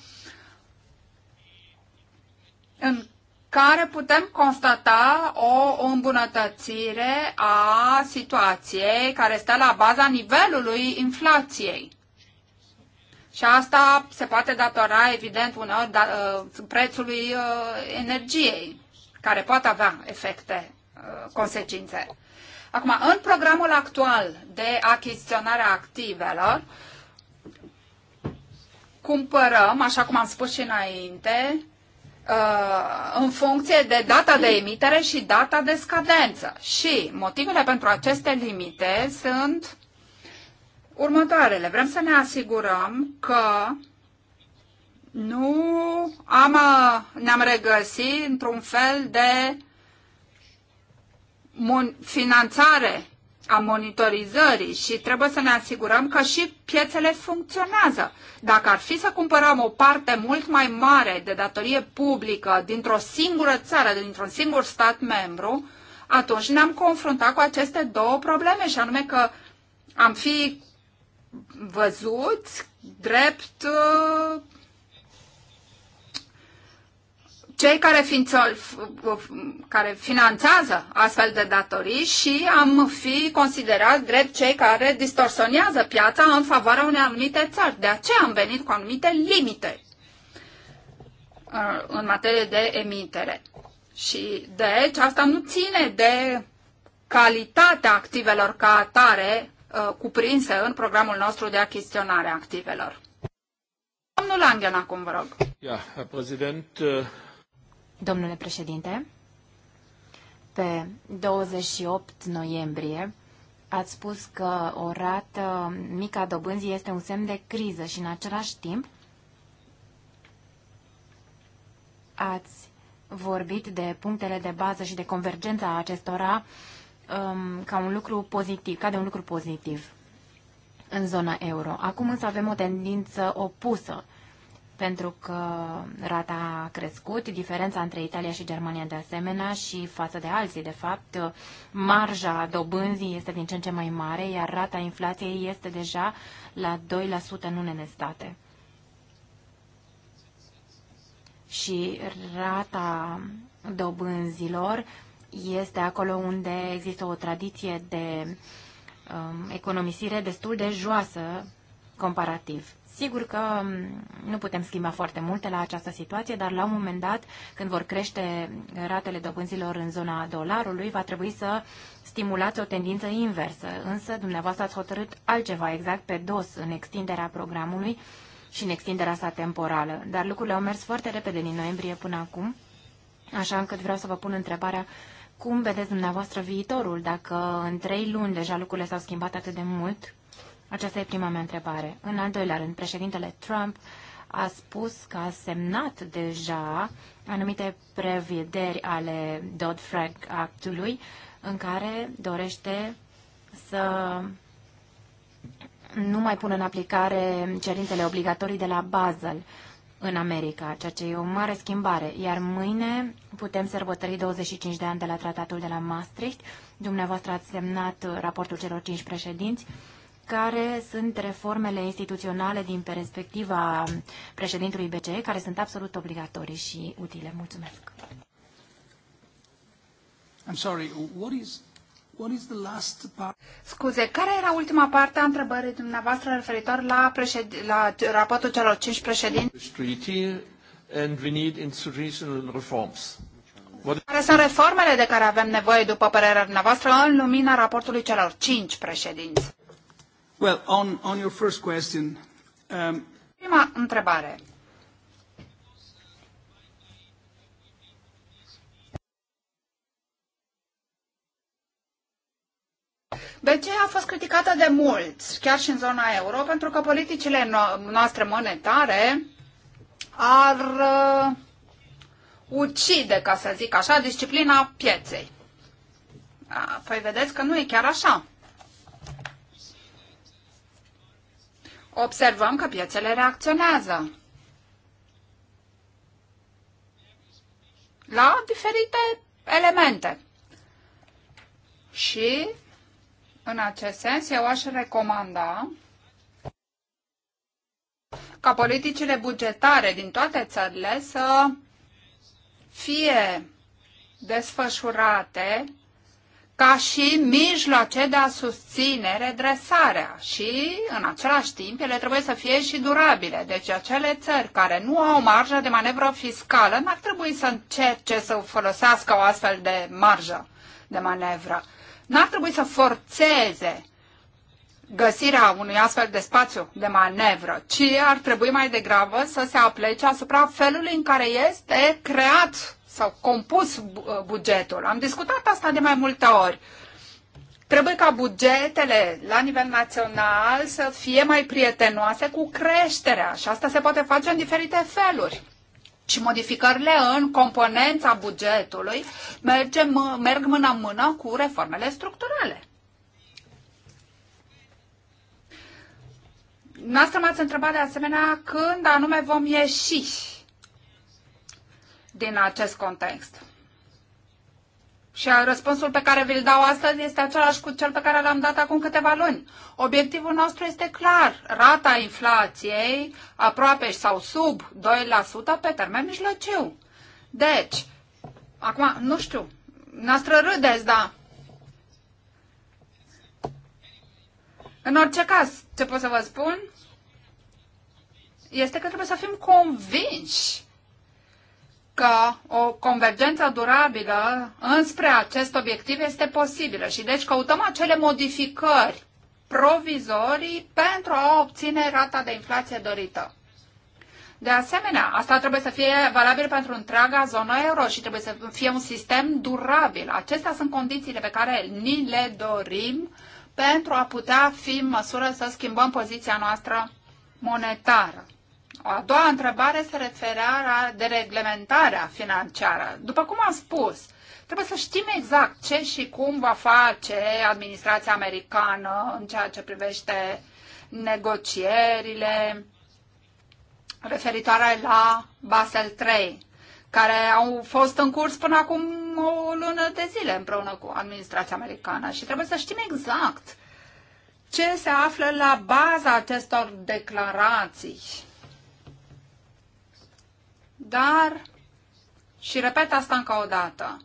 în care putem constata o îmbunătățire a situației care stă la baza nivelului inflației. Și asta se poate datora, evident, uneori da, uh, prețului uh, energiei, care poate avea efecte, uh, consecințe. Acum, în programul actual de achiziționare a activelor, cumpărăm, așa cum am spus și înainte, Uh, în funcție de data de emitere și data de scadență. Și motivele pentru aceste limite sunt următoarele. Vrem să ne asigurăm că nu am, uh, ne-am regăsit într-un fel de finanțare a monitorizării și trebuie să ne asigurăm că și piețele funcționează. Dacă ar fi să cumpărăm o parte mult mai mare de datorie publică dintr-o singură țară, dintr-un singur stat membru, atunci ne-am confruntat cu aceste două probleme și anume că am fi văzut drept uh, cei care, ființă, care finanțează astfel de datorii și am fi considerat drept cei care distorsionează piața în favoarea unei anumite țări. De aceea am venit cu anumite limite uh, în materie de emitere. Și deci asta nu ține de calitatea activelor ca atare uh, cuprinse în programul nostru de achiziționare a activelor. Domnul Langen, acum vă rog. Ja, Herr Präsident, äh, Domnule președinte, pe 28 noiembrie ați spus că o rată mică a dobânzii este un semn de criză și în același timp ați vorbit de punctele de bază și de convergența acestora um, ca un lucru pozitiv, ca de un lucru pozitiv în zona euro. Acum însă avem o tendință opusă pentru că rata a crescut, diferența între Italia și Germania de asemenea și față de alții, de fapt, marja dobânzii este din ce în ce mai mare, iar rata inflației este deja la 2% în unele state. Și rata dobânzilor este acolo unde există o tradiție de um, economisire destul de joasă comparativ. Sigur că mm, nu putem schimba foarte multe la această situație, dar la un moment dat, când vor crește ratele dobânzilor în zona dolarului, va trebui să stimulați o tendință inversă. Însă, dumneavoastră ați hotărât altceva exact pe dos în extinderea programului și în extinderea sa temporală. Dar lucrurile au mers foarte repede din noiembrie până acum, așa încât vreau să vă pun întrebarea cum vedeți dumneavoastră viitorul, dacă în trei luni deja lucrurile s-au schimbat atât de mult aceasta e prima mea întrebare. În al doilea rând, președintele Trump a spus că a semnat deja anumite prevederi ale Dodd-Frank Actului în care dorește să nu mai pună în aplicare cerințele obligatorii de la Basel în America, ceea ce e o mare schimbare. Iar mâine putem sărbători 25 de ani de la tratatul de la Maastricht. Dumneavoastră ați semnat raportul celor 5 președinți care sunt reformele instituționale din perspectiva președintelui BCE, care sunt absolut obligatorii și utile. Mulțumesc. I'm sorry, what is, what is the last part? Scuze, care era ultima parte a întrebării dumneavoastră referitor la, președ... la raportul celor cinci președinți? Care sunt reformele de care avem nevoie, după părerea dumneavoastră, în lumina raportului celor cinci președinți? Well, on, on your first question, um... Prima întrebare. BCE a fost criticată de mulți, chiar și în zona euro, pentru că politicile noastre monetare ar uh, ucide, ca să zic așa, disciplina pieței. păi vedeți că nu e chiar așa. observăm că piețele reacționează la diferite elemente. Și, în acest sens, eu aș recomanda ca politicile bugetare din toate țările să fie desfășurate ca și mijloace de a susține redresarea și, în același timp, ele trebuie să fie și durabile. Deci acele țări care nu au marjă de manevră fiscală n-ar trebui să încerce să folosească o astfel de marjă de manevră. N-ar trebui să forțeze găsirea unui astfel de spațiu de manevră, ci ar trebui mai degrabă să se aplece asupra felului în care este creat sau compus uh, bugetul. Am discutat asta de mai multe ori. Trebuie ca bugetele la nivel național să fie mai prietenoase cu creșterea și asta se poate face în diferite feluri. Și modificările în componența bugetului merge, merg mână-mână cu reformele structurale. Noastră m-ați întrebat de asemenea când anume vom ieși din acest context. Și răspunsul pe care vi-l dau astăzi este același cu cel pe care l-am dat acum câteva luni. Obiectivul nostru este clar. Rata inflației aproape sau sub 2% pe termen mijlociu. Deci, acum, nu știu, noastră râdeți, da. În orice caz, ce pot să vă spun este că trebuie să fim convinși că o convergență durabilă înspre acest obiectiv este posibilă și deci căutăm acele modificări provizorii pentru a obține rata de inflație dorită. De asemenea, asta trebuie să fie valabil pentru întreaga zonă euro și trebuie să fie un sistem durabil. Acestea sunt condițiile pe care ni le dorim pentru a putea fi în măsură să schimbăm poziția noastră monetară. A doua întrebare se referea la dereglementarea financiară. După cum am spus, trebuie să știm exact ce și cum va face administrația americană în ceea ce privește negocierile referitoare la Basel 3, care au fost în curs până acum o lună de zile împreună cu administrația americană și trebuie să știm exact ce se află la baza acestor declarații dar, și repet asta încă o dată,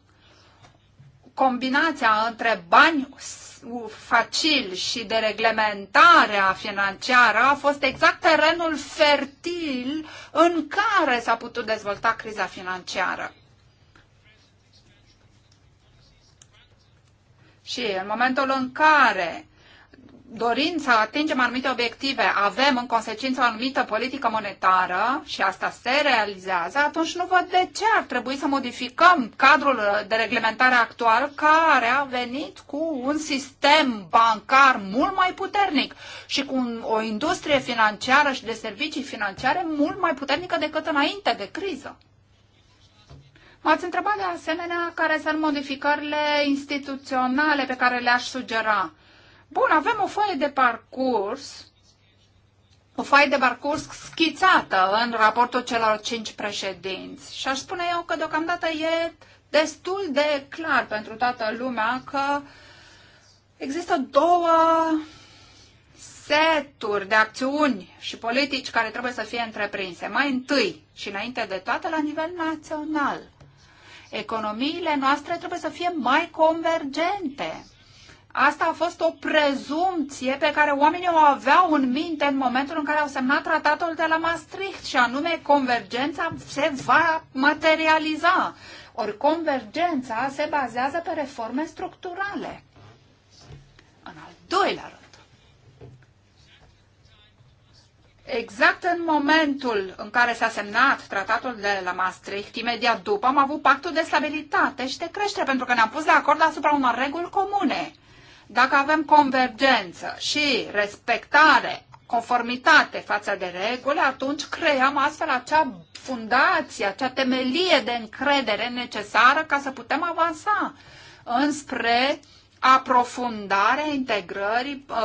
combinația între bani facil și de reglementarea financiară a fost exact terenul fertil în care s-a putut dezvolta criza financiară. Și în momentul în care dorim să atingem anumite obiective, avem în consecință o anumită politică monetară și asta se realizează, atunci nu văd de ce ar trebui să modificăm cadrul de reglementare actual care a venit cu un sistem bancar mult mai puternic și cu o industrie financiară și de servicii financiare mult mai puternică decât înainte de criză. M-ați întrebat de asemenea care sunt modificările instituționale pe care le-aș sugera. Bun, avem o foaie de parcurs, o foaie de parcurs schițată în raportul celor cinci președinți. Și aș spune eu că deocamdată e destul de clar pentru toată lumea că există două seturi de acțiuni și politici care trebuie să fie întreprinse. Mai întâi și înainte de toate la nivel național. Economiile noastre trebuie să fie mai convergente Asta a fost o prezumție pe care oamenii o aveau în minte în momentul în care au semnat tratatul de la Maastricht și anume convergența se va materializa. Ori convergența se bazează pe reforme structurale. În al doilea rând, Exact în momentul în care s-a semnat tratatul de la Maastricht, imediat după, am avut pactul de stabilitate și de creștere, pentru că ne-am pus de acord asupra unor reguli comune. Dacă avem convergență și respectare, conformitate față de reguli, atunci creăm astfel acea fundație, acea temelie de încredere necesară ca să putem avansa înspre aprofundarea integrării uh,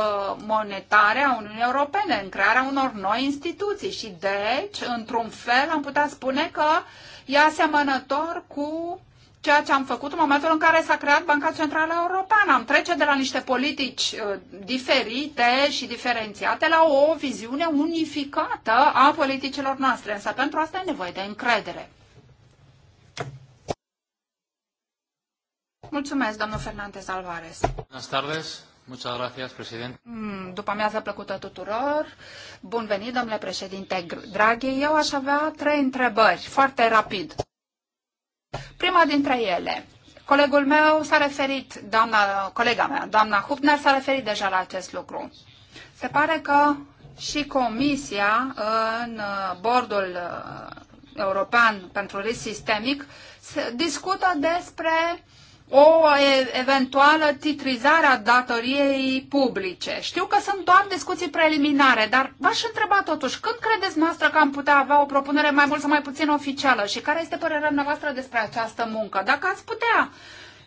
monetare a Uniunii Europene, în crearea unor noi instituții și deci, într-un fel, am putea spune că e asemănător cu ceea ce am făcut în momentul în care s-a creat Banca Centrală Europeană. Am trece de la niște politici uh, diferite și diferențiate la o viziune unificată a politicilor noastre. Însă pentru asta e nevoie de încredere. Mulțumesc, domnul Fernandez Alvarez. Buenas tardes. Muchas gracias, presidente. Mm, după amiază plăcută tuturor. Bun venit, domnule președinte Draghi. Eu aș avea trei întrebări, foarte rapid. Prima dintre ele, colegul meu s-a referit, doamna, colega mea, doamna Hupner, s-a referit deja la acest lucru. Se pare că și Comisia în bordul uh, european pentru risc sistemic discută despre o eventuală titrizare a datoriei publice. Știu că sunt doar discuții preliminare, dar v-aș întreba totuși, când credeți noastră că am putea avea o propunere mai mult sau mai puțin oficială și care este părerea noastră despre această muncă? Dacă ați putea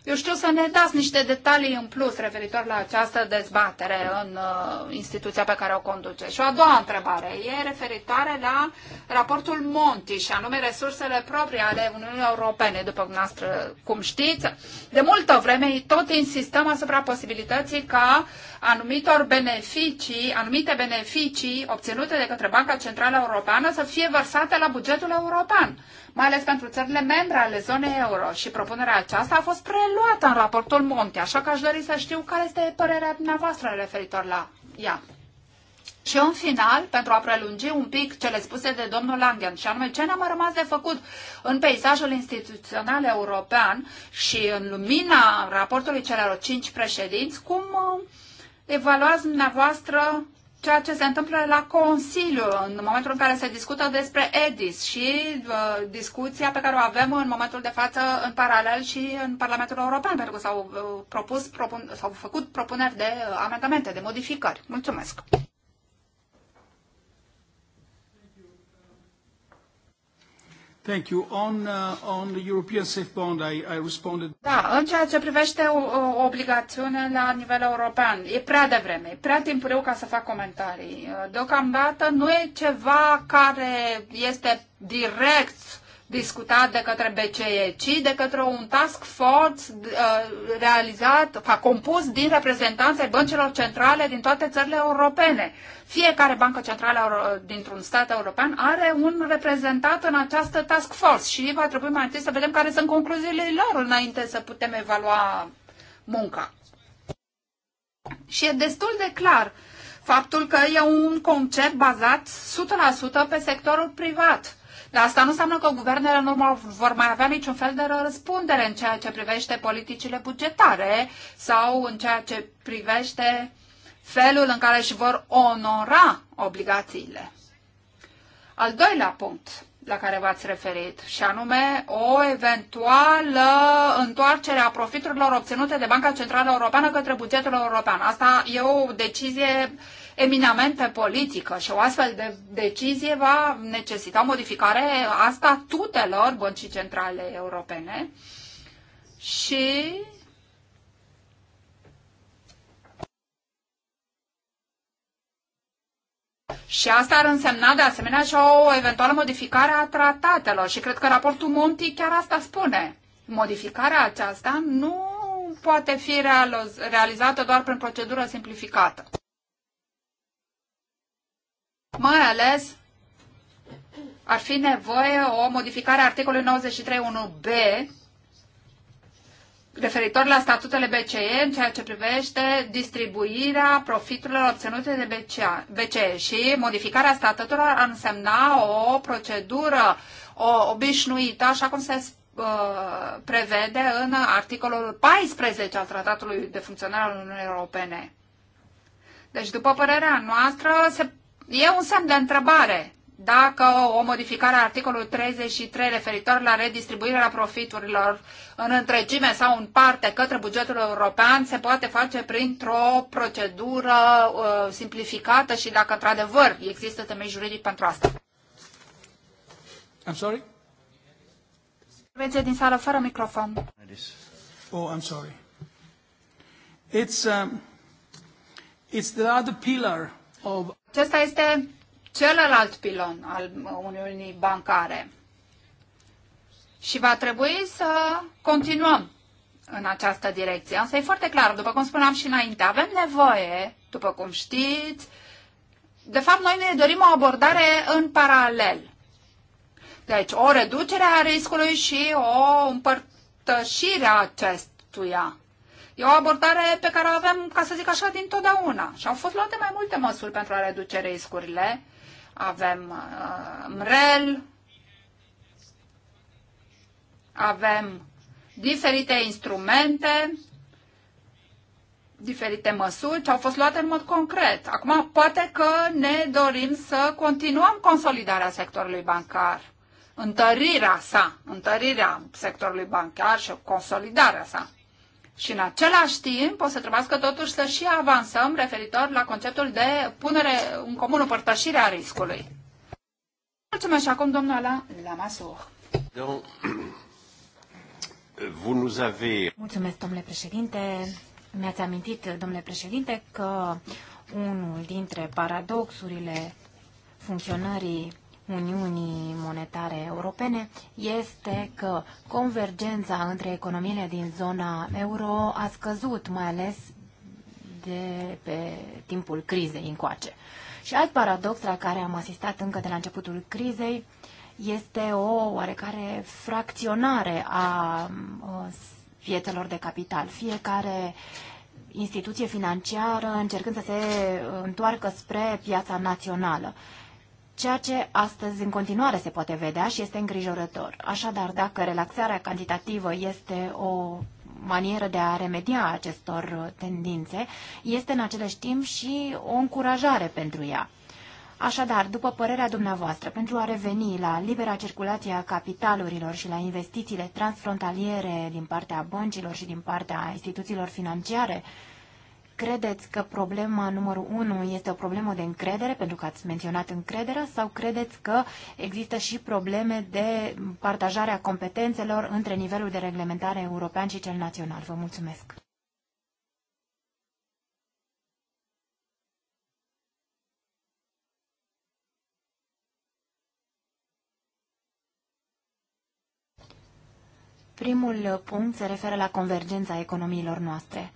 eu știu să ne dați niște detalii în plus referitor la această dezbatere în uh, instituția pe care o conduce. Și o a doua întrebare e referitoare la raportul Monti și anume resursele proprii ale Uniunii Europene. După noastră, cum știți, de multă vreme tot insistăm asupra posibilității ca anumitor beneficii, anumite beneficii obținute de către Banca Centrală Europeană să fie vărsate la bugetul european, mai ales pentru țările membre ale zonei euro. Și propunerea aceasta a fost preluată în raportul Monti, așa că aș dori să știu care este părerea dumneavoastră referitor la ea. Și în final, pentru a prelungi un pic cele spuse de domnul Langen, și anume ce ne am rămas de făcut în peisajul instituțional european și în lumina raportului celor cinci președinți, cum evaluați dumneavoastră ceea ce se întâmplă la Consiliu în momentul în care se discută despre EDIS și uh, discuția pe care o avem în momentul de față în paralel și în Parlamentul European, pentru că s-au, uh, propus, propun, s-au făcut propuneri de uh, amendamente, de modificări. Mulțumesc! Thank you. On, uh, on the European Safe Bond, I, I responded. Da, în ceea ce privește o, o obligațiune la nivel european, e prea devreme, e prea timpuriu ca să fac comentarii. Deocamdată nu e ceva care este direct discutat de către BCE, ci de către un task force uh, realizat, a compus din reprezentanțe băncilor centrale din toate țările europene. Fiecare bancă centrală uh, dintr-un stat european are un reprezentat în această task force și va trebui mai întâi să vedem care sunt concluziile lor înainte să putem evalua munca. Și e destul de clar faptul că e un concept bazat 100% pe sectorul privat dar asta nu înseamnă că guvernele nu vor mai avea niciun fel de răspundere în ceea ce privește politicile bugetare sau în ceea ce privește felul în care își vor onora obligațiile. Al doilea punct la care v-ați referit, și anume o eventuală întoarcere a profiturilor obținute de Banca Centrală Europeană către bugetul european. Asta e o decizie eminamente politică și o astfel de decizie va necesita modificare a statutelor băncii centrale europene și Și asta ar însemna de asemenea și o eventuală modificare a tratatelor. Și cred că raportul Monti chiar asta spune. Modificarea aceasta nu poate fi realizată doar prin procedură simplificată mai ales ar fi nevoie o modificare a articolului 93.1b referitor la statutele BCE în ceea ce privește distribuirea profiturilor obținute de BCE și modificarea statutelor ar însemna o procedură o obișnuită, așa cum se spune uh, prevede în articolul 14 al Tratatului de Funcționare al Uniunii Europene. Deci, după părerea noastră, se E un semn de întrebare dacă o modificare a articolului 33 referitor la redistribuirea profiturilor în întregime sau în parte către bugetul european se poate face printr-o procedură uh, simplificată și dacă într-adevăr există temei juridic pentru asta. I'm sorry? Intervenție din sală fără microfon. Oh, I'm sorry. It's, um, it's the other pillar acesta este celălalt pilon al Uniunii Bancare. Și va trebui să continuăm în această direcție. Asta e foarte clar, după cum spuneam și înainte, avem nevoie, după cum știți, de fapt noi ne dorim o abordare în paralel. Deci o reducere a riscului și o împărtășire a acestuia. E o abordare pe care o avem, ca să zic așa, dintotdeauna. Și au fost luate mai multe măsuri pentru a reduce riscurile. Avem uh, MREL, avem diferite instrumente, diferite măsuri ce au fost luate în mod concret. Acum, poate că ne dorim să continuăm consolidarea sectorului bancar, întărirea sa, întărirea sectorului bancar și consolidarea sa. Și în același timp o să trebuiască totuși să și avansăm referitor la conceptul de punere în comun, împărtășire a riscului. Mulțumesc și acum domnul Alain Lamassoure. Mulțumesc, domnule președinte. Mi-ați amintit, domnule președinte, că unul dintre paradoxurile funcționării Uniunii Monetare Europene este că convergența între economiile din zona euro a scăzut, mai ales de pe timpul crizei încoace. Și alt paradox la care am asistat încă de la începutul crizei este o oarecare fracționare a fiețelor uh, de capital. Fiecare instituție financiară încercând să se întoarcă spre piața națională ceea ce astăzi în continuare se poate vedea și este îngrijorător. Așadar, dacă relaxarea cantitativă este o manieră de a remedia acestor tendințe, este în același timp și o încurajare pentru ea. Așadar, după părerea dumneavoastră, pentru a reveni la libera circulație a capitalurilor și la investițiile transfrontaliere din partea băncilor și din partea instituțiilor financiare, Credeți că problema numărul 1 este o problemă de încredere, pentru că ați menționat încrederea, sau credeți că există și probleme de partajare a competențelor între nivelul de reglementare european și cel național? Vă mulțumesc! Primul punct se referă la convergența economiilor noastre.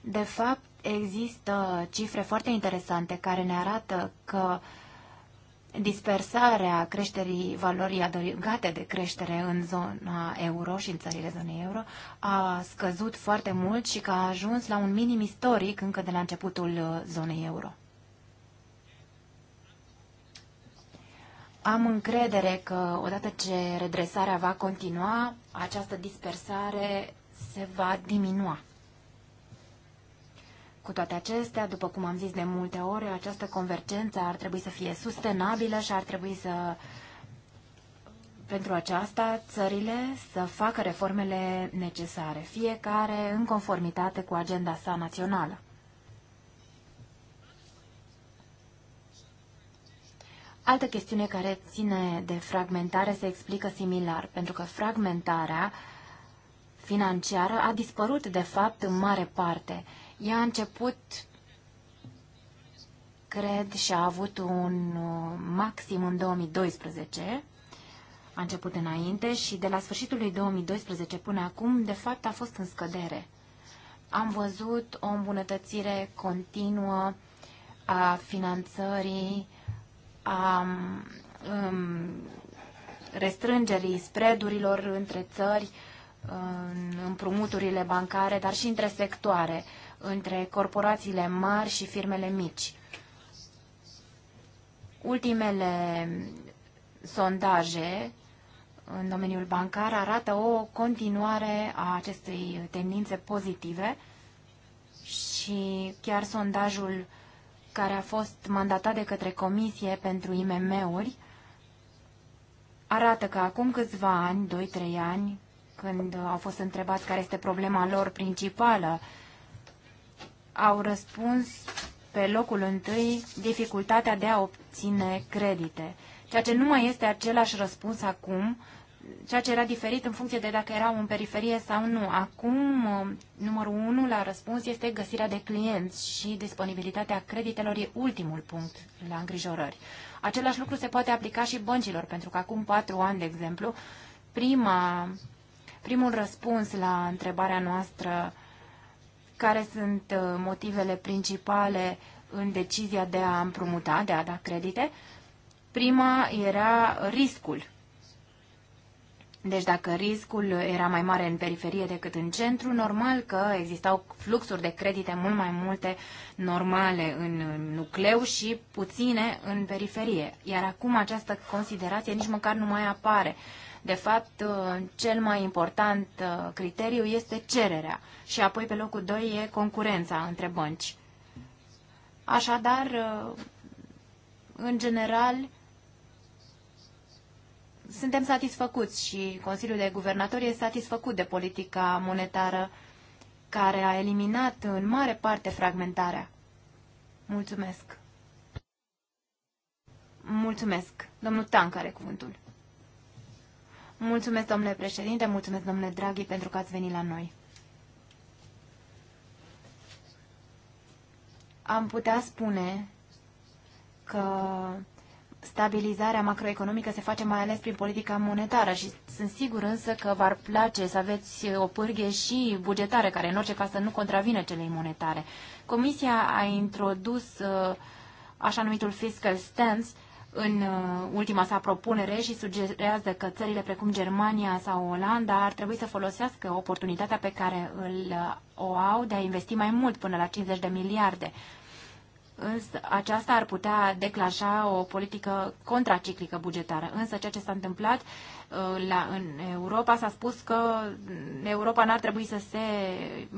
De fapt, există cifre foarte interesante care ne arată că dispersarea creșterii valorii adăugate de creștere în zona euro și în țările zonei euro a scăzut foarte mult și că a ajuns la un minim istoric încă de la începutul zonei euro. Am încredere că odată ce redresarea va continua, această dispersare se va diminua. Cu toate acestea, după cum am zis de multe ori, această convergență ar trebui să fie sustenabilă și ar trebui să pentru aceasta țările să facă reformele necesare, fiecare în conformitate cu agenda sa națională. Altă chestiune care ține de fragmentare se explică similar, pentru că fragmentarea financiară a dispărut de fapt în mare parte. Ea a început, cred, și a avut un uh, maxim în 2012, a început înainte și de la sfârșitul lui 2012 până acum, de fapt, a fost în scădere. Am văzut o îmbunătățire continuă a finanțării, a um, restrângerii spreadurilor între țări, împrumuturile bancare, dar și între sectoare între corporațiile mari și firmele mici. Ultimele sondaje în domeniul bancar arată o continuare a acestei tendințe pozitive și chiar sondajul care a fost mandatat de către Comisie pentru IMM-uri arată că acum câțiva ani, 2-3 ani, când au fost întrebați care este problema lor principală au răspuns pe locul întâi dificultatea de a obține credite, ceea ce nu mai este același răspuns acum, ceea ce era diferit în funcție de dacă erau în periferie sau nu. Acum, uh, numărul unu la răspuns este găsirea de clienți și disponibilitatea creditelor e ultimul punct la îngrijorări. Același lucru se poate aplica și băncilor, pentru că acum patru ani, de exemplu, prima, primul răspuns la întrebarea noastră care sunt uh, motivele principale în decizia de a împrumuta, de a da credite. Prima era riscul. Deci dacă riscul era mai mare în periferie decât în centru, normal că existau fluxuri de credite mult mai multe normale în nucleu și puține în periferie. Iar acum această considerație nici măcar nu mai apare. De fapt, uh, cel mai important uh, criteriu este cererea și apoi pe locul 2 e concurența între bănci. Așadar, uh, în general, suntem satisfăcuți și Consiliul de Guvernatori este satisfăcut de politica monetară care a eliminat în mare parte fragmentarea. Mulțumesc! Mulțumesc! Domnul Tan care cuvântul. Mulțumesc, domnule președinte, mulțumesc, domnule Draghi, pentru că ați venit la noi. Am putea spune că stabilizarea macroeconomică se face mai ales prin politica monetară și sunt sigur însă că v-ar place să aveți o pârghie și bugetară, care în orice caz să nu contravine celei monetare. Comisia a introdus uh, așa numitul fiscal stance, în uh, ultima sa propunere și sugerează că țările precum Germania sau Olanda ar trebui să folosească oportunitatea pe care îl uh, o au de a investi mai mult până la 50 de miliarde Însă aceasta ar putea declanșa o politică contraciclică bugetară. Însă ceea ce s-a întâmplat uh, la, în Europa s-a spus că Europa n-ar trebui să se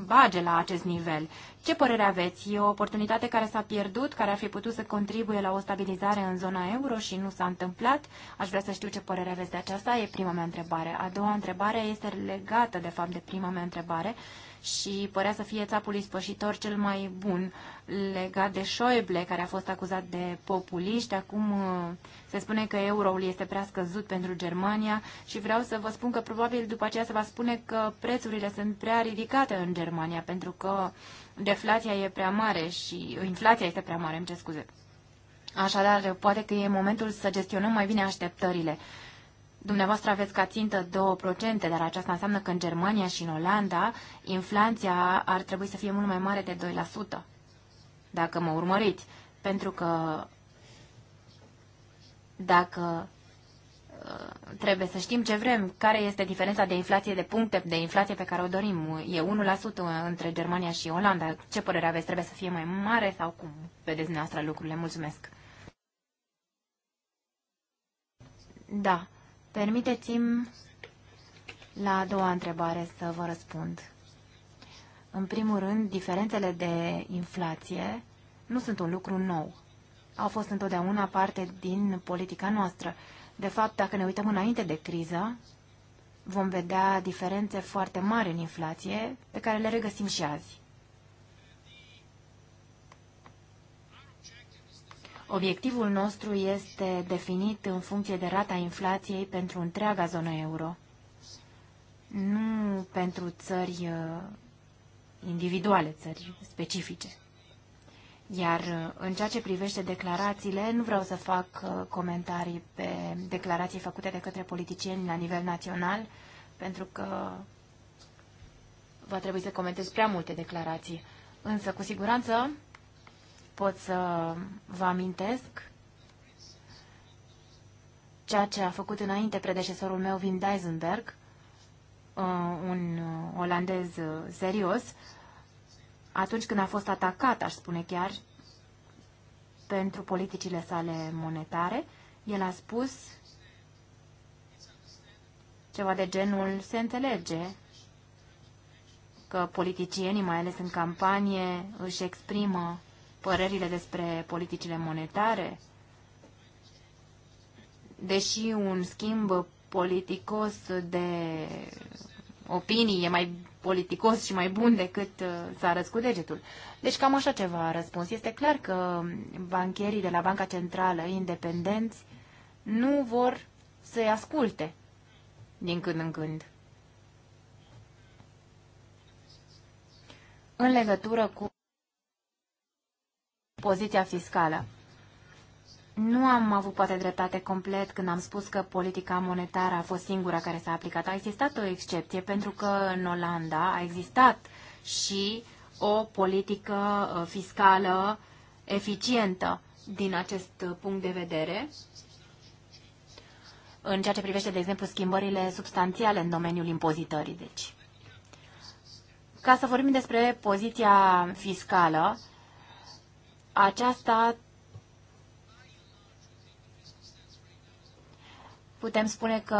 bage la acest nivel. Ce părere aveți? E o oportunitate care s-a pierdut, care ar fi putut să contribuie la o stabilizare în zona euro și nu s-a întâmplat? Aș vrea să știu ce părere aveți de aceasta. E prima mea întrebare. A doua întrebare este legată, de fapt, de prima mea întrebare. Uh, și părea să fie țapul ispășitor cel mai bun legat de Șoeble, care a fost acuzat de populiști. Acum uh, se spune că euroul este prea scăzut pentru Germania și vreau să vă spun că probabil după aceea se va spune că prețurile sunt prea ridicate în Germania pentru că deflația e prea mare și inflația este prea mare, îmi ce scuze. Așadar, poate că e momentul să gestionăm mai bine așteptările. Dumneavoastră aveți ca țintă 2%, dar aceasta înseamnă că în Germania și în Olanda inflația ar trebui să fie mult mai mare de 2%, dacă mă urmăriți. Pentru că dacă uh, trebuie să știm ce vrem, care este diferența de inflație de puncte de inflație pe care o dorim. E 1% între Germania și Olanda. Ce părere aveți? Trebuie să fie mai mare sau cum vedeți dumneavoastră lucrurile? Mulțumesc! Da, Permiteți-mi la a doua întrebare să vă răspund. În primul rând, diferențele de inflație nu sunt un lucru nou. Au fost întotdeauna parte din politica noastră. De fapt, dacă ne uităm înainte de criză, vom vedea diferențe foarte mari în inflație, pe care le regăsim și azi. Obiectivul nostru este definit în funcție de rata inflației pentru întreaga zonă euro, nu pentru țări uh, individuale, țări specifice. Iar uh, în ceea ce privește declarațiile, nu vreau să fac uh, comentarii pe declarații făcute de către politicieni la nivel național, pentru că va trebui să comentez prea multe declarații. Însă, cu siguranță, pot să vă amintesc ceea ce a făcut înainte predecesorul meu, Wim Dijsenberg, uh, un uh, olandez uh, serios, atunci când a fost atacat, aș spune chiar, pentru politicile sale monetare, el a spus ceva de genul se înțelege că politicienii, mai ales în campanie, își exprimă părerile despre politicile monetare? Deși un schimb politicos de opinii e mai politicos și mai bun decât uh, să arăți cu degetul. Deci cam așa ceva a răspuns. Este clar că bancherii de la Banca Centrală independenți nu vor să-i asculte din când în când. În legătură cu poziția fiscală. Nu am avut poate dreptate complet când am spus că politica monetară a fost singura care s-a aplicat. A existat o excepție pentru că în Olanda a existat și o politică uh, fiscală eficientă din acest punct de vedere în ceea ce privește, de exemplu, schimbările substanțiale în domeniul impozitării. Deci. Ca să vorbim despre poziția fiscală, aceasta putem spune că,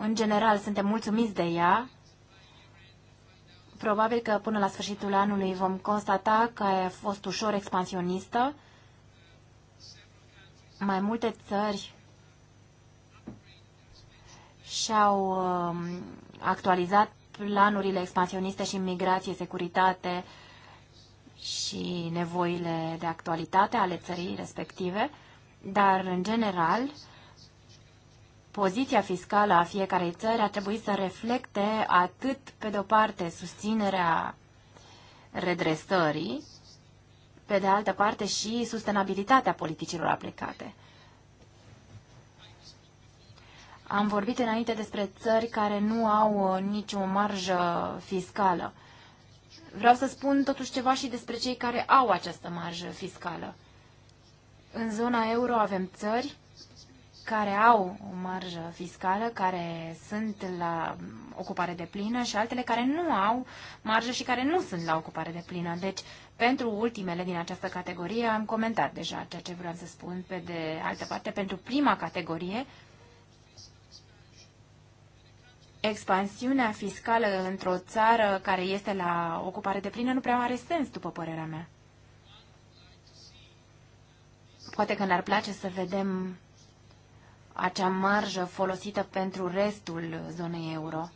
în general, suntem mulțumiți de ea. Probabil că până la sfârșitul anului vom constata că a fost ușor expansionistă. Mai multe țări și-au um, actualizat planurile expansioniste și migrație, securitate, și nevoile de actualitate ale țării respective, dar, în general, poziția fiscală a fiecarei țări ar trebui să reflecte atât, pe de-o parte, susținerea redresării, pe de altă parte și sustenabilitatea politicilor aplicate. Am vorbit înainte despre țări care nu au uh, nicio marjă fiscală. Vreau să spun totuși ceva și despre cei care au această marjă fiscală. În zona euro avem țări care au o marjă fiscală, care sunt la ocupare de plină și altele care nu au marjă și care nu sunt la ocupare de plină. Deci, pentru ultimele din această categorie am comentat deja ceea ce vreau să spun. Pe de altă parte, pentru prima categorie, expansiunea fiscală într-o țară care este la ocupare de plină nu prea are sens, după părerea mea. Poate că ne-ar place să vedem acea marjă folosită pentru restul zonei euro,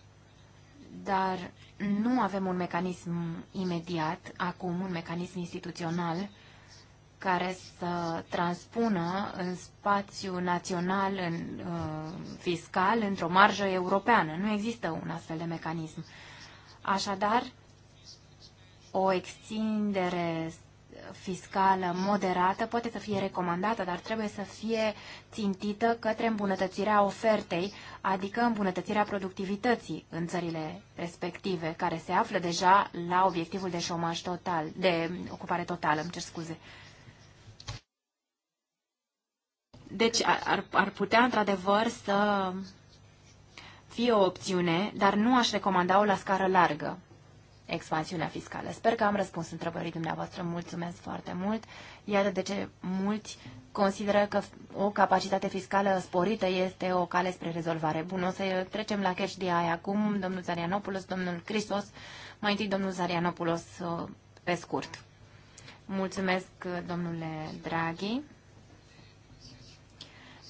dar nu avem un mecanism imediat, acum un mecanism instituțional care să transpună în spațiu național în, uh, fiscal într-o marjă europeană. Nu există un astfel de mecanism. Așadar, o extindere fiscală moderată poate să fie recomandată, dar trebuie să fie țintită către îmbunătățirea ofertei, adică îmbunătățirea productivității în țările respective, care se află deja la obiectivul de șomaj total, de ocupare totală, îmi cer scuze. Deci ar, ar putea într-adevăr să fie o opțiune, dar nu aș recomanda-o la scară largă, expansiunea fiscală. Sper că am răspuns întrebării dumneavoastră. Mulțumesc foarte mult. Iată de ce mulți consideră că o capacitate fiscală sporită este o cale spre rezolvare. Bun, o să trecem la cash de aia acum. Domnul Zarianopoulos, domnul Cristos, mai întâi domnul Zarianopoulos pe scurt. Mulțumesc, domnule Draghi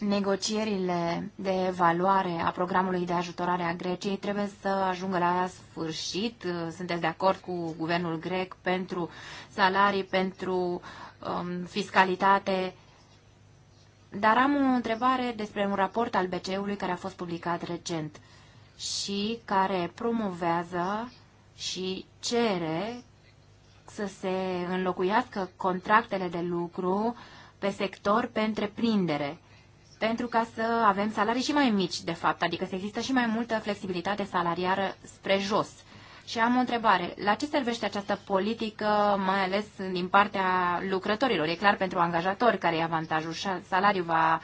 negocierile de evaluare a programului de ajutorare a Greciei trebuie să ajungă la sfârșit. Sunteți de acord cu guvernul grec pentru salarii, pentru um, fiscalitate? Dar am o întrebare despre un raport al BCE-ului care a fost publicat recent și care promovează și cere să se înlocuiască contractele de lucru pe sector pe întreprindere pentru ca să avem salarii și mai mici, de fapt, adică să există și mai multă flexibilitate salariară spre jos. Și am o întrebare. La ce servește această politică, mai ales din partea lucrătorilor? E clar pentru angajatori care e avantajul. Salariul va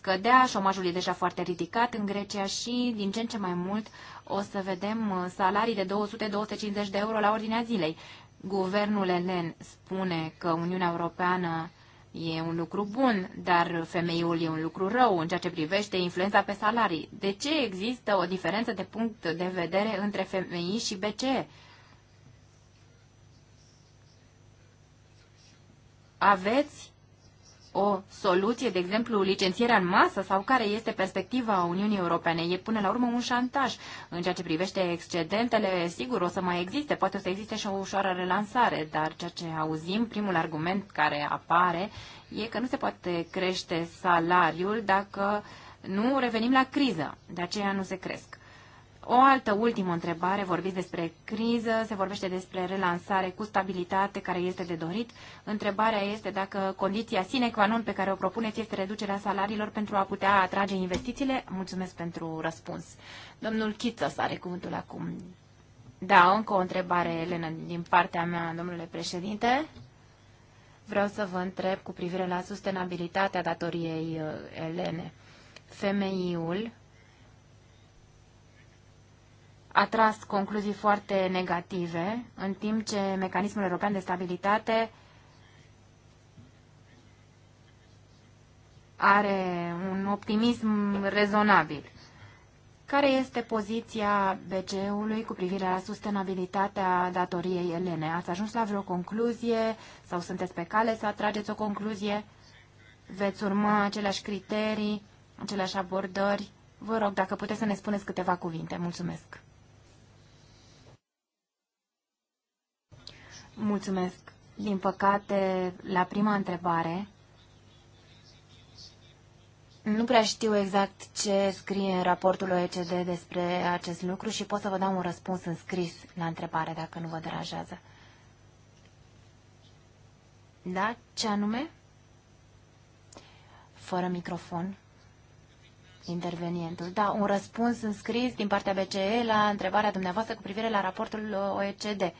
scădea, șomajul e deja foarte ridicat în Grecia și din ce în ce mai mult o să vedem salarii de 200-250 de euro la ordinea zilei. Guvernul elen spune că Uniunea Europeană e un lucru bun, dar femeiul e un lucru rău în ceea ce privește influența pe salarii. De ce există o diferență de punct de vedere între femei și BCE? Aveți o soluție, de exemplu, licențierea în masă sau care este perspectiva Uniunii Europene. E până la urmă un șantaj în ceea ce privește excedentele. Sigur, o să mai existe, poate o să existe și o ușoară relansare, dar ceea ce auzim, primul argument care apare e că nu se poate crește salariul dacă nu revenim la criză. De aceea nu se cresc. O altă ultimă întrebare, vorbiți despre criză, se vorbește despre relansare cu stabilitate care este de dorit. Întrebarea este dacă condiția sine qua non pe care o propuneți este reducerea salariilor pentru a putea atrage investițiile. Mulțumesc pentru răspuns. Domnul Chiță are cuvântul acum. Da, încă o întrebare, Elena, din partea mea, domnule președinte. Vreau să vă întreb cu privire la sustenabilitatea datoriei uh, Elene. Femeiul a tras concluzii foarte negative, în timp ce mecanismul european de stabilitate are un optimism rezonabil. Care este poziția BCE-ului cu privire la sustenabilitatea datoriei elene? Ați ajuns la vreo concluzie sau sunteți pe cale să atrageți o concluzie? Veți urma aceleași criterii, aceleași abordări? Vă rog, dacă puteți să ne spuneți câteva cuvinte. Mulțumesc! Mulțumesc. Din păcate, la prima întrebare, nu prea știu exact ce scrie în raportul OECD despre acest lucru și pot să vă dau un răspuns în scris la întrebare, dacă nu vă deranjează. Da? Ce anume? Fără microfon. Intervenientul. Da, un răspuns în scris din partea BCE la întrebarea dumneavoastră cu privire la raportul OECD.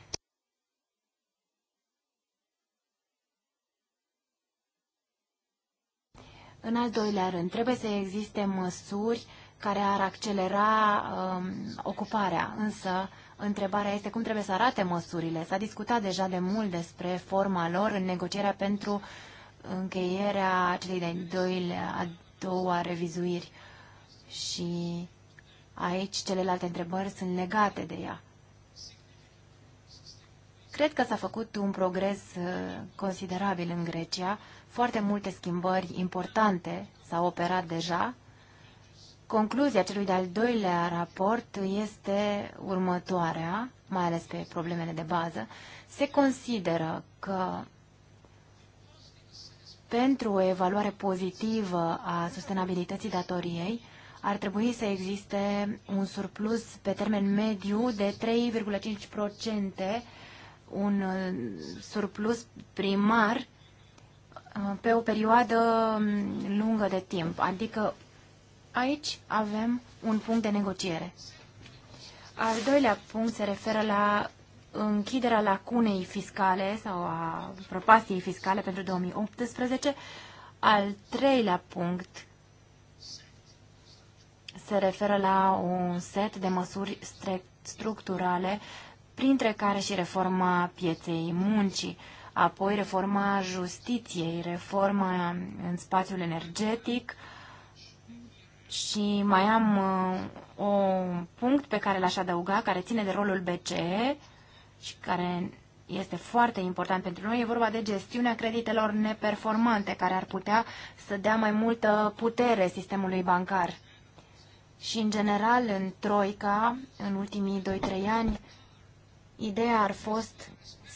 În al doilea rând, trebuie să existe măsuri care ar accelera um, ocuparea, însă întrebarea este cum trebuie să arate măsurile. S-a discutat deja de mult despre forma lor în negocierea pentru încheierea celei de doilea, a doua revizuiri și aici celelalte întrebări sunt legate de ea. Cred că s-a făcut un progres uh, considerabil în Grecia, foarte multe schimbări importante s-au operat deja. Concluzia celui de-al doilea raport este următoarea, mai ales pe problemele de bază. Se consideră că pentru o evaluare pozitivă a sustenabilității datoriei, ar trebui să existe un surplus pe termen mediu de 3,5%, un uh, surplus primar Uh, pe o perioadă um, lungă de timp. Adică aici avem un punct de negociere. Al doilea punct se referă la închiderea lacunei fiscale sau a propastiei fiscale pentru 2018. Al treilea punct se referă la un set de măsuri structurale, printre care și reforma pieței muncii apoi reforma justiției, reforma în spațiul energetic și mai am uh, un punct pe care l-aș adăuga, care ține de rolul BCE și care este foarte important pentru noi. E vorba de gestiunea creditelor neperformante, care ar putea să dea mai multă putere sistemului bancar. Și, în general, în Troica, în ultimii 2-3 ani, ideea ar fost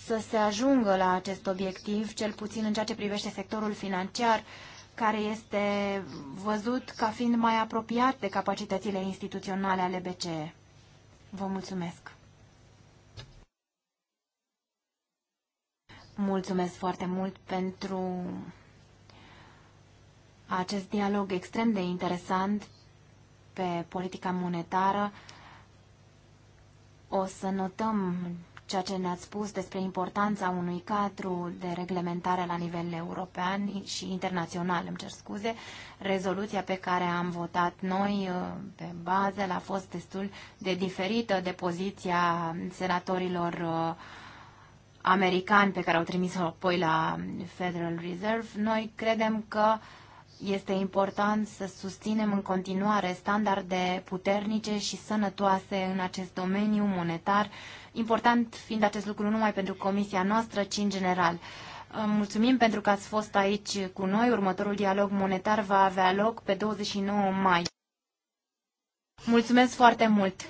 să se ajungă la acest obiectiv, cel puțin în ceea ce privește sectorul financiar, care este văzut ca fiind mai apropiat de capacitățile instituționale ale BCE. Vă mulțumesc! Mulțumesc foarte mult pentru acest dialog extrem de interesant pe politica monetară. O să notăm ceea ce ne-ați spus despre importanța unui cadru de reglementare la nivel european și internațional, îmi cer scuze. Rezoluția pe care am votat noi uh, pe bază a fost destul de diferită de poziția senatorilor uh, americani pe care au trimis-o apoi la Federal Reserve. Noi credem că este important să susținem în continuare standarde puternice și sănătoase în acest domeniu monetar important fiind acest lucru nu numai pentru comisia noastră, ci în general. Mulțumim pentru că ați fost aici cu noi. Următorul dialog monetar va avea loc pe 29 mai. Mulțumesc foarte mult!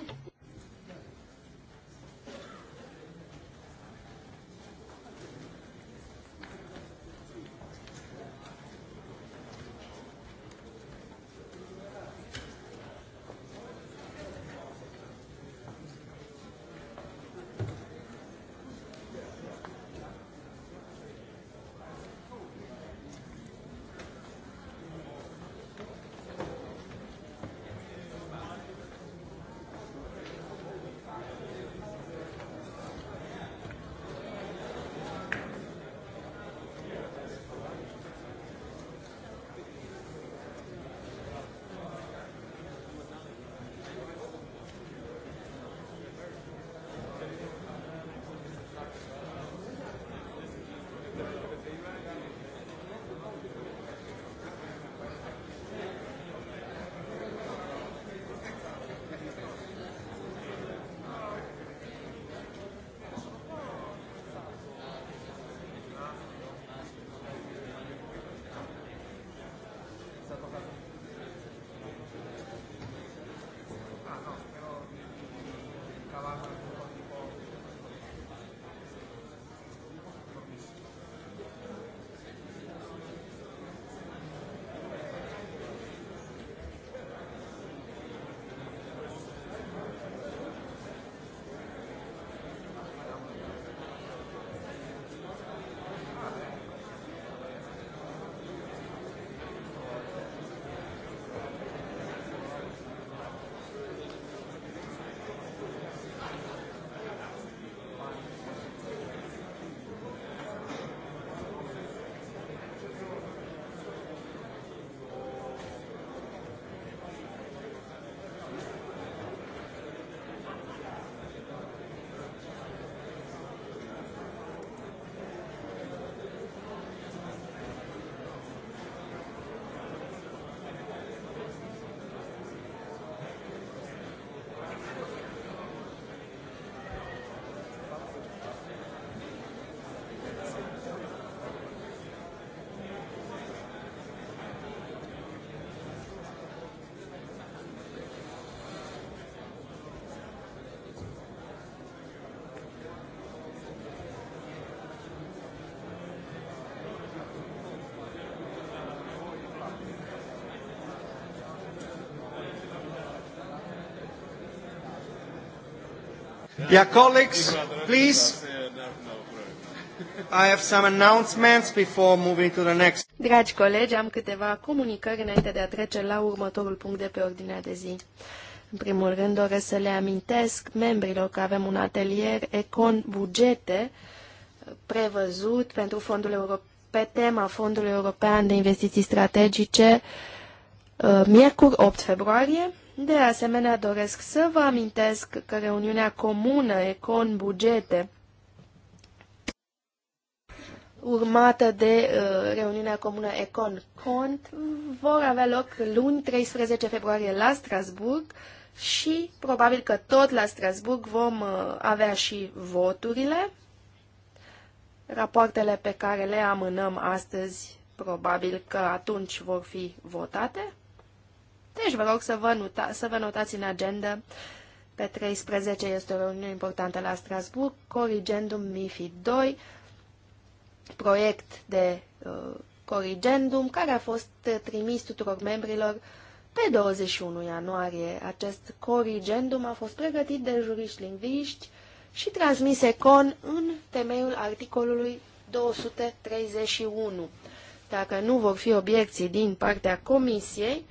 Yeah, colleagues, please. I have some announcements before moving to the next. Dragi colegi, am câteva comunicări înainte de a trece la următorul punct de pe ordinea de zi. În primul rând, doresc să le amintesc membrilor că avem un atelier Econ Bugete prevăzut pentru fondul pe tema Fondului European de Investiții Strategice uh, miercuri 8 februarie de asemenea, doresc să vă amintesc că reuniunea comună Econ Bugete, urmată de uh, reuniunea comună Econ Cont, vor avea loc luni 13 februarie la Strasburg și probabil că tot la Strasburg vom uh, avea și voturile. Rapoartele pe care le amânăm astăzi, probabil că atunci vor fi votate. Deci vă rog să vă, nota, să vă notați în agenda. Pe 13 este o reuniune importantă la Strasburg, Corrigendum MIFID 2, proiect de uh, Corrigendum care a fost trimis tuturor membrilor pe 21 ianuarie. Acest Corrigendum a fost pregătit de juriști lingviști și transmis con în temeiul articolului 231. Dacă nu vor fi obiecții din partea Comisiei,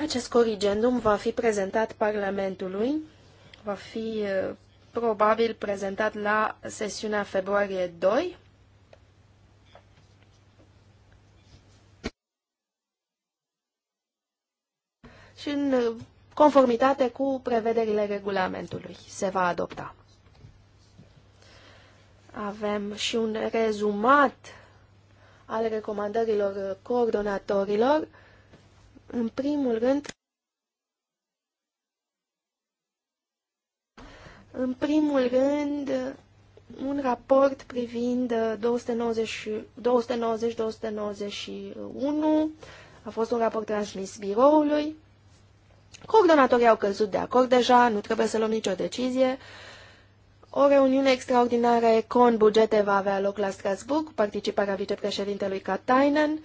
acest corigendum va fi prezentat Parlamentului, va fi uh, probabil prezentat la sesiunea februarie 2. Și în uh, conformitate cu prevederile regulamentului se va adopta. Avem și un rezumat al recomandărilor coordonatorilor în primul rând, în primul rând, un raport privind 290-291. A fost un raport transmis biroului. Coordonatorii au căzut de acord deja, nu trebuie să luăm nicio decizie. O reuniune extraordinară Econ Bugete va avea loc la Strasbourg, cu participarea vicepreședintelui Katainen.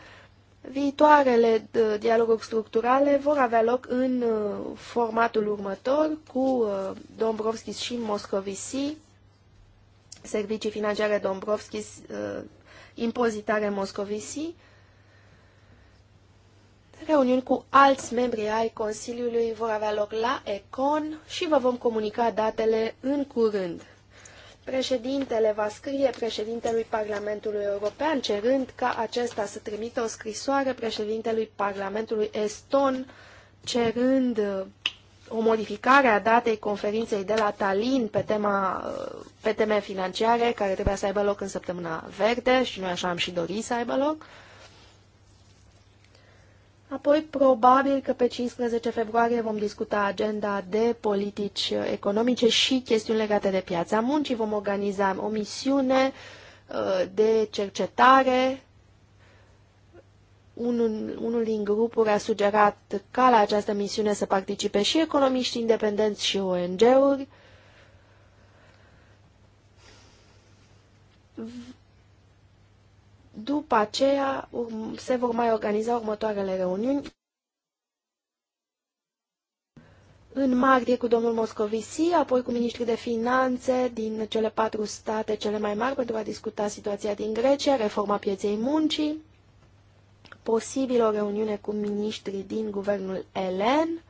Viitoarele uh, dialoguri structurale vor avea loc în uh, formatul următor cu uh, Dombrovskis și Moscovici, servicii financiare Dombrovskis, impozitare Moscovici, reuniuni cu alți membri ai Consiliului vor avea loc la Econ și vă vom comunica datele în curând. Președintele va scrie președintelui Parlamentului European cerând ca acesta să trimită o scrisoare președintelui Parlamentului Eston cerând uh, o modificare a datei conferinței de la Tallinn pe, tema, uh, pe teme financiare care trebuia să aibă loc în săptămâna verde și noi așa am și dorit să aibă loc. Apoi, probabil că pe 15 februarie vom discuta agenda de politici economice și chestiuni legate de piața muncii. Vom organiza o misiune uh, de cercetare. Unul, unul din grupuri a sugerat ca la această misiune să participe și economiști independenți și ONG-uri după aceea um, se vor mai organiza următoarele reuniuni. În martie cu domnul Moscovici, apoi cu ministrii de finanțe din cele patru state cele mai mari pentru a discuta situația din Grecia, reforma pieței muncii, posibil o reuniune cu ministrii din guvernul Elen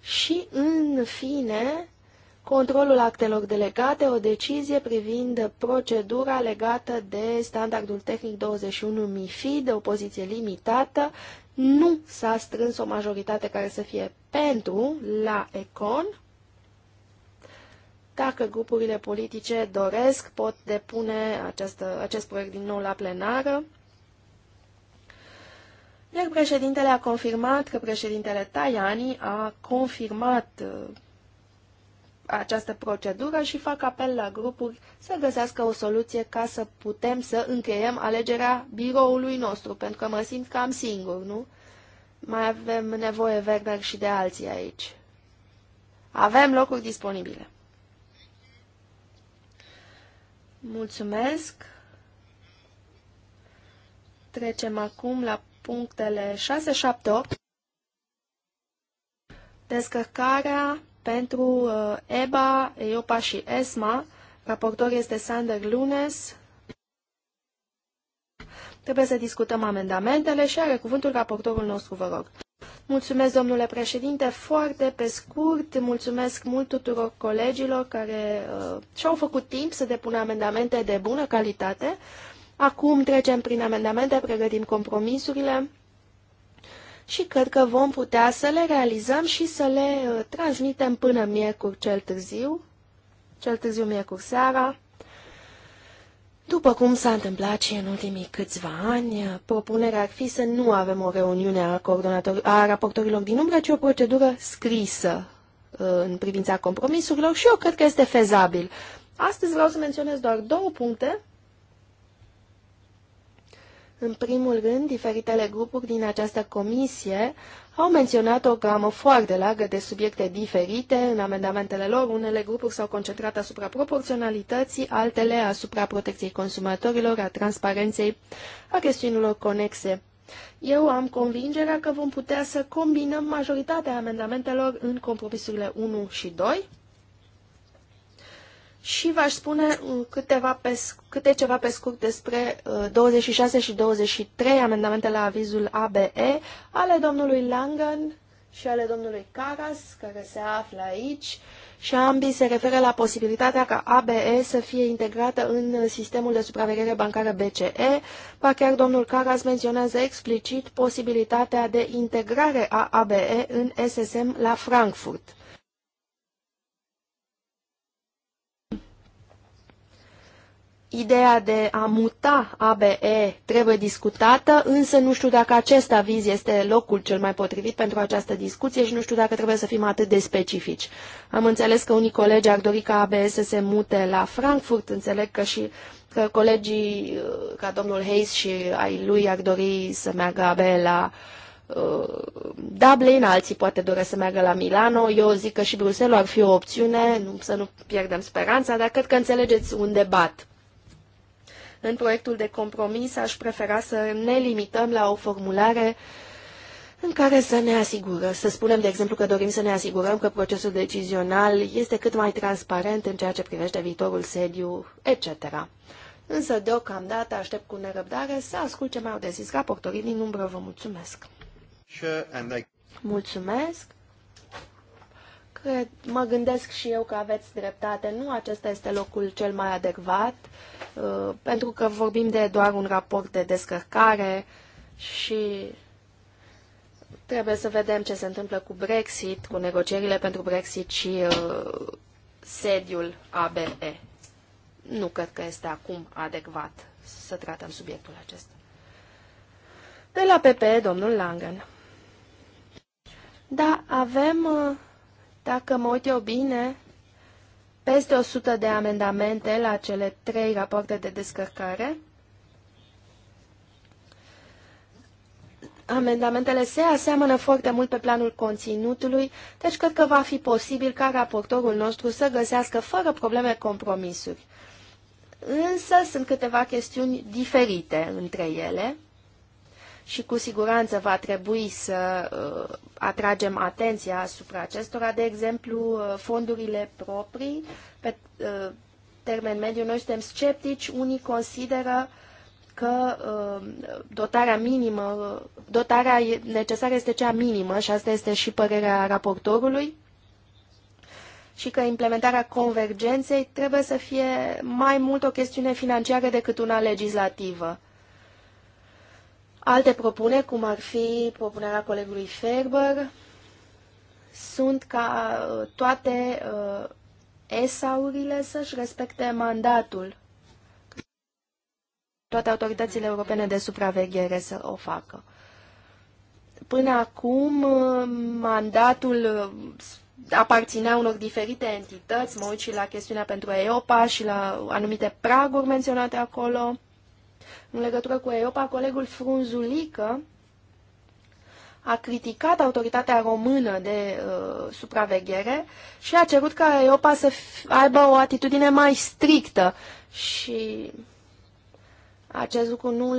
și, în fine, controlul actelor delegate, o decizie privind procedura legată de standardul tehnic 21 MIFI de o poziție limitată. Nu s-a strâns o majoritate care să fie pentru la ECON. Dacă grupurile politice doresc, pot depune această, acest proiect din nou la plenară. Iar președintele a confirmat că președintele Tajani a confirmat uh, această procedură și fac apel la grupuri să găsească o soluție ca să putem să încheiem alegerea biroului nostru, pentru că mă simt cam singur, nu? Mai avem nevoie, Werner, și de alții aici. Avem locuri disponibile. Mulțumesc. Trecem acum la punctele 6, 7, 8. Descărcarea pentru uh, EBA, EOPA și ESMA. Raportor este Sander Lunes. Trebuie să discutăm amendamentele și are cuvântul raportorul nostru, vă rog. Mulțumesc, domnule președinte, foarte pe scurt. Mulțumesc mult tuturor colegilor care uh, și-au făcut timp să depună amendamente de bună calitate. Acum trecem prin amendamente, pregătim compromisurile și cred că vom putea să le realizăm și să le uh, transmitem până miercuri cel târziu, cel târziu miercuri seara, după cum s-a întâmplat și în ultimii câțiva ani, uh, propunerea ar fi să nu avem o reuniune a, a raportorilor din umbră, ci o procedură scrisă uh, în privința compromisurilor și eu cred că este fezabil. Astăzi vreau să menționez doar două puncte în primul rând, diferitele grupuri din această comisie au menționat o gamă foarte largă de subiecte diferite în amendamentele lor. Unele grupuri s-au concentrat asupra proporționalității, altele asupra protecției consumatorilor, a transparenței, a chestiunilor conexe. Eu am convingerea că vom putea să combinăm majoritatea amendamentelor în compromisurile 1 și 2 și v-aș spune câteva pe, câte ceva pe scurt despre 26 uh, și 23 amendamente la avizul ABE ale domnului Langen și ale domnului Caras, care se află aici, și ambii se referă la posibilitatea ca ABE să fie integrată în sistemul de supraveghere bancară BCE, ba chiar domnul Caras menționează explicit posibilitatea de integrare a ABE în SSM la Frankfurt. ideea de a muta ABE trebuie discutată, însă nu știu dacă acest aviz este locul cel mai potrivit pentru această discuție și nu știu dacă trebuie să fim atât de specifici. Am înțeles că unii colegi ar dori ca ABE să se mute la Frankfurt, înțeleg că și că colegii uh, ca domnul Hayes și ai lui ar dori să meargă ABE la uh, Dublin, alții poate doresc să meargă la Milano, eu zic că și Bruxelles ar fi o opțiune, să nu pierdem speranța, dar cred că înțelegeți un debat. În proiectul de compromis aș prefera să ne limităm la o formulare în care să ne asigură, să spunem, de exemplu, că dorim să ne asigurăm că procesul decizional este cât mai transparent în ceea ce privește viitorul sediu, etc. Însă, deocamdată, aștept cu nerăbdare să ascult ce mai au de zis raportorii din umbră. Vă mulțumesc! Mulțumesc! Cred, mă gândesc și eu că aveți dreptate. Nu acesta este locul cel mai adecvat, uh, pentru că vorbim de doar un raport de descărcare și trebuie să vedem ce se întâmplă cu Brexit, cu negocierile pentru Brexit și uh, sediul ABE. Nu cred că este acum adecvat să tratăm subiectul acesta. De la PP, domnul Langen. Da, avem uh, dacă mă uit eu bine, peste 100 de amendamente la cele trei rapoarte de descărcare. Amendamentele se aseamănă foarte mult pe planul conținutului, deci cred că va fi posibil ca raportorul nostru să găsească fără probleme compromisuri. Însă sunt câteva chestiuni diferite între ele și cu siguranță va trebui să uh, atragem atenția asupra acestora, de exemplu, uh, fondurile proprii. Pe uh, termen mediu noi suntem sceptici, unii consideră că dotarea minimă, dotarea necesară este cea minimă și asta este și părerea raportorului și că implementarea convergenței trebuie să fie mai mult o chestiune financiară decât una legislativă. Alte propuneri, cum ar fi propunerea colegului Ferber, sunt ca uh, toate uh, ESA-urile să-și respecte mandatul. Toate autoritățile europene de supraveghere să o facă. Până acum, uh, mandatul uh, aparținea unor diferite entități, mă uit și la chestiunea pentru EOPA și la anumite praguri menționate acolo. În legătură cu Europa, colegul Frunzulică a criticat autoritatea română de uh, supraveghere și a cerut ca Europa să aibă o atitudine mai strictă și acest lucru nu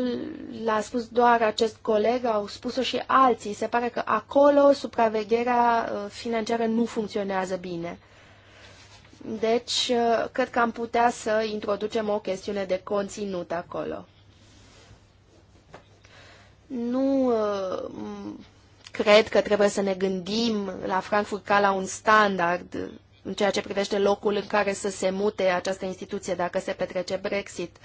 l-a spus doar acest coleg, au spus-o și alții. Se pare că acolo supravegherea uh, financiară nu funcționează bine. Deci, uh, cred că am putea să introducem o chestiune de conținut acolo. Nu uh, cred că trebuie să ne gândim la Frankfurt ca la un standard în ceea ce privește locul în care să se mute această instituție dacă se petrece Brexit.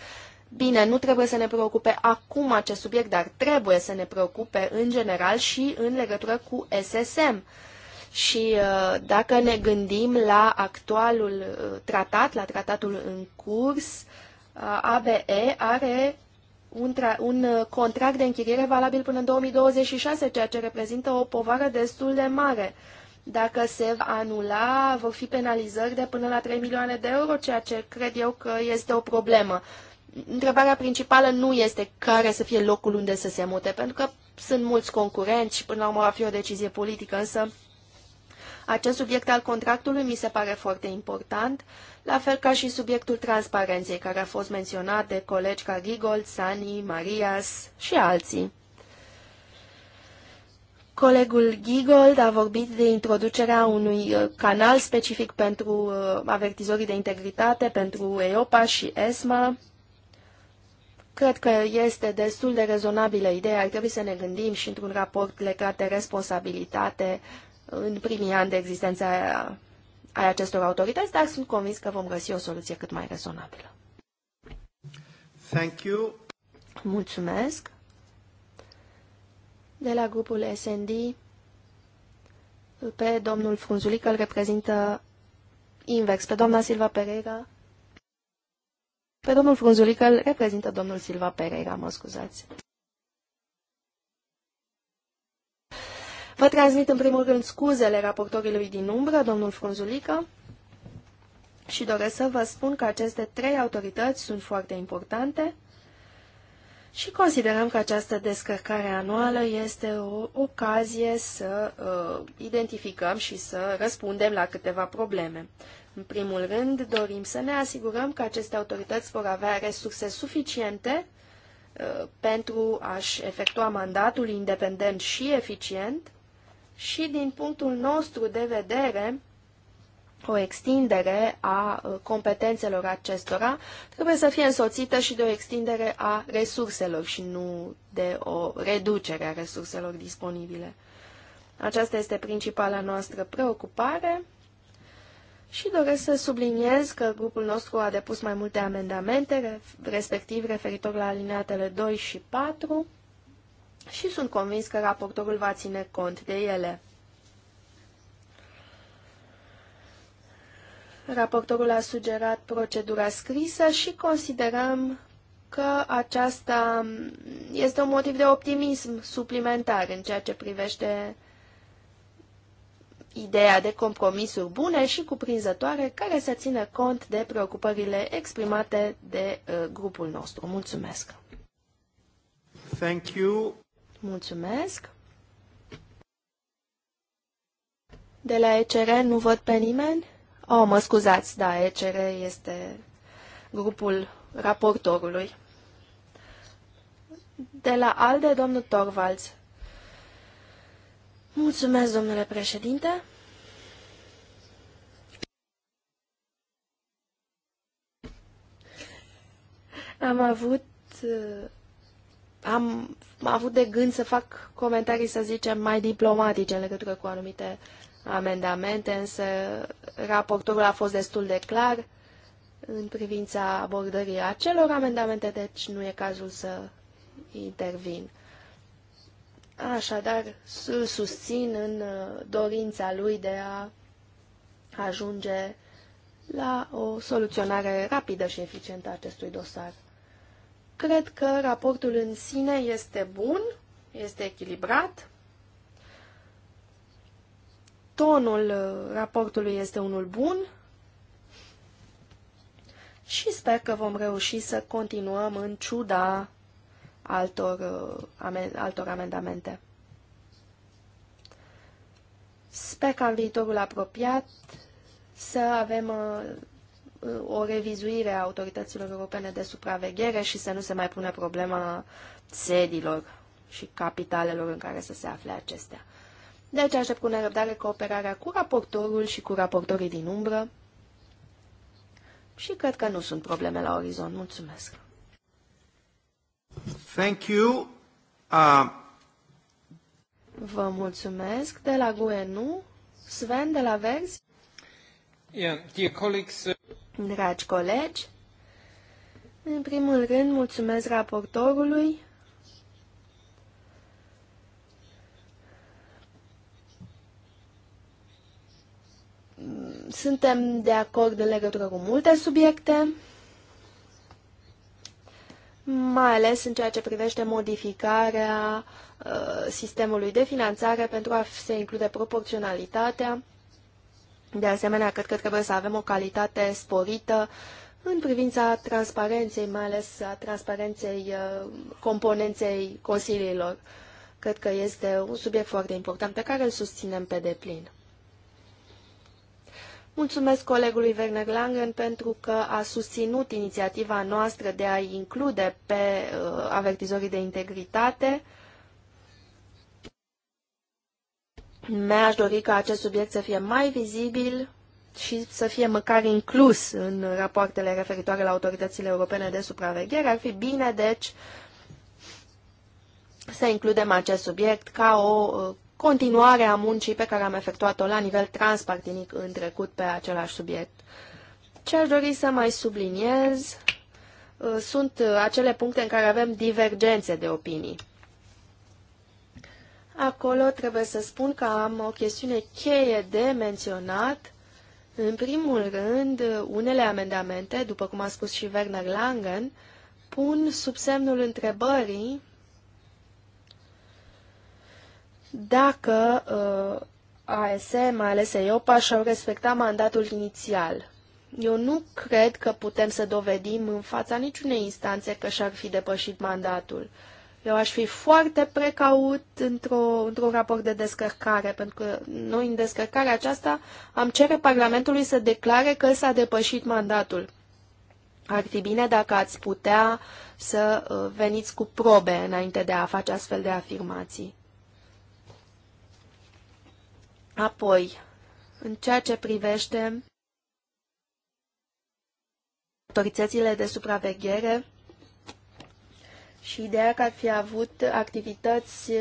Bine, nu trebuie să ne preocupe acum acest subiect, dar trebuie să ne preocupe în general și în legătură cu SSM. Și uh, dacă ne gândim la actualul uh, tratat, la tratatul în curs, ABE are un, un uh, contract de închiriere valabil până în 2026, ceea ce reprezintă o povară destul de mare. Dacă se va anula, vor fi penalizări de până la 3 milioane de euro, ceea ce cred eu că este o problemă. Întrebarea principală nu este care să fie locul unde să se mute, pentru că sunt mulți concurenți și până la urmă va fi o decizie politică, însă acest subiect al contractului mi se pare foarte important la fel ca și subiectul transparenței care a fost menționat de colegi ca Gigold, Sani, Marias și alții. Colegul Gigold a vorbit de introducerea unui uh, canal specific pentru uh, avertizorii de integritate, pentru EOPA și ESMA. Cred că este destul de rezonabilă ideea. Ar trebui să ne gândim și într-un raport legat de responsabilitate în primii ani de existență a ai acestor autorități, dar sunt convins că vom găsi o soluție cât mai rezonabilă. Thank you. Mulțumesc. De la grupul SND, pe domnul Frunzulic, îl reprezintă invers, pe doamna Silva Pereira. Pe domnul Frunzulic, îl reprezintă domnul Silva Pereira, mă scuzați. Vă transmit în primul rând scuzele raportorului din umbră, domnul Frunzulică, și doresc să vă spun că aceste trei autorități sunt foarte importante și considerăm că această descărcare anuală este o ocazie să uh, identificăm și să răspundem la câteva probleme. În primul rând, dorim să ne asigurăm că aceste autorități vor avea resurse suficiente uh, pentru a-și efectua mandatul independent și eficient și din punctul nostru de vedere, o extindere a uh, competențelor acestora trebuie să fie însoțită și de o extindere a resurselor și nu de o reducere a resurselor disponibile. Aceasta este principala noastră preocupare și doresc să subliniez că grupul nostru a depus mai multe amendamente, respectiv referitor la alineatele 2 și 4, și sunt convins că raportorul va ține cont de ele. Raportorul a sugerat procedura scrisă și considerăm că aceasta este un motiv de optimism suplimentar în ceea ce privește ideea de compromisuri bune și cuprinzătoare care să țină cont de preocupările exprimate de uh, grupul nostru. Mulțumesc! Thank you. Mulțumesc. De la ECR nu văd pe nimeni? Oh, mă scuzați, da, ECR este grupul raportorului. De la ALDE, domnul Torvalds. Mulțumesc, domnule președinte. Am avut uh, am avut de gând să fac comentarii, să zicem, mai diplomatice în legătură cu anumite amendamente, însă raportorul a fost destul de clar în privința abordării acelor amendamente, deci nu e cazul să intervin. Așadar, îl susțin în uh, dorința lui de a ajunge la o soluționare rapidă și eficientă a acestui dosar. Cred că raportul în sine este bun, este echilibrat. Tonul uh, raportului este unul bun și sper că vom reuși să continuăm în ciuda altor, uh, altor amendamente. Sper ca în viitorul apropiat să avem uh, o revizuire a autorităților europene de supraveghere și să nu se mai pună problema sedilor și capitalelor în care să se afle acestea. Deci aștept cu nerăbdare cooperarea cu raportorul și cu raportorii din umbră și cred că nu sunt probleme la orizont. Mulțumesc! Thank you. Uh... Vă mulțumesc. De la GUENU, Sven, de la Verzi. Yeah, dear colleagues, uh... Dragi colegi, în primul rând mulțumesc raportorului Suntem de acord în legătură cu multe subiecte, mai ales în ceea ce privește modificarea uh, sistemului de finanțare pentru a se include proporționalitatea de asemenea, cred că trebuie să avem o calitate sporită în privința transparenței, mai ales a transparenței uh, componenței consiliilor. Cred că este un subiect foarte important pe care îl susținem pe deplin. Mulțumesc colegului Werner Langen pentru că a susținut inițiativa noastră de a include pe uh, avertizorii de integritate Mi-aș dori ca acest subiect să fie mai vizibil și să fie măcar inclus în rapoartele referitoare la autoritățile europene de supraveghere. Ar fi bine, deci, să includem acest subiect ca o uh, continuare a muncii pe care am efectuat-o la nivel transpartinic în trecut pe același subiect. Ce aș dori să mai subliniez uh, sunt uh, acele puncte în care avem divergențe de opinii. Acolo trebuie să spun că am o chestiune cheie de menționat. În primul rând, unele amendamente, după cum a spus și Werner Langen, pun sub semnul întrebării dacă uh, ASE, mai ales EIOPA, și-au respectat mandatul inițial. Eu nu cred că putem să dovedim în fața niciunei instanțe că și-ar fi depășit mandatul. Uh, eu aș fi foarte precaut într-o, într-un raport de descărcare, pentru că noi în descărcarea aceasta am cere Parlamentului să declare că s-a depășit mandatul. Ar fi bine dacă ați putea să uh, veniți cu probe înainte de a face astfel de afirmații. Apoi, în ceea ce privește autoritățile de supraveghere, și ideea că ar fi avut activități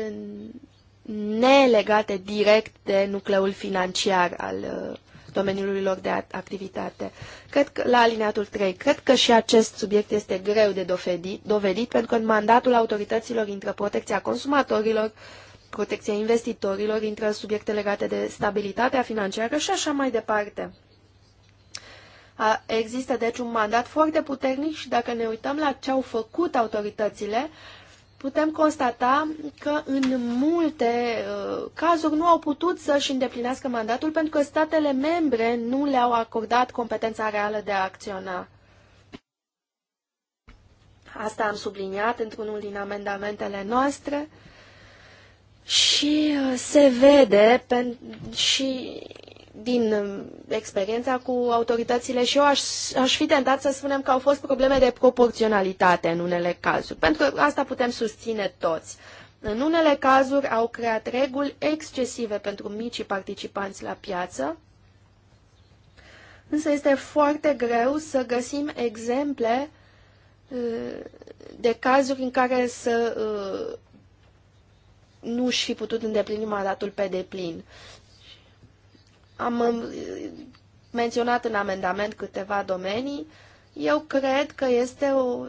nelegate direct de nucleul financiar al uh, domeniului lor de activitate. Cred că, la alineatul 3, cred că și acest subiect este greu de dovedit, dovedit pentru că în mandatul autorităților intră protecția consumatorilor, protecția investitorilor, intră subiecte legate de stabilitatea financiară și așa mai departe. Există deci un mandat foarte puternic și dacă ne uităm la ce au făcut autoritățile, putem constata că în multe uh, cazuri nu au putut să-și îndeplinească mandatul pentru că statele membre nu le-au acordat competența reală de a acționa. Asta am subliniat într-unul din amendamentele noastre și uh, se vede și din um, experiența cu autoritățile și eu aș, aș fi tentat să spunem că au fost probleme de proporționalitate în unele cazuri, pentru că asta putem susține toți. În unele cazuri au creat reguli excesive pentru micii participanți la piață, însă este foarte greu să găsim exemple uh, de cazuri în care să uh, nu și fi putut îndeplini mandatul pe deplin. Am uh, menționat în amendament câteva domenii. Eu cred că este o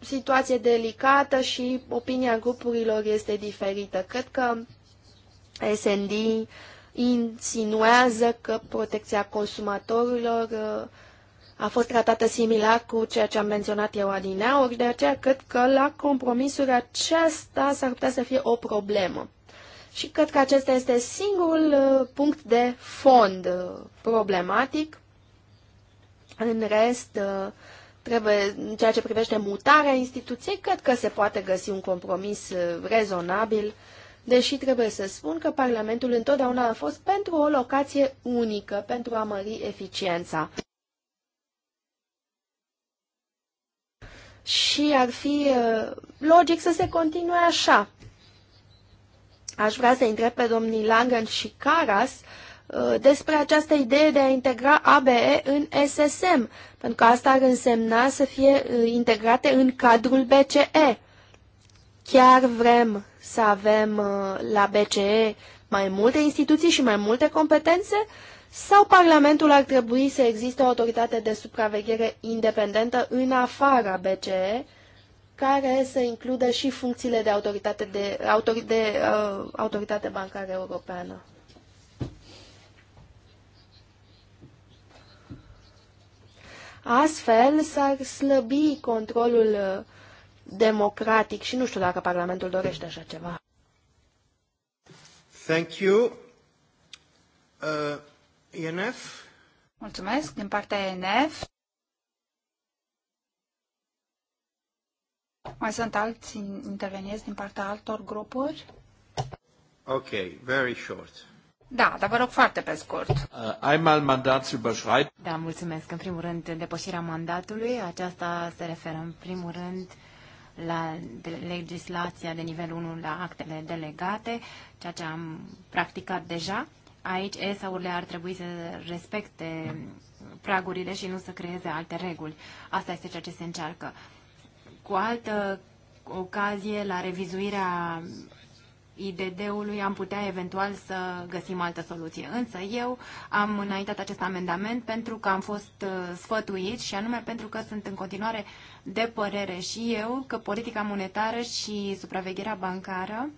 situație delicată și opinia grupurilor este diferită. Cred că SND insinuează că protecția consumatorilor uh, a fost tratată similar cu ceea ce am menționat eu adineauri, de aceea cred că la compromisuri aceasta s-ar putea să fie o problemă. Și cred că acesta este singurul uh, punct de fond uh, problematic. În rest, uh, trebuie, în ceea ce privește mutarea instituției, cred că se poate găsi un compromis rezonabil, deși trebuie să spun că Parlamentul întotdeauna a fost pentru o locație unică, pentru a mări eficiența. Și ar fi logic să se continue așa. Aș vrea să întreb pe domnii Langen și Caras uh, despre această idee de a integra ABE în SSM, pentru că asta ar însemna să fie uh, integrate în cadrul BCE. Chiar vrem să avem uh, la BCE mai multe instituții și mai multe competențe? Sau Parlamentul ar trebui să existe o autoritate de supraveghere independentă în afara BCE, care să includă și funcțiile de autoritate, de, autor, de uh, autoritate bancară europeană. Astfel s-ar slăbi controlul uh, democratic și nu știu dacă Parlamentul dorește așa ceva. Thank you. Uh, INF? Mulțumesc din partea ENF. Mai sunt alți interveniți din partea altor grupuri? Ok, very short. Da, dar vă rog foarte pe scurt. Uh, einmal mandat Da, mulțumesc. În primul rând, depășirea mandatului. Aceasta se referă în primul rând la legislația de nivel 1 la actele delegate, ceea ce am practicat deja. Aici ESA-urile ar trebui să respecte pragurile și nu să creeze alte reguli. Asta este ceea ce se încearcă cu altă ocazie, la revizuirea IDD-ului am putea eventual să găsim altă soluție. Însă eu am înaintat acest amendament pentru că am fost uh, sfătuit și anume pentru că sunt în continuare de părere și eu că politica monetară și supravegherea bancară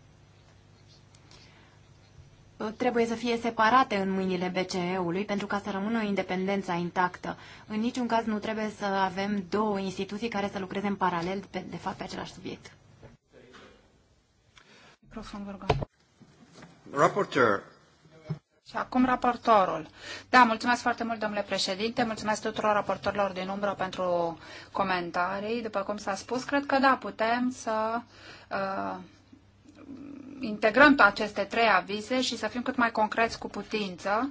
trebuie să fie separate în mâinile BCE-ului pentru ca să rămână independența intactă. În niciun caz nu trebuie să avem două instituții care să lucreze în paralel, pe, de fapt, pe același subiect. Microfon, Raporteur. Și acum raportorul. Da, mulțumesc foarte mult, domnule președinte, mulțumesc tuturor raportorilor din umbră pentru comentarii. După cum s-a spus, cred că da, putem să uh, integrăm toate aceste trei avize și să fim cât mai concreți cu putință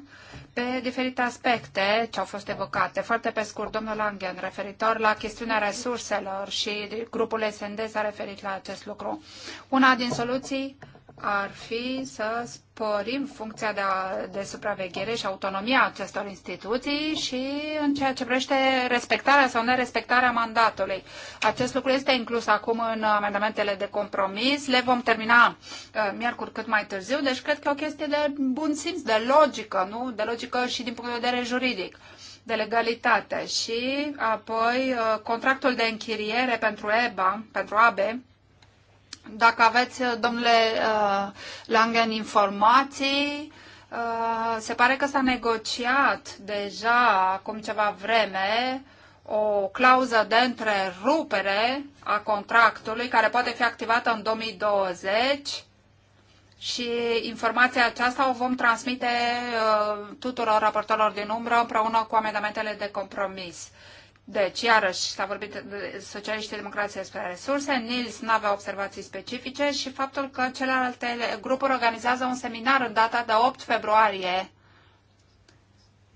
pe diferite aspecte ce au fost evocate. Foarte pe scurt, domnul Langen, referitor la chestiunea resurselor și grupul SND s-a referit la acest lucru. Una din soluții ar fi să sporim funcția de, a, de supraveghere și autonomia acestor instituții și în ceea ce privește respectarea sau nerespectarea mandatului. Acest lucru este inclus acum în amendamentele de compromis. Le vom termina uh, miercuri cât mai târziu, deci cred că e o chestie de bun simț, de logică, nu? De logică și din punct de vedere juridic de legalitate și apoi uh, contractul de închiriere pentru EBA, pentru ABE, dacă aveți, domnule uh, Langen, informații, uh, se pare că s-a negociat deja acum ceva vreme o clauză de întrerupere a contractului care poate fi activată în 2020 și informația aceasta o vom transmite uh, tuturor raportorilor din umbră împreună cu amendamentele de compromis. Deci, iarăși, s-a vorbit de socialiștii democrații despre resurse, Nils nu avea observații specifice și faptul că celelalte grupuri organizează un seminar în data de 8 februarie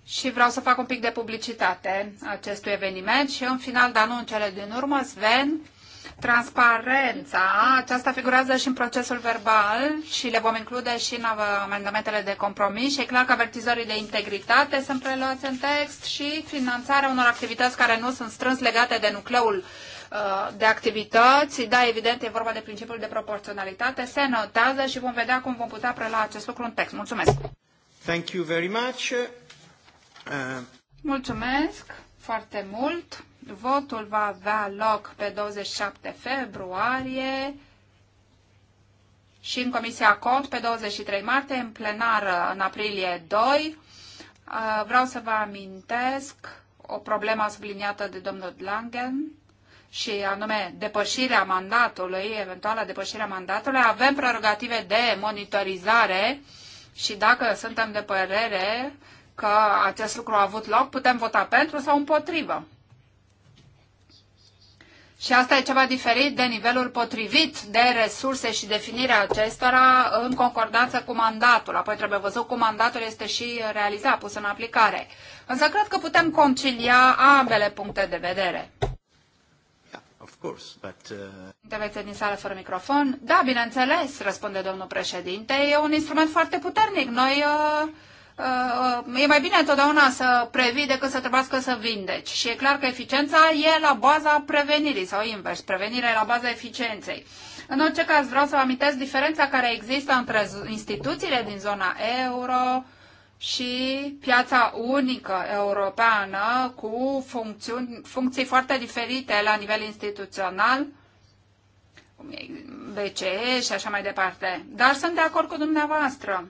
și vreau să fac un pic de publicitate acestui eveniment și în final, dar nu în cele din urmă, Sven Transparența, aceasta figurează și în procesul verbal și le vom include și în amendamentele de compromis și e clar că avertizorii de integritate sunt preluați în text și finanțarea unor activități care nu sunt strâns legate de nucleul uh, de activități, da, evident, e vorba de principiul de proporționalitate, se notează și vom vedea cum vom putea prelua acest lucru în text. Mulțumesc! Thank you very much. Uh... Mulțumesc foarte mult! Votul va avea loc pe 27 februarie și în Comisia Cont pe 23 martie, în plenară în aprilie 2. Uh, vreau să vă amintesc o problemă subliniată de domnul Langen și anume depășirea mandatului, eventuala depășirea mandatului. Avem prerogative de monitorizare și dacă suntem de părere că acest lucru a avut loc, putem vota pentru sau împotrivă. Și asta e ceva diferit de nivelul potrivit de resurse și definirea acestora în concordanță cu mandatul. Apoi trebuie văzut cum mandatul este și realizat, pus în aplicare. Însă cred că putem concilia ambele puncte de vedere. Yeah, uh, Intervenție din sală fără microfon. Da, bineînțeles, răspunde domnul președinte. E un instrument foarte puternic. Noi uh, Uh, e mai bine întotdeauna să previi decât să trebuiască să vindeci. Și e clar că eficiența e la baza prevenirii sau invers, prevenirea e la baza eficienței. În orice caz, vreau să vă amintesc diferența care există între instituțiile din zona euro și piața unică europeană cu funcțiuni, funcții foarte diferite la nivel instituțional, BCE și așa mai departe. Dar sunt de acord cu dumneavoastră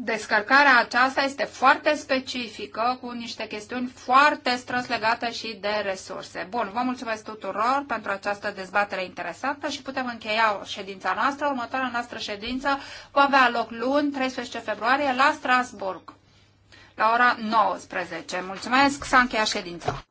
descărcarea aceasta este foarte specifică, cu niște chestiuni foarte strâns legate și de resurse. Bun, vă mulțumesc tuturor pentru această dezbatere interesantă și putem încheia ședința noastră. Următoarea noastră ședință va avea loc luni, 13 februarie, la Strasburg, la ora 19. Mulțumesc, s-a încheiat ședința.